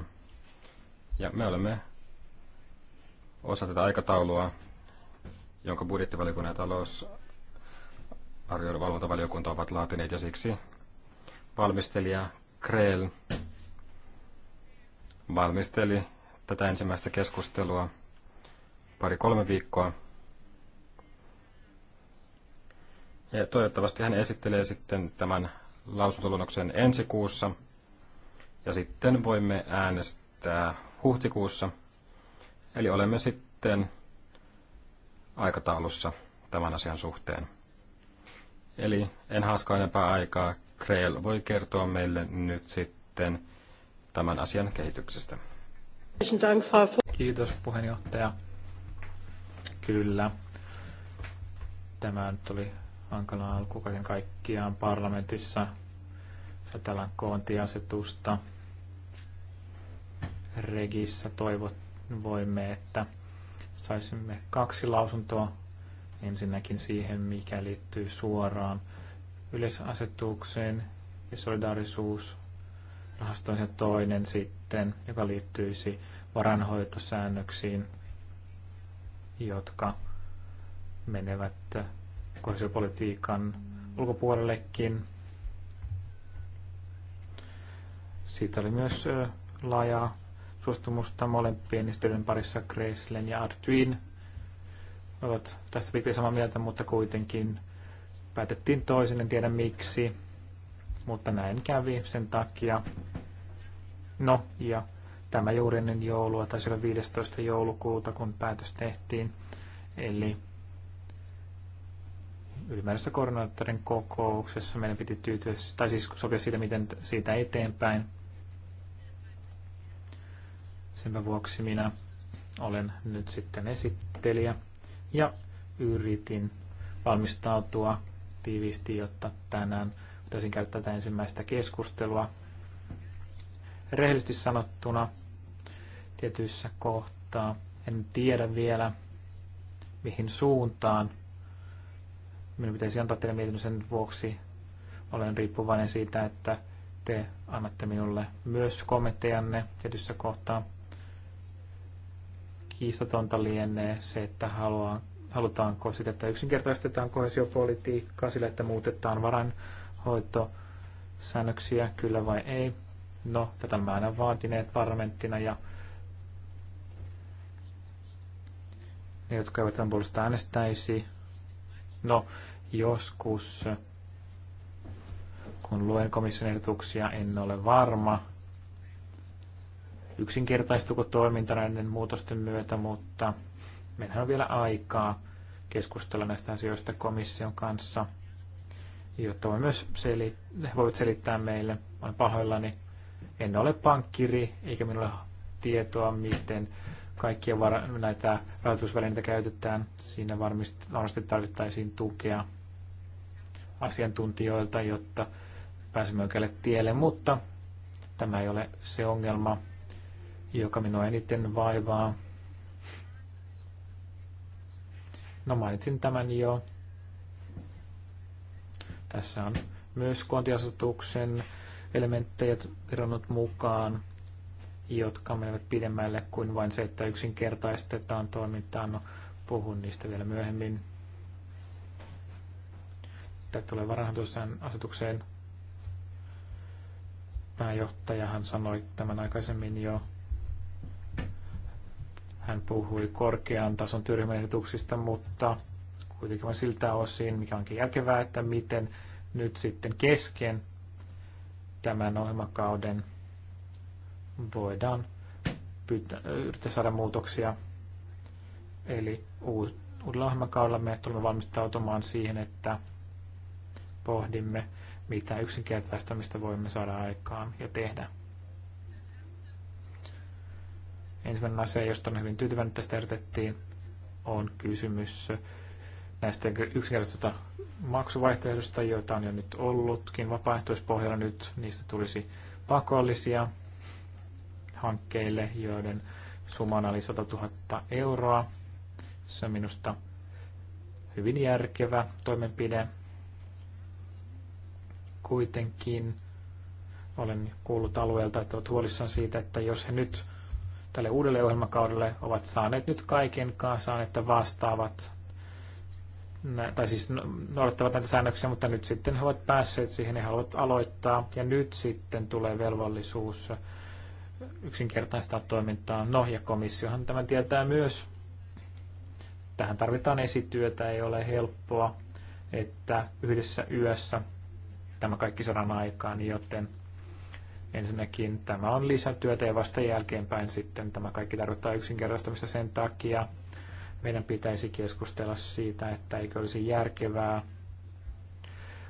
ja me olemme osa tätä aikataulua, jonka budjettivaliokunnan ja talousarvioiden valvontavaliokunta ovat laatineet ja siksi valmistelija Krell valmisteli tätä ensimmäistä keskustelua pari-kolme viikkoa Ja toivottavasti hän esittelee sitten tämän lausuntoluonnoksen ensi kuussa. Ja sitten voimme äänestää huhtikuussa. Eli olemme sitten aikataulussa tämän asian suhteen. Eli en haaskaa enempää aikaa. Kreel voi kertoa meille nyt sitten tämän asian kehityksestä. Kiitos puheenjohtaja. Kyllä. Tämä nyt oli hankala alku kaiken kaikkiaan parlamentissa. Tällä koontiasetusta regissä toivoimme, että saisimme kaksi lausuntoa. Ensinnäkin siihen, mikä liittyy suoraan yleisasetukseen ja solidaarisuusrahastoon ja toinen sitten, joka liittyisi varanhoitosäännöksiin, jotka menevät kohesiopolitiikan ulkopuolellekin. Siitä oli myös laajaa suostumusta molempien esitöiden parissa Graceland ja Artuin. ovat tästä pitkään samaa mieltä, mutta kuitenkin päätettiin toisin, en tiedä miksi, mutta näin kävi sen takia. No, ja tämä juuri ennen joulua, tai olla 15. joulukuuta, kun päätös tehtiin. Eli ylimääräisessä koordinaattorin kokouksessa meidän piti tyytyä, tai siis sopia siitä, miten siitä eteenpäin. Sen vuoksi minä olen nyt sitten esittelijä ja yritin valmistautua tiiviisti, jotta tänään voitaisiin käyttää tätä ensimmäistä keskustelua. Rehellisesti sanottuna tietyissä kohtaa en tiedä vielä, mihin suuntaan minun pitäisi antaa teille mietinnön sen vuoksi. Olen riippuvainen siitä, että te annatte minulle myös kommenttejanne tietyssä kohtaa. Kiistatonta lienee se, että haluan, halutaanko sitä, että yksinkertaistetaan kohesiopolitiikkaa sillä, että muutetaan varainhoitosäännöksiä, kyllä vai ei. No, tätä mä aina vaatineet parlamenttina ja ne, jotka eivät tämän puolesta äänestäisi, No, joskus, kun luen komission ehdotuksia, en ole varma, yksinkertaistuko toiminta näiden muutosten myötä, mutta meillähän on vielä aikaa keskustella näistä asioista komission kanssa, jotta voi myös selit- he voivat selittää meille, olen pahoillani, en ole pankkiri, eikä minulla tietoa, miten kaikkia var- näitä rahoitusvälineitä käytetään. Siinä varmasti, varmasti tarvittaisiin tukea asiantuntijoilta, jotta pääsemme oikealle tielle, mutta tämä ei ole se ongelma, joka minua eniten vaivaa. No mainitsin tämän jo. Tässä on myös kontiasetuksen elementtejä virannut mukaan jotka menevät pidemmälle kuin vain se, että yksinkertaistetaan toimintaa. No, puhun niistä vielä myöhemmin. Tämä tulee varainhoitosan asetukseen. Pääjohtajahan sanoi tämän aikaisemmin jo. Hän puhui korkean tason työryhmän ehdotuksista, mutta kuitenkin vain siltä osin, mikä onkin järkevää, että miten nyt sitten kesken tämän ohjelmakauden – voidaan pyytää, yrittää saada muutoksia. Eli uudella ohjelmakaudella me tulemme valmistautumaan siihen, että pohdimme, mitä yksinkertaistamista voimme saada aikaan ja tehdä. Ensimmäinen asia, josta olen hyvin tyytyväinen, että tästä erotettiin, on kysymys näistä yksinkertaisista maksuvaihtoehdosta, joita on jo nyt ollutkin vapaaehtoispohjalla nyt, niistä tulisi pakollisia hankkeille, joiden summana oli 100 000 euroa. Se on minusta hyvin järkevä toimenpide. Kuitenkin olen kuullut alueelta, että ovat huolissaan siitä, että jos he nyt tälle uudelle ohjelmakaudelle ovat saaneet nyt kaiken kanssaan, että vastaavat, tai siis noudattavat näitä säännöksiä, mutta nyt sitten he ovat päässeet siihen ja haluavat aloittaa. Ja nyt sitten tulee velvollisuus yksinkertaistaa toimintaa. No ja komissiohan tämä tietää myös. Tähän tarvitaan esityötä, ei ole helppoa, että yhdessä yössä tämä kaikki saadaan aikaan, joten ensinnäkin tämä on lisätyötä ja vasta jälkeenpäin sitten tämä kaikki tarkoittaa yksinkertaistamista sen takia. Meidän pitäisi keskustella siitä, että eikö olisi järkevää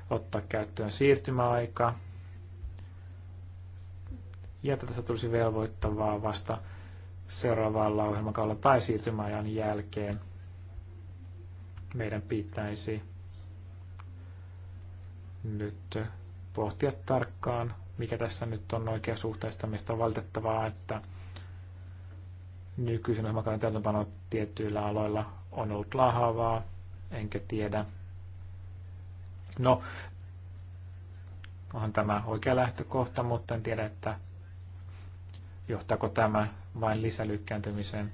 ottaa käyttöön siirtymäaika ja tätä tulisi velvoittavaa vasta seuraavalla ohjelmakaudella tai siirtymäajan jälkeen. Meidän pitäisi nyt pohtia tarkkaan, mikä tässä nyt on oikea mistä On valitettavaa, että nykyisen ohjelmakauden täytäntöpano tietyillä aloilla on ollut lahavaa, enkä tiedä. No, onhan tämä oikea lähtökohta, mutta en tiedä, että johtaako tämä vain lisälykkääntymiseen.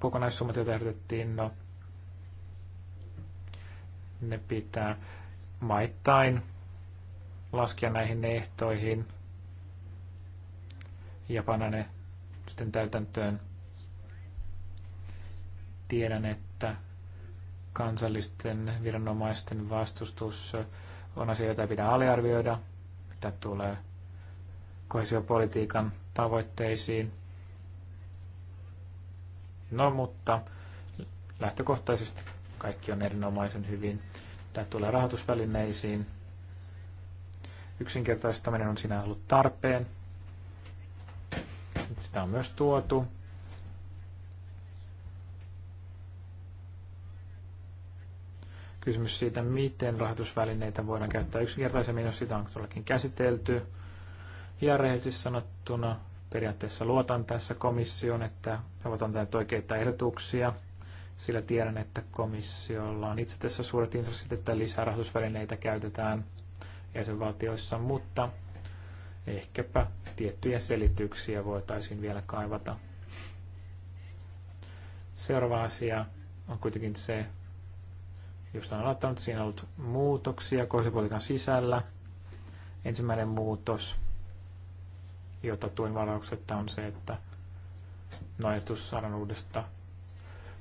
Kokonaissummat, joita ehdotettiin, no, ne pitää maittain laskea näihin ehtoihin ja panna ne sitten täytäntöön. Tiedän, että kansallisten viranomaisten vastustus on asia, jota pitää aliarvioida, mitä tulee kohesiopolitiikan tavoitteisiin. No mutta lähtökohtaisesti kaikki on erinomaisen hyvin. Tämä tulee rahoitusvälineisiin. Yksinkertaistaminen on sinä ollut tarpeen. Sitä on myös tuotu. Kysymys siitä, miten rahoitusvälineitä voidaan käyttää yksinkertaisemmin, jos sitä on todellakin käsitelty ihan rehellisesti sanottuna periaatteessa luotan tässä komissioon, että he ovat antaneet oikeita ehdotuksia, sillä tiedän, että komissiolla on itse tässä suuret intressit, että lisärahoitusvälineitä käytetään jäsenvaltioissa, mutta ehkäpä tiettyjä selityksiä voitaisiin vielä kaivata. Seuraava asia on kuitenkin se, josta on aloittanut, siinä on ollut muutoksia kohdipolitiikan sisällä. Ensimmäinen muutos jota tuen varauksetta, on se, että no ajatus saadaan uudesta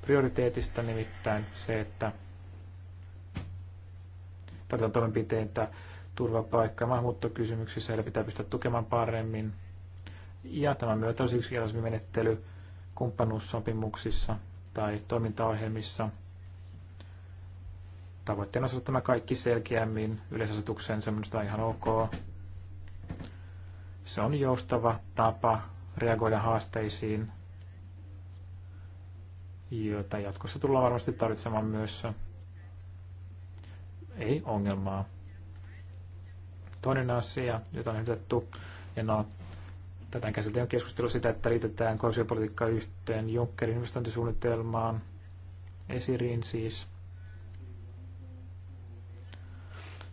prioriteetista, nimittäin se, että tätä toimenpiteitä turvapaikka- ja maahanmuuttokysymyksissä heillä pitää pystyä tukemaan paremmin. Ja tämän myötä olisi yksinkertaisempi menettely kumppanuussopimuksissa tai toimintaohjelmissa. Tavoitteena on saada tämä kaikki selkeämmin. Yleisasetuksen semmoista on ihan ok. Se on joustava tapa reagoida haasteisiin, joita jatkossa tullaan varmasti tarvitsemaan myös. Ei ongelmaa. Toinen asia, jota on ehdotettu, ja no, tätä käsiteltiin keskustelu sitä, että liitetään kohesiopolitiikka yhteen Junckerin investointisuunnitelmaan, esiriin siis.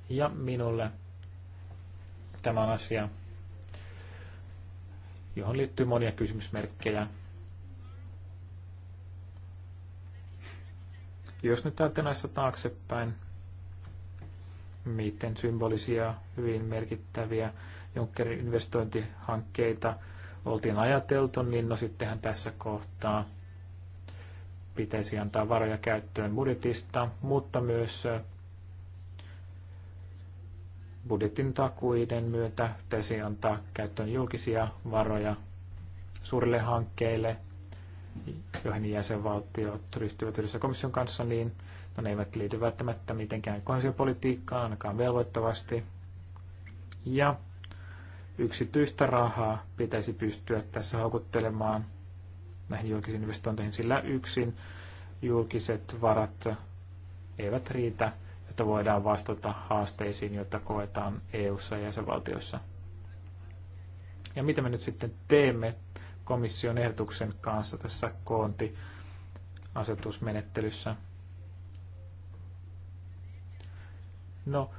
Ja minulle tämä on asia, johon liittyy monia kysymysmerkkejä. Jos nyt näissä taaksepäin, miten symbolisia, hyvin merkittäviä Junckerin investointihankkeita oltiin ajateltu, niin no sittenhän tässä kohtaa pitäisi antaa varoja käyttöön budjetista, mutta myös budjetin takuiden myötä pitäisi antaa käyttöön julkisia varoja suurille hankkeille, joihin jäsenvaltiot ryhtyvät yhdessä komission kanssa, niin no ne eivät liity välttämättä mitenkään kohesiopolitiikkaan, ainakaan velvoittavasti. Ja yksityistä rahaa pitäisi pystyä tässä houkuttelemaan näihin julkisiin investointeihin, sillä yksin julkiset varat eivät riitä jotta voidaan vastata haasteisiin, joita koetaan EU-ssa ja jäsenvaltioissa. Ja mitä me nyt sitten teemme komission ehdotuksen kanssa tässä koontiasetusmenettelyssä? No,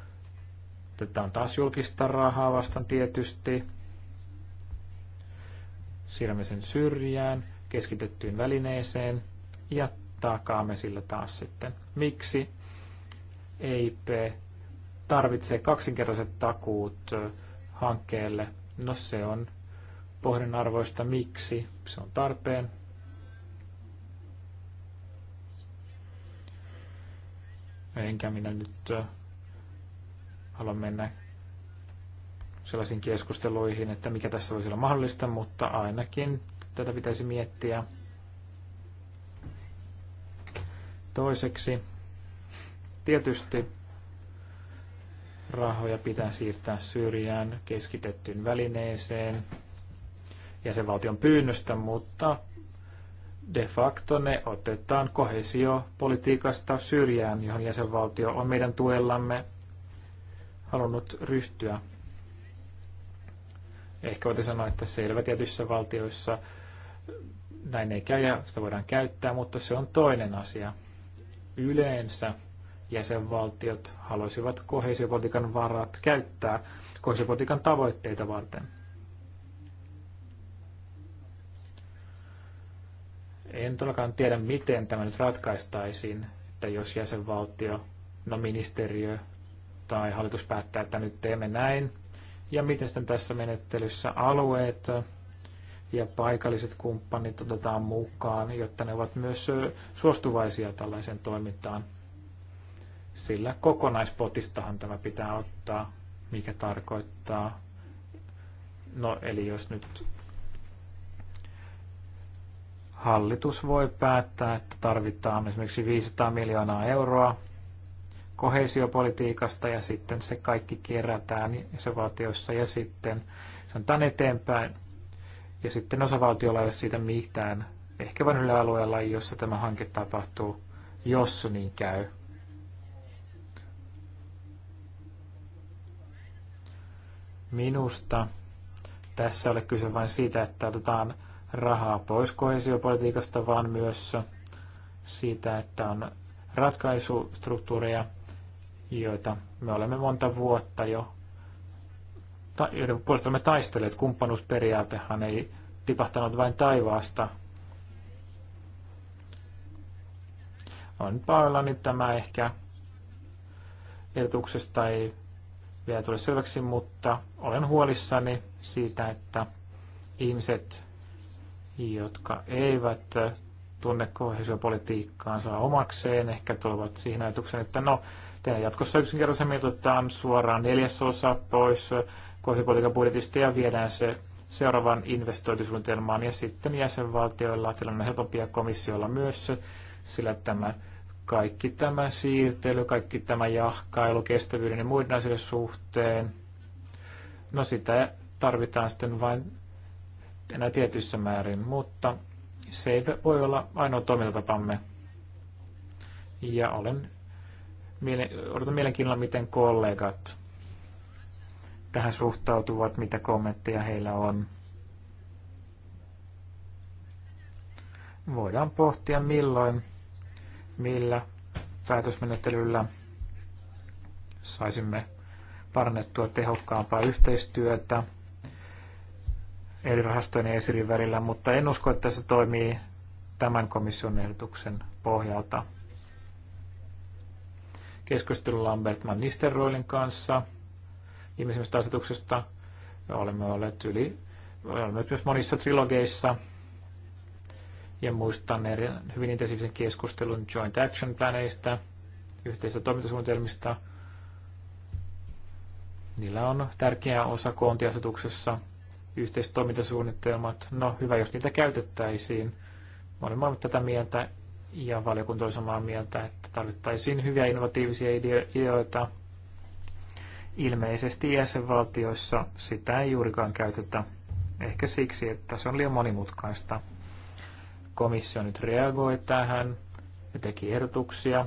tätä on taas julkista rahaa vastaan tietysti. Siirrämme sen syrjään, keskitettyyn välineeseen ja takaamme sillä taas sitten. Miksi EIP tarvitsee kaksinkertaiset takuut hankkeelle. No se on pohdin arvoista miksi, se on tarpeen. Enkä minä nyt halua mennä sellaisiin keskusteluihin, että mikä tässä voisi olla mahdollista, mutta ainakin tätä pitäisi miettiä. Toiseksi Tietysti rahoja pitää siirtää syrjään keskitettyyn välineeseen ja valtion pyynnöstä, mutta de facto ne otetaan kohesiopolitiikasta syrjään, johon jäsenvaltio on meidän tuellamme halunnut ryhtyä. Ehkä voitaisiin sanoa, että selvä tietyissä valtioissa näin ei käy ja sitä voidaan käyttää, mutta se on toinen asia. Yleensä jäsenvaltiot haluaisivat kohesiopolitiikan varat käyttää kohesiopolitiikan tavoitteita varten. En todellakaan tiedä, miten tämä nyt ratkaistaisiin, että jos jäsenvaltio, no ministeriö tai hallitus päättää, että nyt teemme näin, ja miten sitten tässä menettelyssä alueet ja paikalliset kumppanit otetaan mukaan, jotta ne ovat myös suostuvaisia tällaiseen toimintaan sillä kokonaispotistahan tämä pitää ottaa, mikä tarkoittaa, no eli jos nyt hallitus voi päättää, että tarvitaan esimerkiksi 500 miljoonaa euroa kohesiopolitiikasta ja sitten se kaikki kerätään jäsenvaltioissa ja sitten se on tämän eteenpäin. Ja sitten osavaltiolla ei ole siitä mitään, ehkä vain yläalueella, jossa tämä hanke tapahtuu, jos niin käy. Minusta tässä ole kyse vain siitä, että otetaan rahaa pois koesiopolitiikasta, vaan myös siitä, että on ratkaisustruktuureja, joita me olemme monta vuotta jo, ta, joiden puolesta olemme taistelleet. Kumppanuusperiaatehan ei tipahtanut vain taivaasta. On pahoillani tämä ehkä ehdotuksesta ei vielä tule selväksi, mutta olen huolissani siitä, että ihmiset, jotka eivät tunne kohesiopolitiikkaansa omakseen, ehkä tulevat siihen ajatukseen, että no, tehdään jatkossa yksinkertaisemmin, otetaan suoraan neljäsosa pois kohesiopolitiikan budjetista ja viedään se seuraavaan investointisuunnitelmaan ja sitten jäsenvaltioilla tilanne on helpompi ja komissiolla myös, sillä tämä kaikki tämä siirtely, kaikki tämä jahkailu kestävyyden ja muiden asioiden suhteen, no sitä tarvitaan sitten vain enää tietyissä määrin, mutta se ei voi olla ainoa toimintatapamme. Ja olen, odotan mielenkiinnolla, miten kollegat tähän suhtautuvat, mitä kommentteja heillä on. Voidaan pohtia milloin millä päätösmenettelyllä saisimme parannettua tehokkaampaa yhteistyötä eri rahastojen ja esirin välillä, mutta en usko, että se toimii tämän komission ehdotuksen pohjalta. Keskustelu Lambertman Nisterroilin kanssa viimeisimmästä asetuksesta olemme olleet yli, olemme myös monissa trilogeissa ja muistan hyvin intensiivisen keskustelun joint action planeista, yhteisistä toimintasuunnitelmista. Niillä on tärkeä osa koontiasetuksessa, yhteiset toimintasuunnitelmat. No hyvä, jos niitä käytettäisiin. Mä olen tätä mieltä ja valiokunta on samaa mieltä, että tarvittaisiin hyviä innovatiivisia ideoita. Ilmeisesti jäsenvaltioissa sitä ei juurikaan käytetä, ehkä siksi, että se on liian monimutkaista komissio nyt reagoi tähän ja teki ehdotuksia.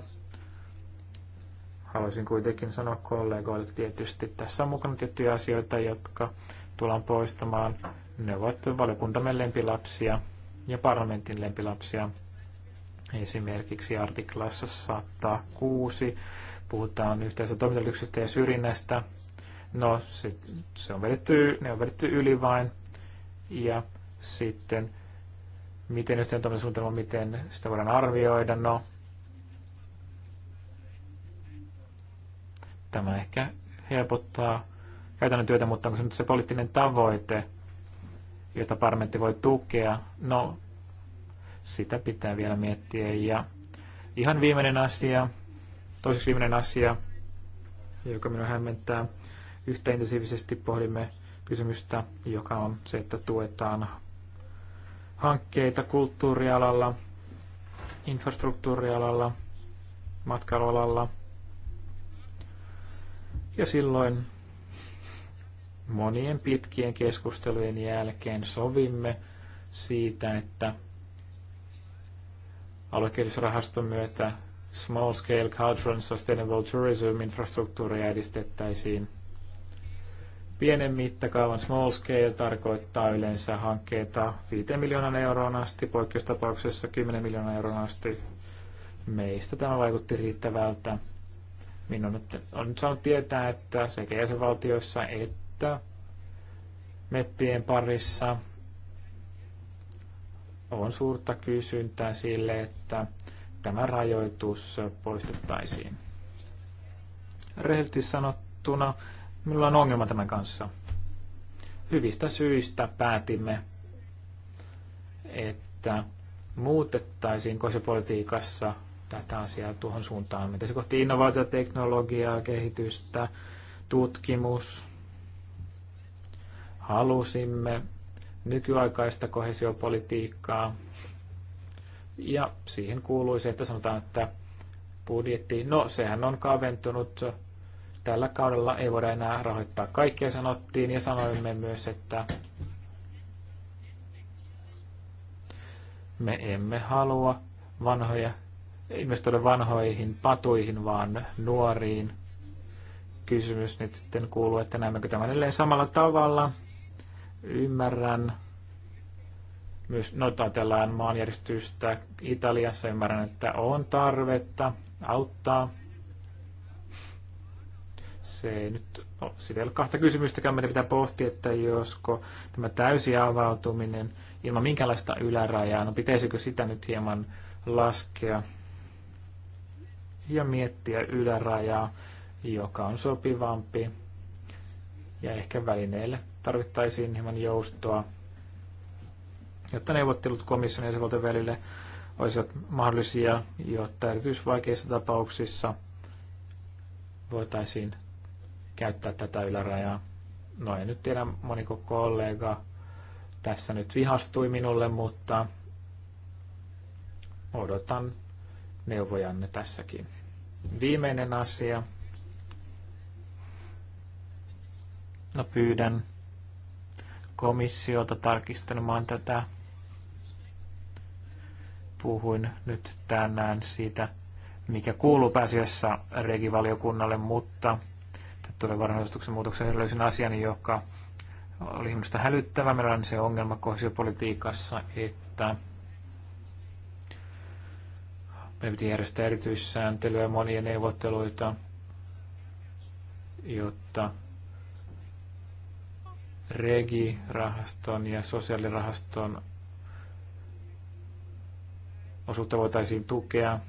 Haluaisin kuitenkin sanoa kollegoille, että tietysti tässä on mukana tiettyjä asioita, jotka tullaan poistamaan. Ne ovat valiokuntamme lempilapsia ja parlamentin lempilapsia. Esimerkiksi artiklassa 106 puhutaan yhteisestä toimintaedellytyksestä ja syrjinnästä. No, se, se on vedetty, ne on vedetty yli vain. Ja sitten miten suunnitelma, miten sitä voidaan arvioida. No, tämä ehkä helpottaa käytännön työtä, mutta onko se nyt se poliittinen tavoite, jota parlamentti voi tukea? No, sitä pitää vielä miettiä. Ja ihan viimeinen asia, toiseksi viimeinen asia, joka minua hämmentää, yhtä intensiivisesti pohdimme kysymystä, joka on se, että tuetaan hankkeita kulttuurialalla, infrastruktuurialalla, matkailualalla. Ja silloin monien pitkien keskustelujen jälkeen sovimme siitä, että aluekehitysrahaston myötä small scale cultural and sustainable tourism infrastruktuuria edistettäisiin – Pienen mittakaavan small scale tarkoittaa yleensä hankkeita 5 miljoonan euron asti, poikkeustapauksessa 10 miljoonan euron asti. Meistä tämä vaikutti riittävältä. Minun on nyt, on nyt saanut tietää, että sekä jäsenvaltioissa että meppien parissa on suurta kysyntää sille, että tämä rajoitus poistettaisiin. Rehellisesti sanottuna Minulla on ongelma tämän kanssa. Hyvistä syistä päätimme, että muutettaisiin kosepolitiikassa tätä asiaa tuohon suuntaan. Mitä se kohti innovaatioteknologiaa, kehitystä, tutkimus. Halusimme nykyaikaista kohesiopolitiikkaa. Ja siihen kuuluisi, että sanotaan, että budjetti, no sehän on kaventunut tällä kaudella ei voida enää rahoittaa kaikkea, sanottiin, ja sanoimme myös, että me emme halua vanhoja, investoida vanhoihin patuihin, vaan nuoriin. Kysymys nyt sitten kuuluu, että näemmekö tämä edelleen samalla tavalla. Ymmärrän. Myös no, ajatellaan maanjärjestystä Italiassa. Ymmärrän, että on tarvetta auttaa se ei nyt, no, sitä ei ole kahta kysymystäkään, meidän pitää pohtia, että josko tämä täysi avautuminen ilman minkälaista ylärajaa, no pitäisikö sitä nyt hieman laskea ja miettiä ylärajaa, joka on sopivampi ja ehkä välineille tarvittaisiin hieman joustoa, jotta neuvottelut komission ja Yhdysvaltojen välille olisivat mahdollisia, jotta erityisvaikeissa tapauksissa voitaisiin käyttää tätä ylärajaa. No en nyt tiedä, moniko kollega tässä nyt vihastui minulle, mutta odotan neuvojanne tässäkin. Viimeinen asia. No pyydän komissiota tarkistamaan tätä. Puhuin nyt tänään siitä, mikä kuuluu pääasiassa regivaliokunnalle, mutta tulee varhaisuutuksen muutoksen löysin asian, joka oli minusta hälyttävä. Meillä on se ongelma kohdallisuuspolitiikassa, että me piti järjestää erityissääntelyä ja monia neuvotteluita, jotta regirahaston ja sosiaalirahaston osuutta voitaisiin tukea –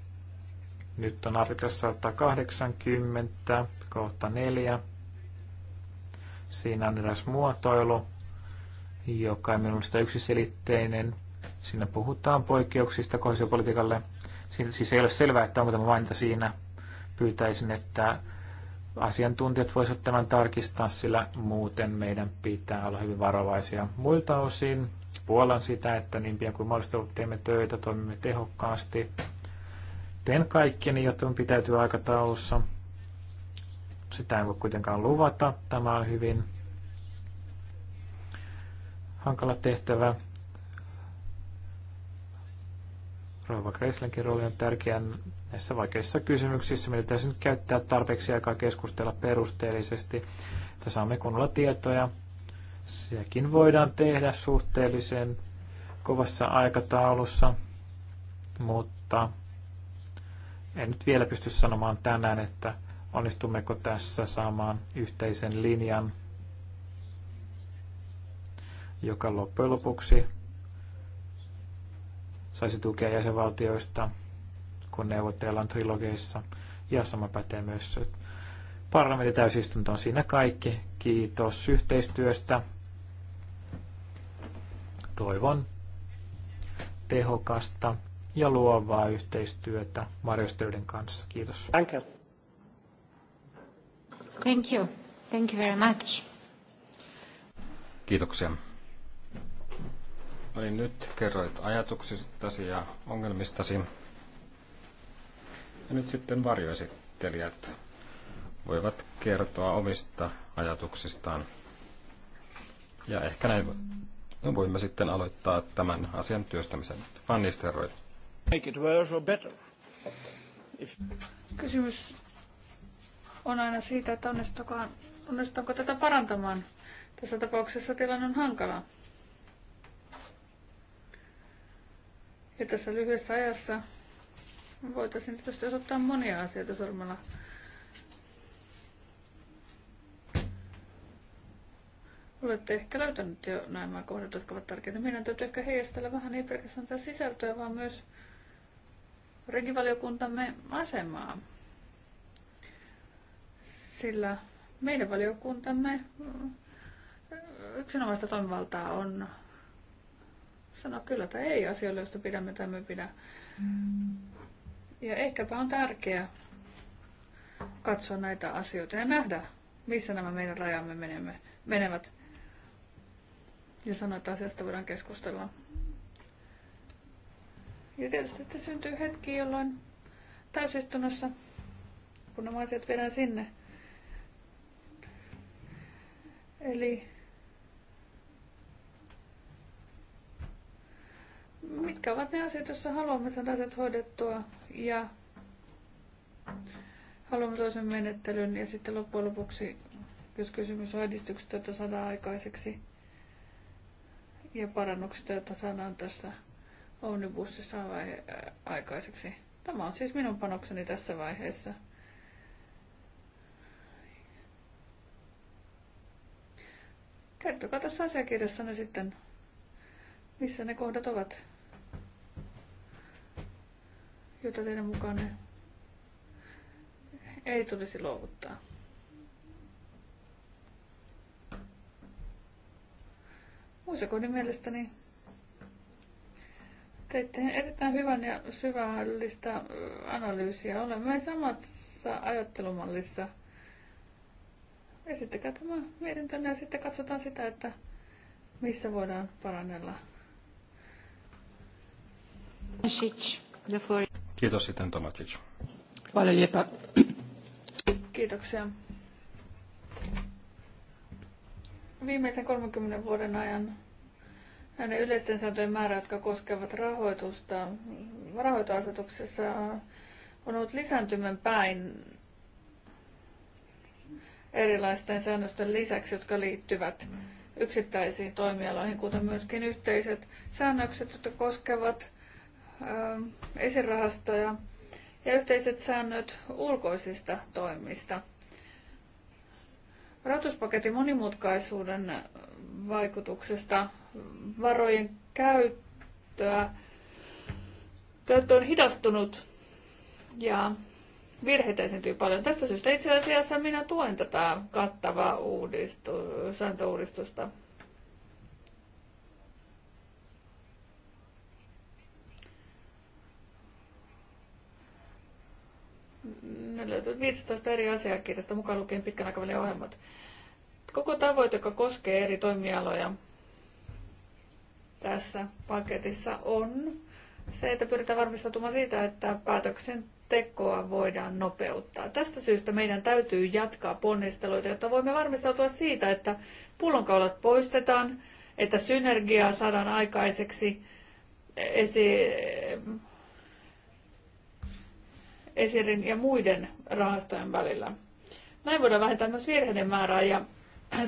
nyt on Afrikassa 180, kohta 4. Siinä on eräs muotoilu, joka ei minun sitä yksiselitteinen. Siinä puhutaan poikkeuksista kohdallisuuspolitiikalle. Siis ei ole selvää, että onko tämä mainita siinä. Pyytäisin, että asiantuntijat voisivat tämän tarkistaa, sillä muuten meidän pitää olla hyvin varovaisia. Muilta osin puolan sitä, että niin pian kuin mahdollista teemme töitä, toimimme tehokkaasti teen niin jotta on pitäytyy aikataulussa. Sitä en voi kuitenkaan luvata. Tämä on hyvin hankala tehtävä. Rova Kreislenkin rooli on tärkeä näissä vaikeissa kysymyksissä. Meidän pitäisi nyt käyttää tarpeeksi aikaa keskustella perusteellisesti, että saamme kunnolla tietoja. Sekin voidaan tehdä suhteellisen kovassa aikataulussa, mutta en nyt vielä pysty sanomaan tänään, että onnistummeko tässä saamaan yhteisen linjan, joka loppujen lopuksi saisi tukea jäsenvaltioista, kun neuvotellaan trilogeissa. Ja sama pätee myös parlamentin on Siinä kaikki. Kiitos yhteistyöstä. Toivon tehokasta ja luovaa yhteistyötä varjostöiden kanssa. Kiitos. Thank you. Thank you. Thank you very much. Kiitoksia. Eli nyt kerroit ajatuksistasi ja ongelmistasi. Ja nyt sitten varjoesittelijät voivat kertoa omista ajatuksistaan. Ja ehkä näin voimme sitten aloittaa tämän asian työstämisen. Van Make it worse or better. If... Kysymys on aina siitä, että onnistutaanko tätä parantamaan. Tässä tapauksessa tilanne on hankala. Ja tässä lyhyessä ajassa voitaisiin tietysti osoittaa monia asioita sormella. Olette ehkä löytänyt jo nämä kohdat, jotka ovat tärkeitä. Meidän täytyy ehkä heijastella vähän ei pelkästään tätä sisältöä, vaan myös regivaliokuntamme asemaa. Sillä meidän valiokuntamme yksinomaista toimivaltaa on sanoa kyllä tai ei asioille, joista pidämme tai me pidä. Ja ehkäpä on tärkeää katsoa näitä asioita ja nähdä, missä nämä meidän rajamme menemme, menevät. Ja sanoa, että asiasta voidaan keskustella. Ja tietysti sitten syntyy hetki, jolloin täysistunnossa, kun nämä asiat viedään sinne. Eli mitkä ovat ne asiat, joissa haluamme saada asiat hoidettua ja haluamme toisen menettelyn ja sitten loppujen lopuksi, jos kysymys on edistyksestä, jota saadaan aikaiseksi ja parannuksista, jota saadaan tässä Omnibus saa aikaiseksi. Tämä on siis minun panokseni tässä vaiheessa. Kertokaa tässä asiakirjassa ne sitten, missä ne kohdat ovat, joita teidän mukaan ne ei tulisi luovuttaa. Muissa kohdin mielestäni niin Teitte erittäin hyvän ja syvällistä analyysiä. Olemme samassa ajattelumallissa. Esittäkää tämä mietintö ja sitten katsotaan sitä, että missä voidaan parannella. Kiitos sitten Tomacic. Paljon liepä. Kiitoksia. Viimeisen 30 vuoden ajan Näiden yleisten sääntöjen määrä, jotka koskevat rahoitusta, rahoitoasetuksessa on ollut lisääntymän päin erilaisten säännösten lisäksi, jotka liittyvät yksittäisiin toimialoihin, kuten myöskin yhteiset säännökset, jotka koskevat ähm, esirahastoja ja yhteiset säännöt ulkoisista toimista – rahoituspaketin monimutkaisuuden vaikutuksesta varojen käyttöä. Käyttö on hidastunut ja virheitä esiintyy paljon. Tästä syystä itse asiassa minä tuen tätä kattavaa uudistu- sääntöuudistusta. ne löytyvät 15 eri asiakirjasta, mukaan lukien pitkän aikavälin ohjelmat. Koko tavoite, joka koskee eri toimialoja tässä paketissa, on se, että pyritään varmistautumaan siitä, että päätöksentekoa voidaan nopeuttaa. Tästä syystä meidän täytyy jatkaa ponnisteluita, jotta voimme varmistautua siitä, että pullonkaulat poistetaan, että synergiaa saadaan aikaiseksi esi- esirin ja muiden rahastojen välillä. Näin voidaan vähentää myös virheiden määrää ja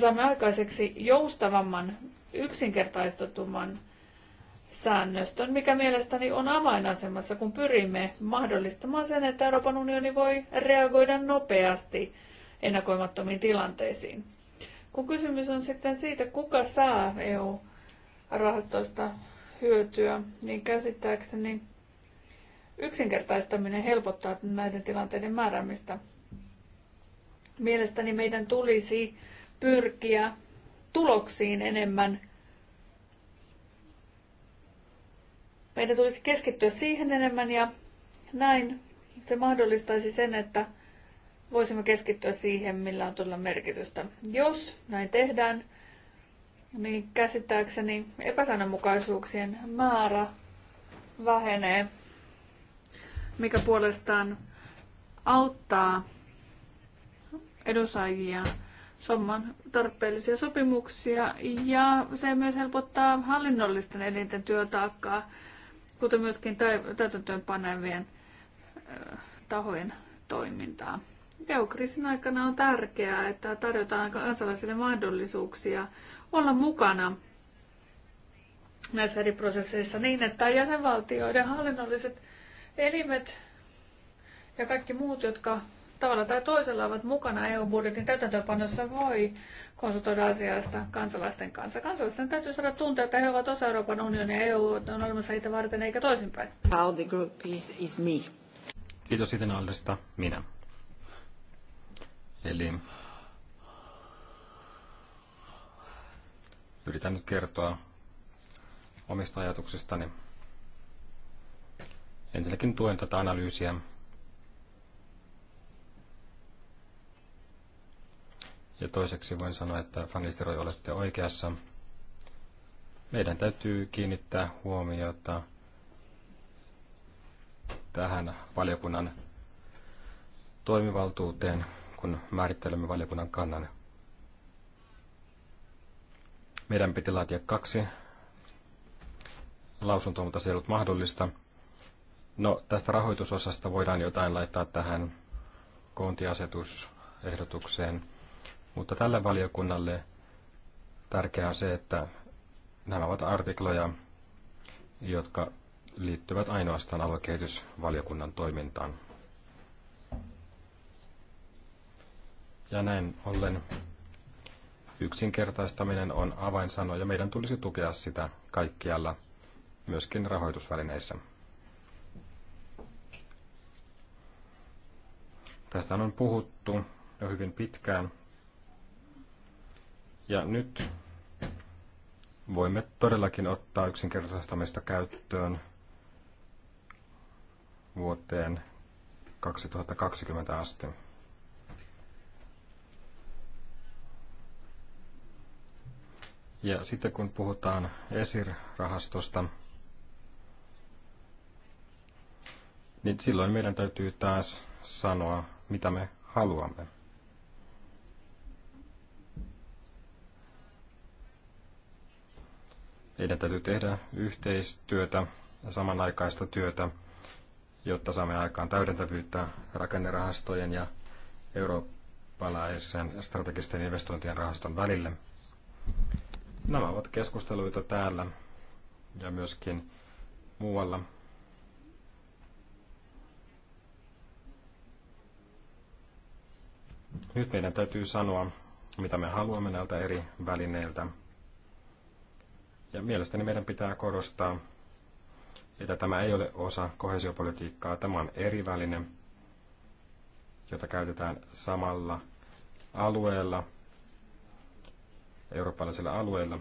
saamme aikaiseksi joustavamman, yksinkertaistetumman säännöstön, mikä mielestäni on avainasemassa, kun pyrimme mahdollistamaan sen, että Euroopan unioni voi reagoida nopeasti ennakoimattomiin tilanteisiin. Kun kysymys on sitten siitä, kuka saa EU-rahastoista hyötyä, niin käsittääkseni yksinkertaistaminen helpottaa näiden tilanteiden määräämistä. Mielestäni meidän tulisi pyrkiä tuloksiin enemmän. Meidän tulisi keskittyä siihen enemmän ja näin se mahdollistaisi sen, että voisimme keskittyä siihen, millä on todella merkitystä. Jos näin tehdään, niin käsittääkseni epäsäännönmukaisuuksien määrä vähenee mikä puolestaan auttaa edusajia somman tarpeellisia sopimuksia ja se myös helpottaa hallinnollisten elinten työtaakkaa, kuten myöskin panevien tahojen toimintaa. Geokriisin aikana on tärkeää, että tarjotaan kansalaisille mahdollisuuksia olla mukana näissä eri prosesseissa niin, että jäsenvaltioiden hallinnolliset elimet ja kaikki muut, jotka tavalla tai toisella ovat mukana EU-budjetin täytäntöönpanossa, voi konsultoida asiasta kansalaisten kanssa. Kansalaisten täytyy saada tuntea, että he ovat osa Euroopan unionia ja e EU on olemassa heitä varten eikä toisinpäin. How the group is, is me. Kiitos sitten Aldesta, minä. Eli yritän nyt kertoa omista ajatuksistani. Ensinnäkin tuen tätä analyysiä. Ja toiseksi voin sanoa, että fanisteroi olette oikeassa. Meidän täytyy kiinnittää huomiota tähän valiokunnan toimivaltuuteen, kun määrittelemme valiokunnan kannan. Meidän piti laatia kaksi lausuntoa, mutta se ei ollut mahdollista – No, tästä rahoitusosasta voidaan jotain laittaa tähän koontiasetusehdotukseen, mutta tälle valiokunnalle tärkeää on se, että nämä ovat artikloja, jotka liittyvät ainoastaan aluekehitysvaliokunnan toimintaan. Ja näin ollen yksinkertaistaminen on avainsano ja meidän tulisi tukea sitä kaikkialla, myöskin rahoitusvälineissä. Tästä on puhuttu jo hyvin pitkään. Ja nyt voimme todellakin ottaa yksinkertaistamista käyttöön vuoteen 2020 asti. Ja sitten kun puhutaan ESIR-rahastosta, niin silloin meidän täytyy taas sanoa mitä me haluamme. Meidän täytyy tehdä yhteistyötä ja samanaikaista työtä, jotta saamme aikaan täydentävyyttä rakennerahastojen ja eurooppalaisen strategisten investointien rahaston välille. Nämä ovat keskusteluita täällä ja myöskin muualla Nyt meidän täytyy sanoa, mitä me haluamme näiltä eri välineiltä. Ja mielestäni meidän pitää korostaa, että tämä ei ole osa kohesiopolitiikkaa, tämä on eri väline, jota käytetään samalla alueella, eurooppalaisella alueella.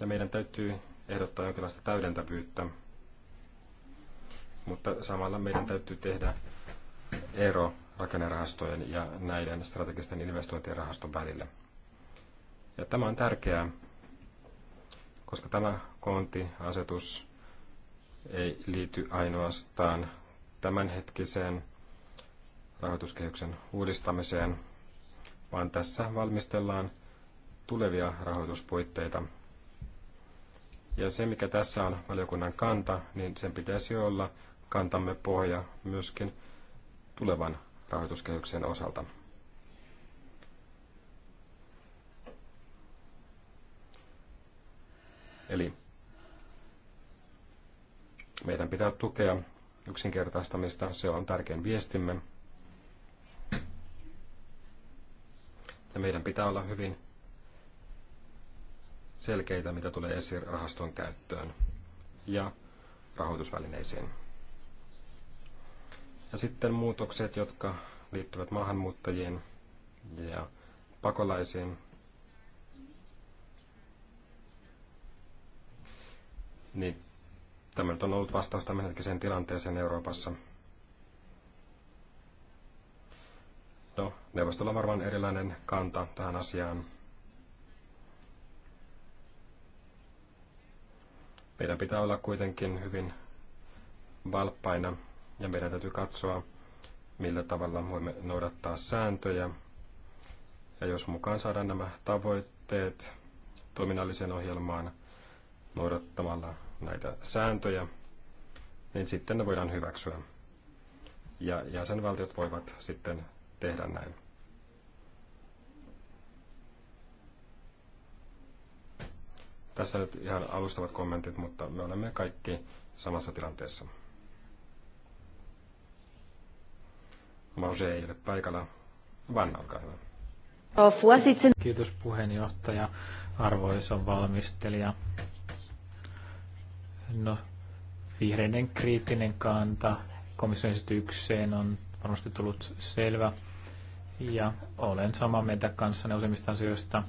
Ja meidän täytyy ehdottaa jonkinlaista täydentävyyttä, mutta samalla meidän täytyy tehdä ero rakennerahastojen ja näiden strategisten investointirahaston välillä. Ja tämä on tärkeää, koska tämä kontiasetus ei liity ainoastaan tämänhetkiseen rahoituskehyksen uudistamiseen, vaan tässä valmistellaan tulevia rahoituspuitteita. Ja se, mikä tässä on valiokunnan kanta, niin sen pitäisi olla kantamme pohja myöskin tulevan rahoituskehyksen osalta. Eli meidän pitää tukea yksinkertaistamista, se on tärkein viestimme. Ja meidän pitää olla hyvin selkeitä, mitä tulee esirahaston käyttöön ja rahoitusvälineisiin. Ja sitten muutokset, jotka liittyvät maahanmuuttajiin ja pakolaisiin. Niin tämä nyt on ollut vastaus tämänhetkiseen tilanteeseen Euroopassa. No, neuvostolla on varmaan erilainen kanta tähän asiaan. Meidän pitää olla kuitenkin hyvin valppaina ja meidän täytyy katsoa, millä tavalla voimme noudattaa sääntöjä. Ja jos mukaan saadaan nämä tavoitteet toiminnalliseen ohjelmaan noudattamalla näitä sääntöjä, niin sitten ne voidaan hyväksyä. Ja jäsenvaltiot voivat sitten tehdä näin. Tässä nyt ihan alustavat kommentit, mutta me olemme kaikki samassa tilanteessa. Mose ei ole paikalla. Vanna, olkaa hyvä. Kiitos puheenjohtaja, arvoisa valmistelija. No, vihreiden kriittinen kanta komission esitykseen on varmasti tullut selvä. Ja olen samaa mieltä kanssanne useimmista asioista.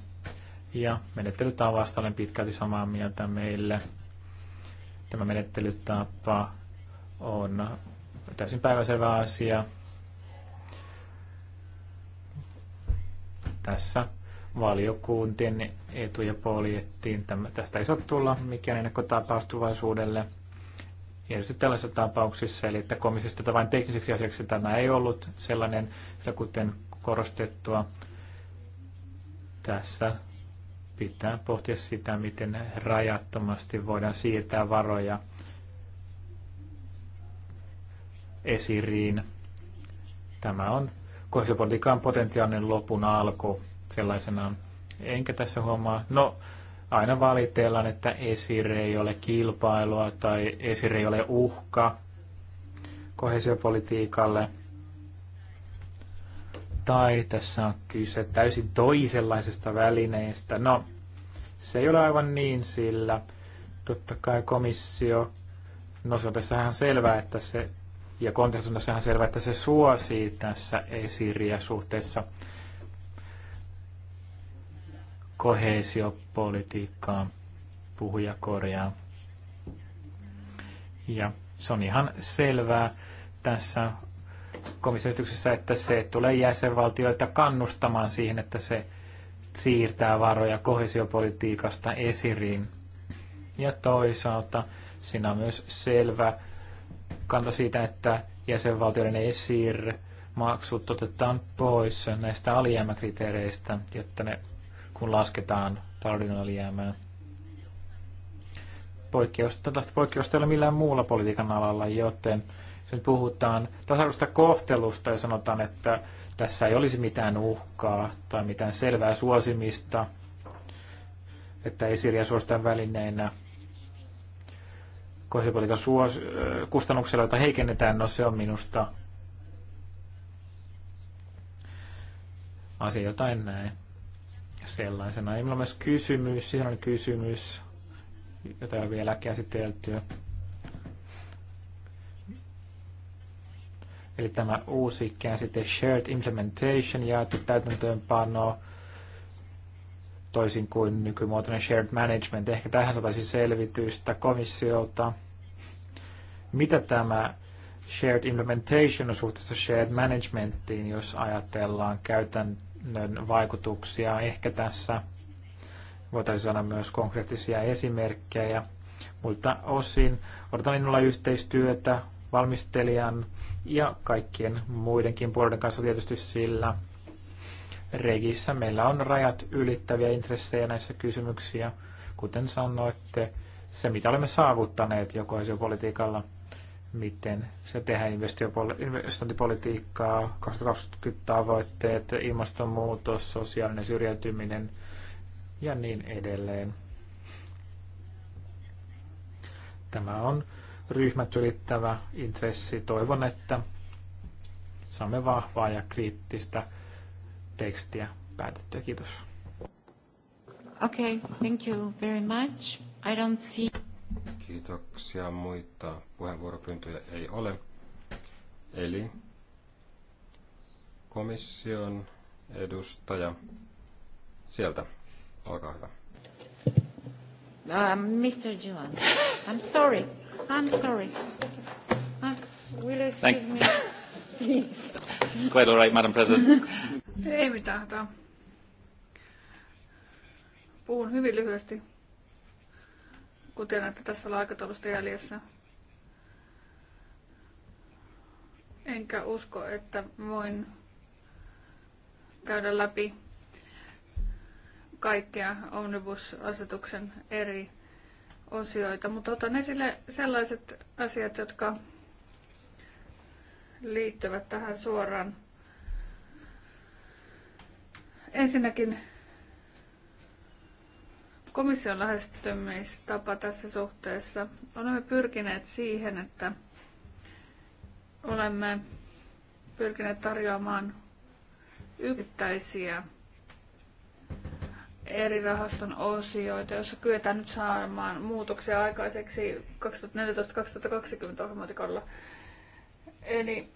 Ja menettelytavasta olen pitkälti samaa mieltä meille. Tämä menettelytapa on täysin päiväselvä asia. tässä valiokuntien etuja poljettiin. Tästä ei saa tulla mikään ennakkotapaus tulevaisuudelle. Erityisesti tällaisissa tapauksissa, eli että komissiosta vain tekniseksi asiaksi tämä ei ollut sellainen, sillä kuten korostettua, tässä pitää pohtia sitä, miten rajattomasti voidaan siirtää varoja esiriin. Tämä on kohesiopolitiikka potentiaalinen lopun alku sellaisenaan. Enkä tässä huomaa, no aina valitellaan, että esire ei ole kilpailua tai esire ei ole uhka kohesiopolitiikalle. Tai tässä on kyse täysin toisenlaisesta välineestä. No, se ei ole aivan niin, sillä totta kai komissio, no se on tässä ihan selvää, että se ja kontekstissa on ihan selvä, että se suosii tässä esiriä suhteessa kohesiopolitiikkaan puhuja korjaa. Ja se on ihan selvää tässä komissioityksessä, että se tulee jäsenvaltioita kannustamaan siihen, että se siirtää varoja kohesiopolitiikasta esiriin. Ja toisaalta siinä on myös selvä kanta siitä, että jäsenvaltioiden ESIR maksut otetaan pois näistä alijäämäkriteereistä, jotta ne, kun lasketaan talouden alijäämää. Poikkeusta, tästä poikkeusta ei ole millään muulla politiikan alalla, joten nyt puhutaan tasa kohtelusta ja sanotaan, että tässä ei olisi mitään uhkaa tai mitään selvää suosimista, että esiriä suositaan välineinä – kohesiopolitiikan suos, kustannuksella, jota heikennetään, no se on minusta asia, jota en näe sellaisena. Ei meillä on myös kysymys, on kysymys, jota ei ole vielä käsitelty. Eli tämä uusi käsite shared implementation, jaettu täytäntöönpano, toisin kuin nykymuotoinen shared management. Ehkä tähän saataisiin selvitystä komissiolta mitä tämä shared implementation on suhteessa shared managementiin, jos ajatellaan käytännön vaikutuksia. Ehkä tässä voitaisiin saada myös konkreettisia esimerkkejä. Muilta osin odotan innolla yhteistyötä valmistelijan ja kaikkien muidenkin puolueiden kanssa tietysti sillä regissä meillä on rajat ylittäviä intressejä näissä kysymyksiä, kuten sanoitte, se mitä olemme saavuttaneet jokaisella politiikalla – miten se tehdään investointipolitiikkaa, 2020 tavoitteet, ilmastonmuutos, sosiaalinen syrjäytyminen ja niin edelleen. Tämä on ryhmät ylittävä intressi. Toivon, että saamme vahvaa ja kriittistä tekstiä päätettyä. Kiitos. Okay, thank you very much. I don't see... Kiitoksia. Muita puheenvuoropyyntöjä ei ole. Eli komission edustaja sieltä. Olkaa hyvä. Uh, Mr. Gillan, I'm sorry. I'm sorry. Uh, will you excuse Thank me? Please. It's quite all right, Madam President. ei mitään hätää. Puhun hyvin lyhyesti. Kuten tiedän, että tässä ollaan aikataulusta jäljessä. Enkä usko, että voin käydä läpi kaikkia omnibus-asetuksen eri osioita, mutta otan esille sellaiset asiat, jotka liittyvät tähän suoraan. Ensinnäkin komission lähestymistapa tässä suhteessa. Olemme pyrkineet siihen, että olemme pyrkineet tarjoamaan yksittäisiä eri rahaston osioita, joissa kyetään nyt saamaan muutoksia aikaiseksi 2014-2020 ohjelmointikolla. Eli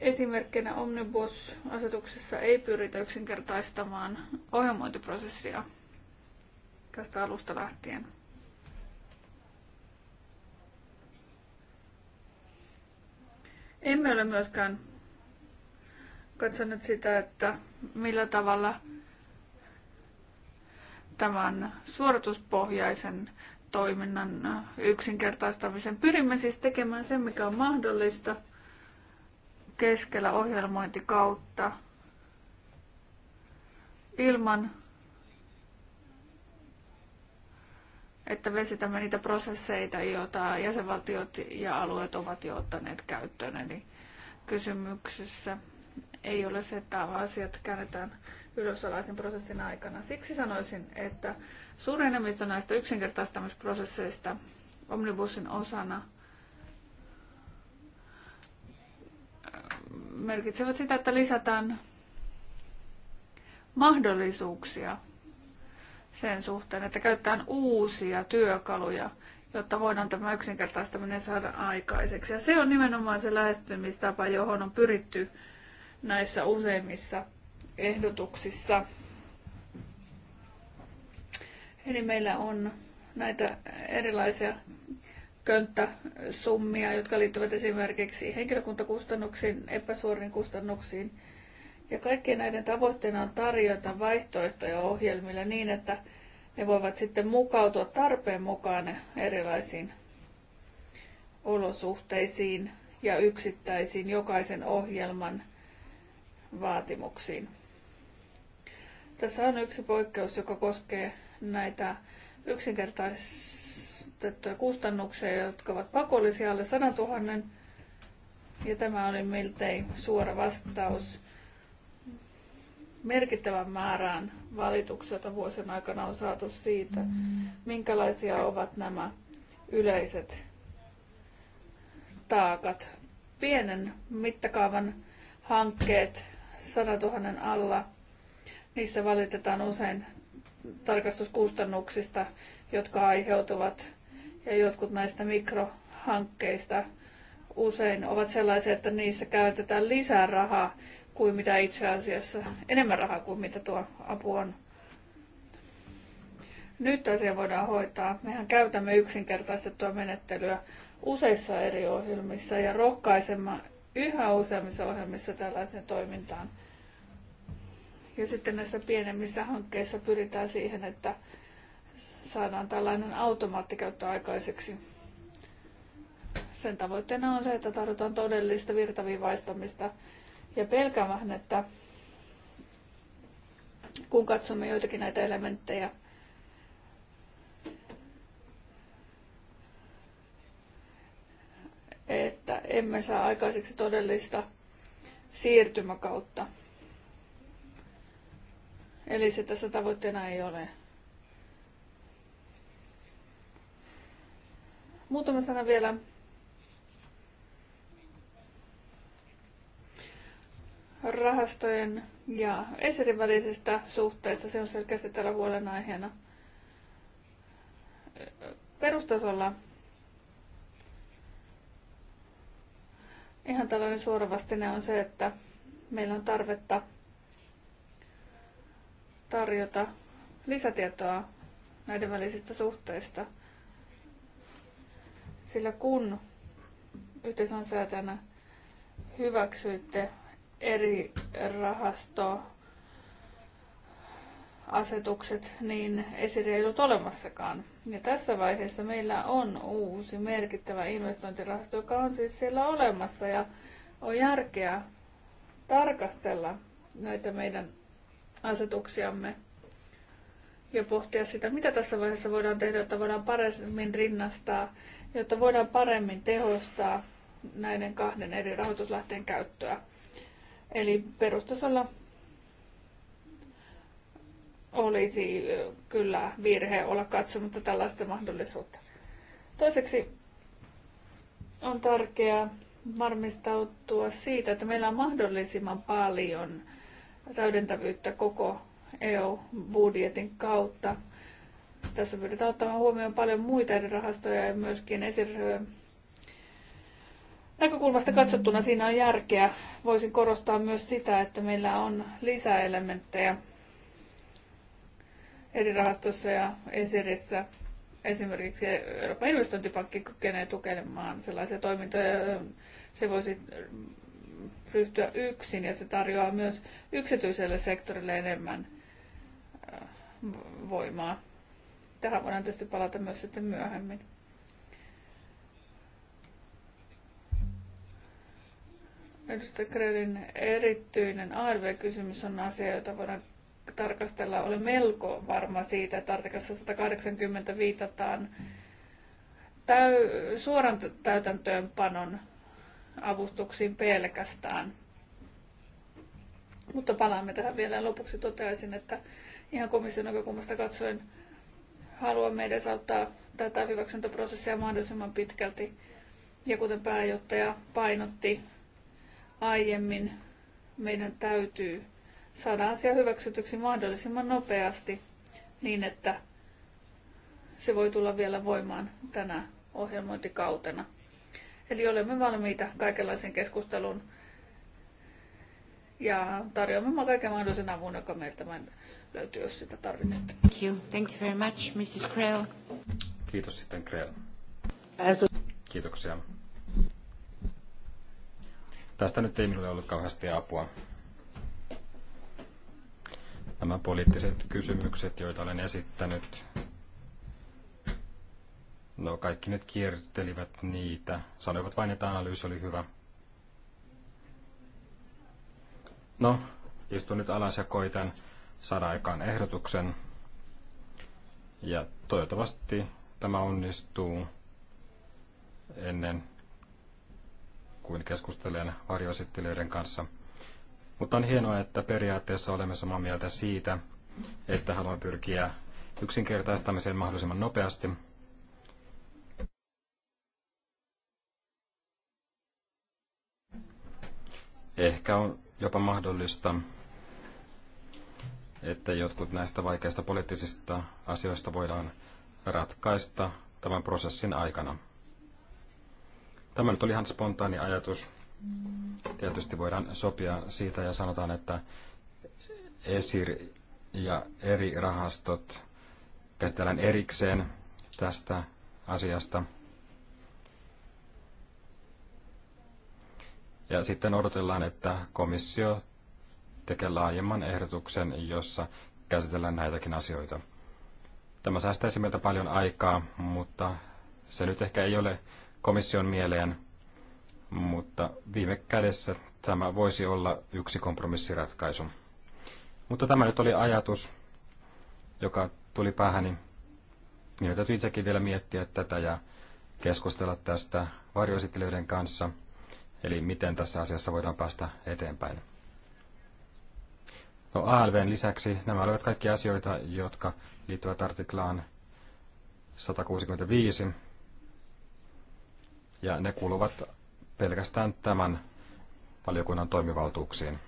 esimerkkinä Omnibus-asetuksessa ei pyritä yksinkertaistamaan ohjelmointiprosessia – tästä alusta lähtien. Emme ole myöskään katsonut sitä, että millä tavalla tämän suorituspohjaisen toiminnan yksinkertaistamisen. Pyrimme siis tekemään sen, mikä on mahdollista keskellä ohjelmointikautta ilman että vesitämme niitä prosesseita, joita jäsenvaltiot ja alueet ovat jo ottaneet käyttöön. Eli kysymyksessä ei ole se, että asiat käännetään ylösalaisin prosessin aikana. Siksi sanoisin, että suurin enemmistö näistä yksinkertaistamisprosesseista omnibusin osana merkitsevät sitä, että lisätään mahdollisuuksia sen suhteen, että käytetään uusia työkaluja, jotta voidaan tämä yksinkertaistaminen saada aikaiseksi. Ja se on nimenomaan se lähestymistapa, johon on pyritty näissä useimmissa ehdotuksissa. Eli meillä on näitä erilaisia könttäsummia, jotka liittyvät esimerkiksi henkilökuntakustannuksiin, epäsuoriin kustannuksiin ja kaikkien näiden tavoitteena on tarjota vaihtoehtoja ohjelmille niin, että ne voivat sitten mukautua tarpeen mukaan erilaisiin olosuhteisiin ja yksittäisiin jokaisen ohjelman vaatimuksiin. Tässä on yksi poikkeus, joka koskee näitä yksinkertaistettuja kustannuksia, jotka ovat pakollisia alle 100 000. Ja tämä oli miltei suora vastaus merkittävän määrään valituksia, joita vuosien aikana on saatu siitä, minkälaisia ovat nämä yleiset taakat. Pienen mittakaavan hankkeet 100 000 alla, niissä valitetaan usein tarkastuskustannuksista, jotka aiheutuvat, ja jotkut näistä mikrohankkeista usein ovat sellaisia, että niissä käytetään lisää rahaa kuin mitä itse asiassa, enemmän rahaa kuin mitä tuo apu on. Nyt asia voidaan hoitaa. Mehän käytämme yksinkertaistettua menettelyä useissa eri ohjelmissa ja rohkaisemme yhä useammissa ohjelmissa tällaiseen toimintaan. Ja sitten näissä pienemmissä hankkeissa pyritään siihen, että saadaan tällainen automaattikäyttö aikaiseksi. Sen tavoitteena on se, että tarjotaan todellista virtaviivaistamista ja pelkään vähän, että kun katsomme joitakin näitä elementtejä, että emme saa aikaiseksi todellista siirtymäkautta. Eli se tässä tavoitteena ei ole. Muutama sana vielä rahastojen ja Eserin välisestä suhteesta. Se on selkeästi täällä huolenaiheena. Perustasolla ihan tällainen suoravastine on se, että meillä on tarvetta tarjota lisätietoa näiden välisistä suhteista. Sillä kun säätänä hyväksyitte eri rahasto asetukset, niin esireilut olemassakaan. Ja tässä vaiheessa meillä on uusi merkittävä investointirahasto, joka on siis siellä olemassa ja on järkeä tarkastella näitä meidän asetuksiamme ja pohtia sitä, mitä tässä vaiheessa voidaan tehdä, jotta voidaan paremmin rinnastaa, jotta voidaan paremmin tehostaa näiden kahden eri rahoituslähteen käyttöä. Eli perustasolla olisi kyllä virhe olla katsomatta tällaista mahdollisuutta. Toiseksi on tärkeää varmistautua siitä, että meillä on mahdollisimman paljon täydentävyyttä koko EU-budjetin kautta. Tässä pyritään ottamaan huomioon paljon muita eri rahastoja ja myöskin esir- näkökulmasta katsottuna siinä on järkeä. Voisin korostaa myös sitä, että meillä on lisäelementtejä eri rahastossa ja esirissä. Esimerkiksi Euroopan investointipankki kykenee tukemaan sellaisia toimintoja, se voisi ryhtyä yksin ja se tarjoaa myös yksityiselle sektorille enemmän äh, voimaa. Tähän voidaan tietysti palata myös sitten myöhemmin. Edustaja Krelin erityinen ARV-kysymys on asia, jota voidaan tarkastella. Olen melko varma siitä, että artikassa 180 viitataan täy- suoran täytäntöönpanon avustuksiin pelkästään. Mutta palaamme tähän vielä. Lopuksi toteaisin, että ihan komission näkökulmasta katsoen haluamme edesauttaa tätä hyväksyntäprosessia mahdollisimman pitkälti. Ja kuten pääjohtaja painotti, aiemmin, meidän täytyy saada asia hyväksytyksi mahdollisimman nopeasti niin, että se voi tulla vielä voimaan tänä ohjelmointikautena. Eli olemme valmiita kaikenlaisen keskustelun ja tarjoamme kaiken mahdollisen avun, joka meiltä löytyy, jos sitä tarvitsette. Thank you. Thank you very much, Mrs. Krell. Kiitos sitten Krell. Kiitoksia. Tästä nyt ei minulle ollut kauheasti apua. Nämä poliittiset kysymykset, joita olen esittänyt, no kaikki nyt kiertelivät niitä, sanoivat vain, että analyysi oli hyvä. No, istun nyt alas ja koitan saada aikaan ehdotuksen. Ja toivottavasti tämä onnistuu ennen kuin keskustelen varjoesittelijöiden kanssa. Mutta on hienoa, että periaatteessa olemme samaa mieltä siitä, että haluamme pyrkiä yksinkertaistamiseen mahdollisimman nopeasti. Ehkä on jopa mahdollista, että jotkut näistä vaikeista poliittisista asioista voidaan ratkaista tämän prosessin aikana. Tämä nyt oli ihan spontaani ajatus. Tietysti voidaan sopia siitä ja sanotaan, että ESIR ja eri rahastot käsitellään erikseen tästä asiasta. Ja sitten odotellaan, että komissio tekee laajemman ehdotuksen, jossa käsitellään näitäkin asioita. Tämä säästäisi meiltä paljon aikaa, mutta se nyt ehkä ei ole komission mieleen, mutta viime kädessä tämä voisi olla yksi kompromissiratkaisu. Mutta tämä nyt oli ajatus, joka tuli päähäni. Minun täytyy itsekin vielä miettiä tätä ja keskustella tästä varjoesittelijöiden kanssa, eli miten tässä asiassa voidaan päästä eteenpäin. No ALVn lisäksi nämä olivat kaikki asioita, jotka liittyvät artiklaan 165 ja ne kuuluvat pelkästään tämän valiokunnan toimivaltuuksiin.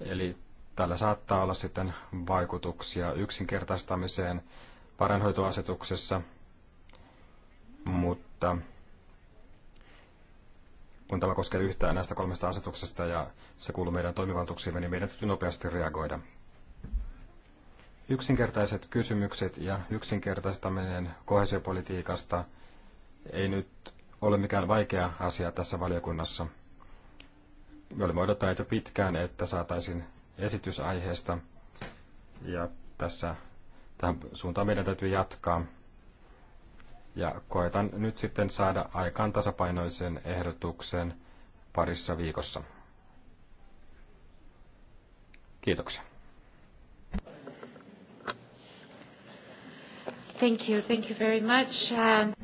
Eli tällä saattaa olla sitten vaikutuksia yksinkertaistamiseen varainhoitoasetuksessa, mutta kun tämä koskee yhtään näistä kolmesta asetuksesta ja se kuuluu meidän toimivaltuuksiimme, niin meidän täytyy nopeasti reagoida. Yksinkertaiset kysymykset ja yksinkertaistaminen kohesiopolitiikasta ei nyt ole mikään vaikea asia tässä valiokunnassa. Me olemme odottaneet jo pitkään, että saataisiin esitys aiheesta. Ja tässä tähän suuntaan meidän täytyy jatkaa. Ja koetan nyt sitten saada aikaan tasapainoisen ehdotuksen parissa viikossa. Kiitoksia. Thank you, thank you very much. Um,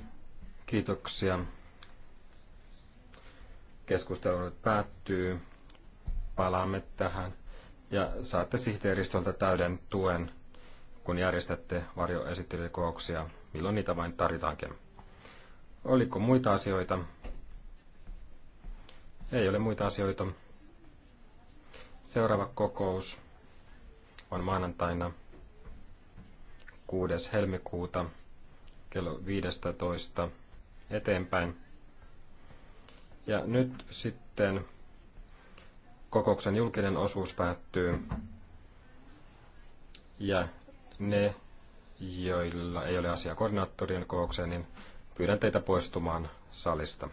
Kiitoksia. Keskustelu nyt päättyy. Palaamme tähän ja saatte sihteeristöltä täyden tuen, kun järjestätte varjoesittelykokouksia, milloin niitä vain tarvitaankin. Oliko muita asioita? Ei ole muita asioita. Seuraava kokous on maanantaina 6. helmikuuta kello 15 eteenpäin. Ja nyt sitten kokouksen julkinen osuus päättyy. Ja ne, joilla ei ole asiaa koordinaattorien kokoukseen, niin pyydän teitä poistumaan salista.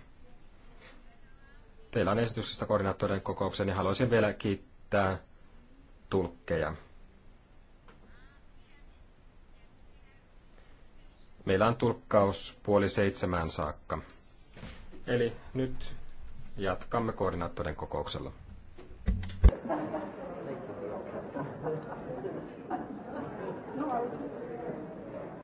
Teillä on esityksestä koordinaattorien kokoukseen, niin haluaisin vielä kiittää tulkkeja. Meillä on tulkkaus puoli seitsemään saakka. Eli nyt Jatkamme koordinaattorin kokouksella.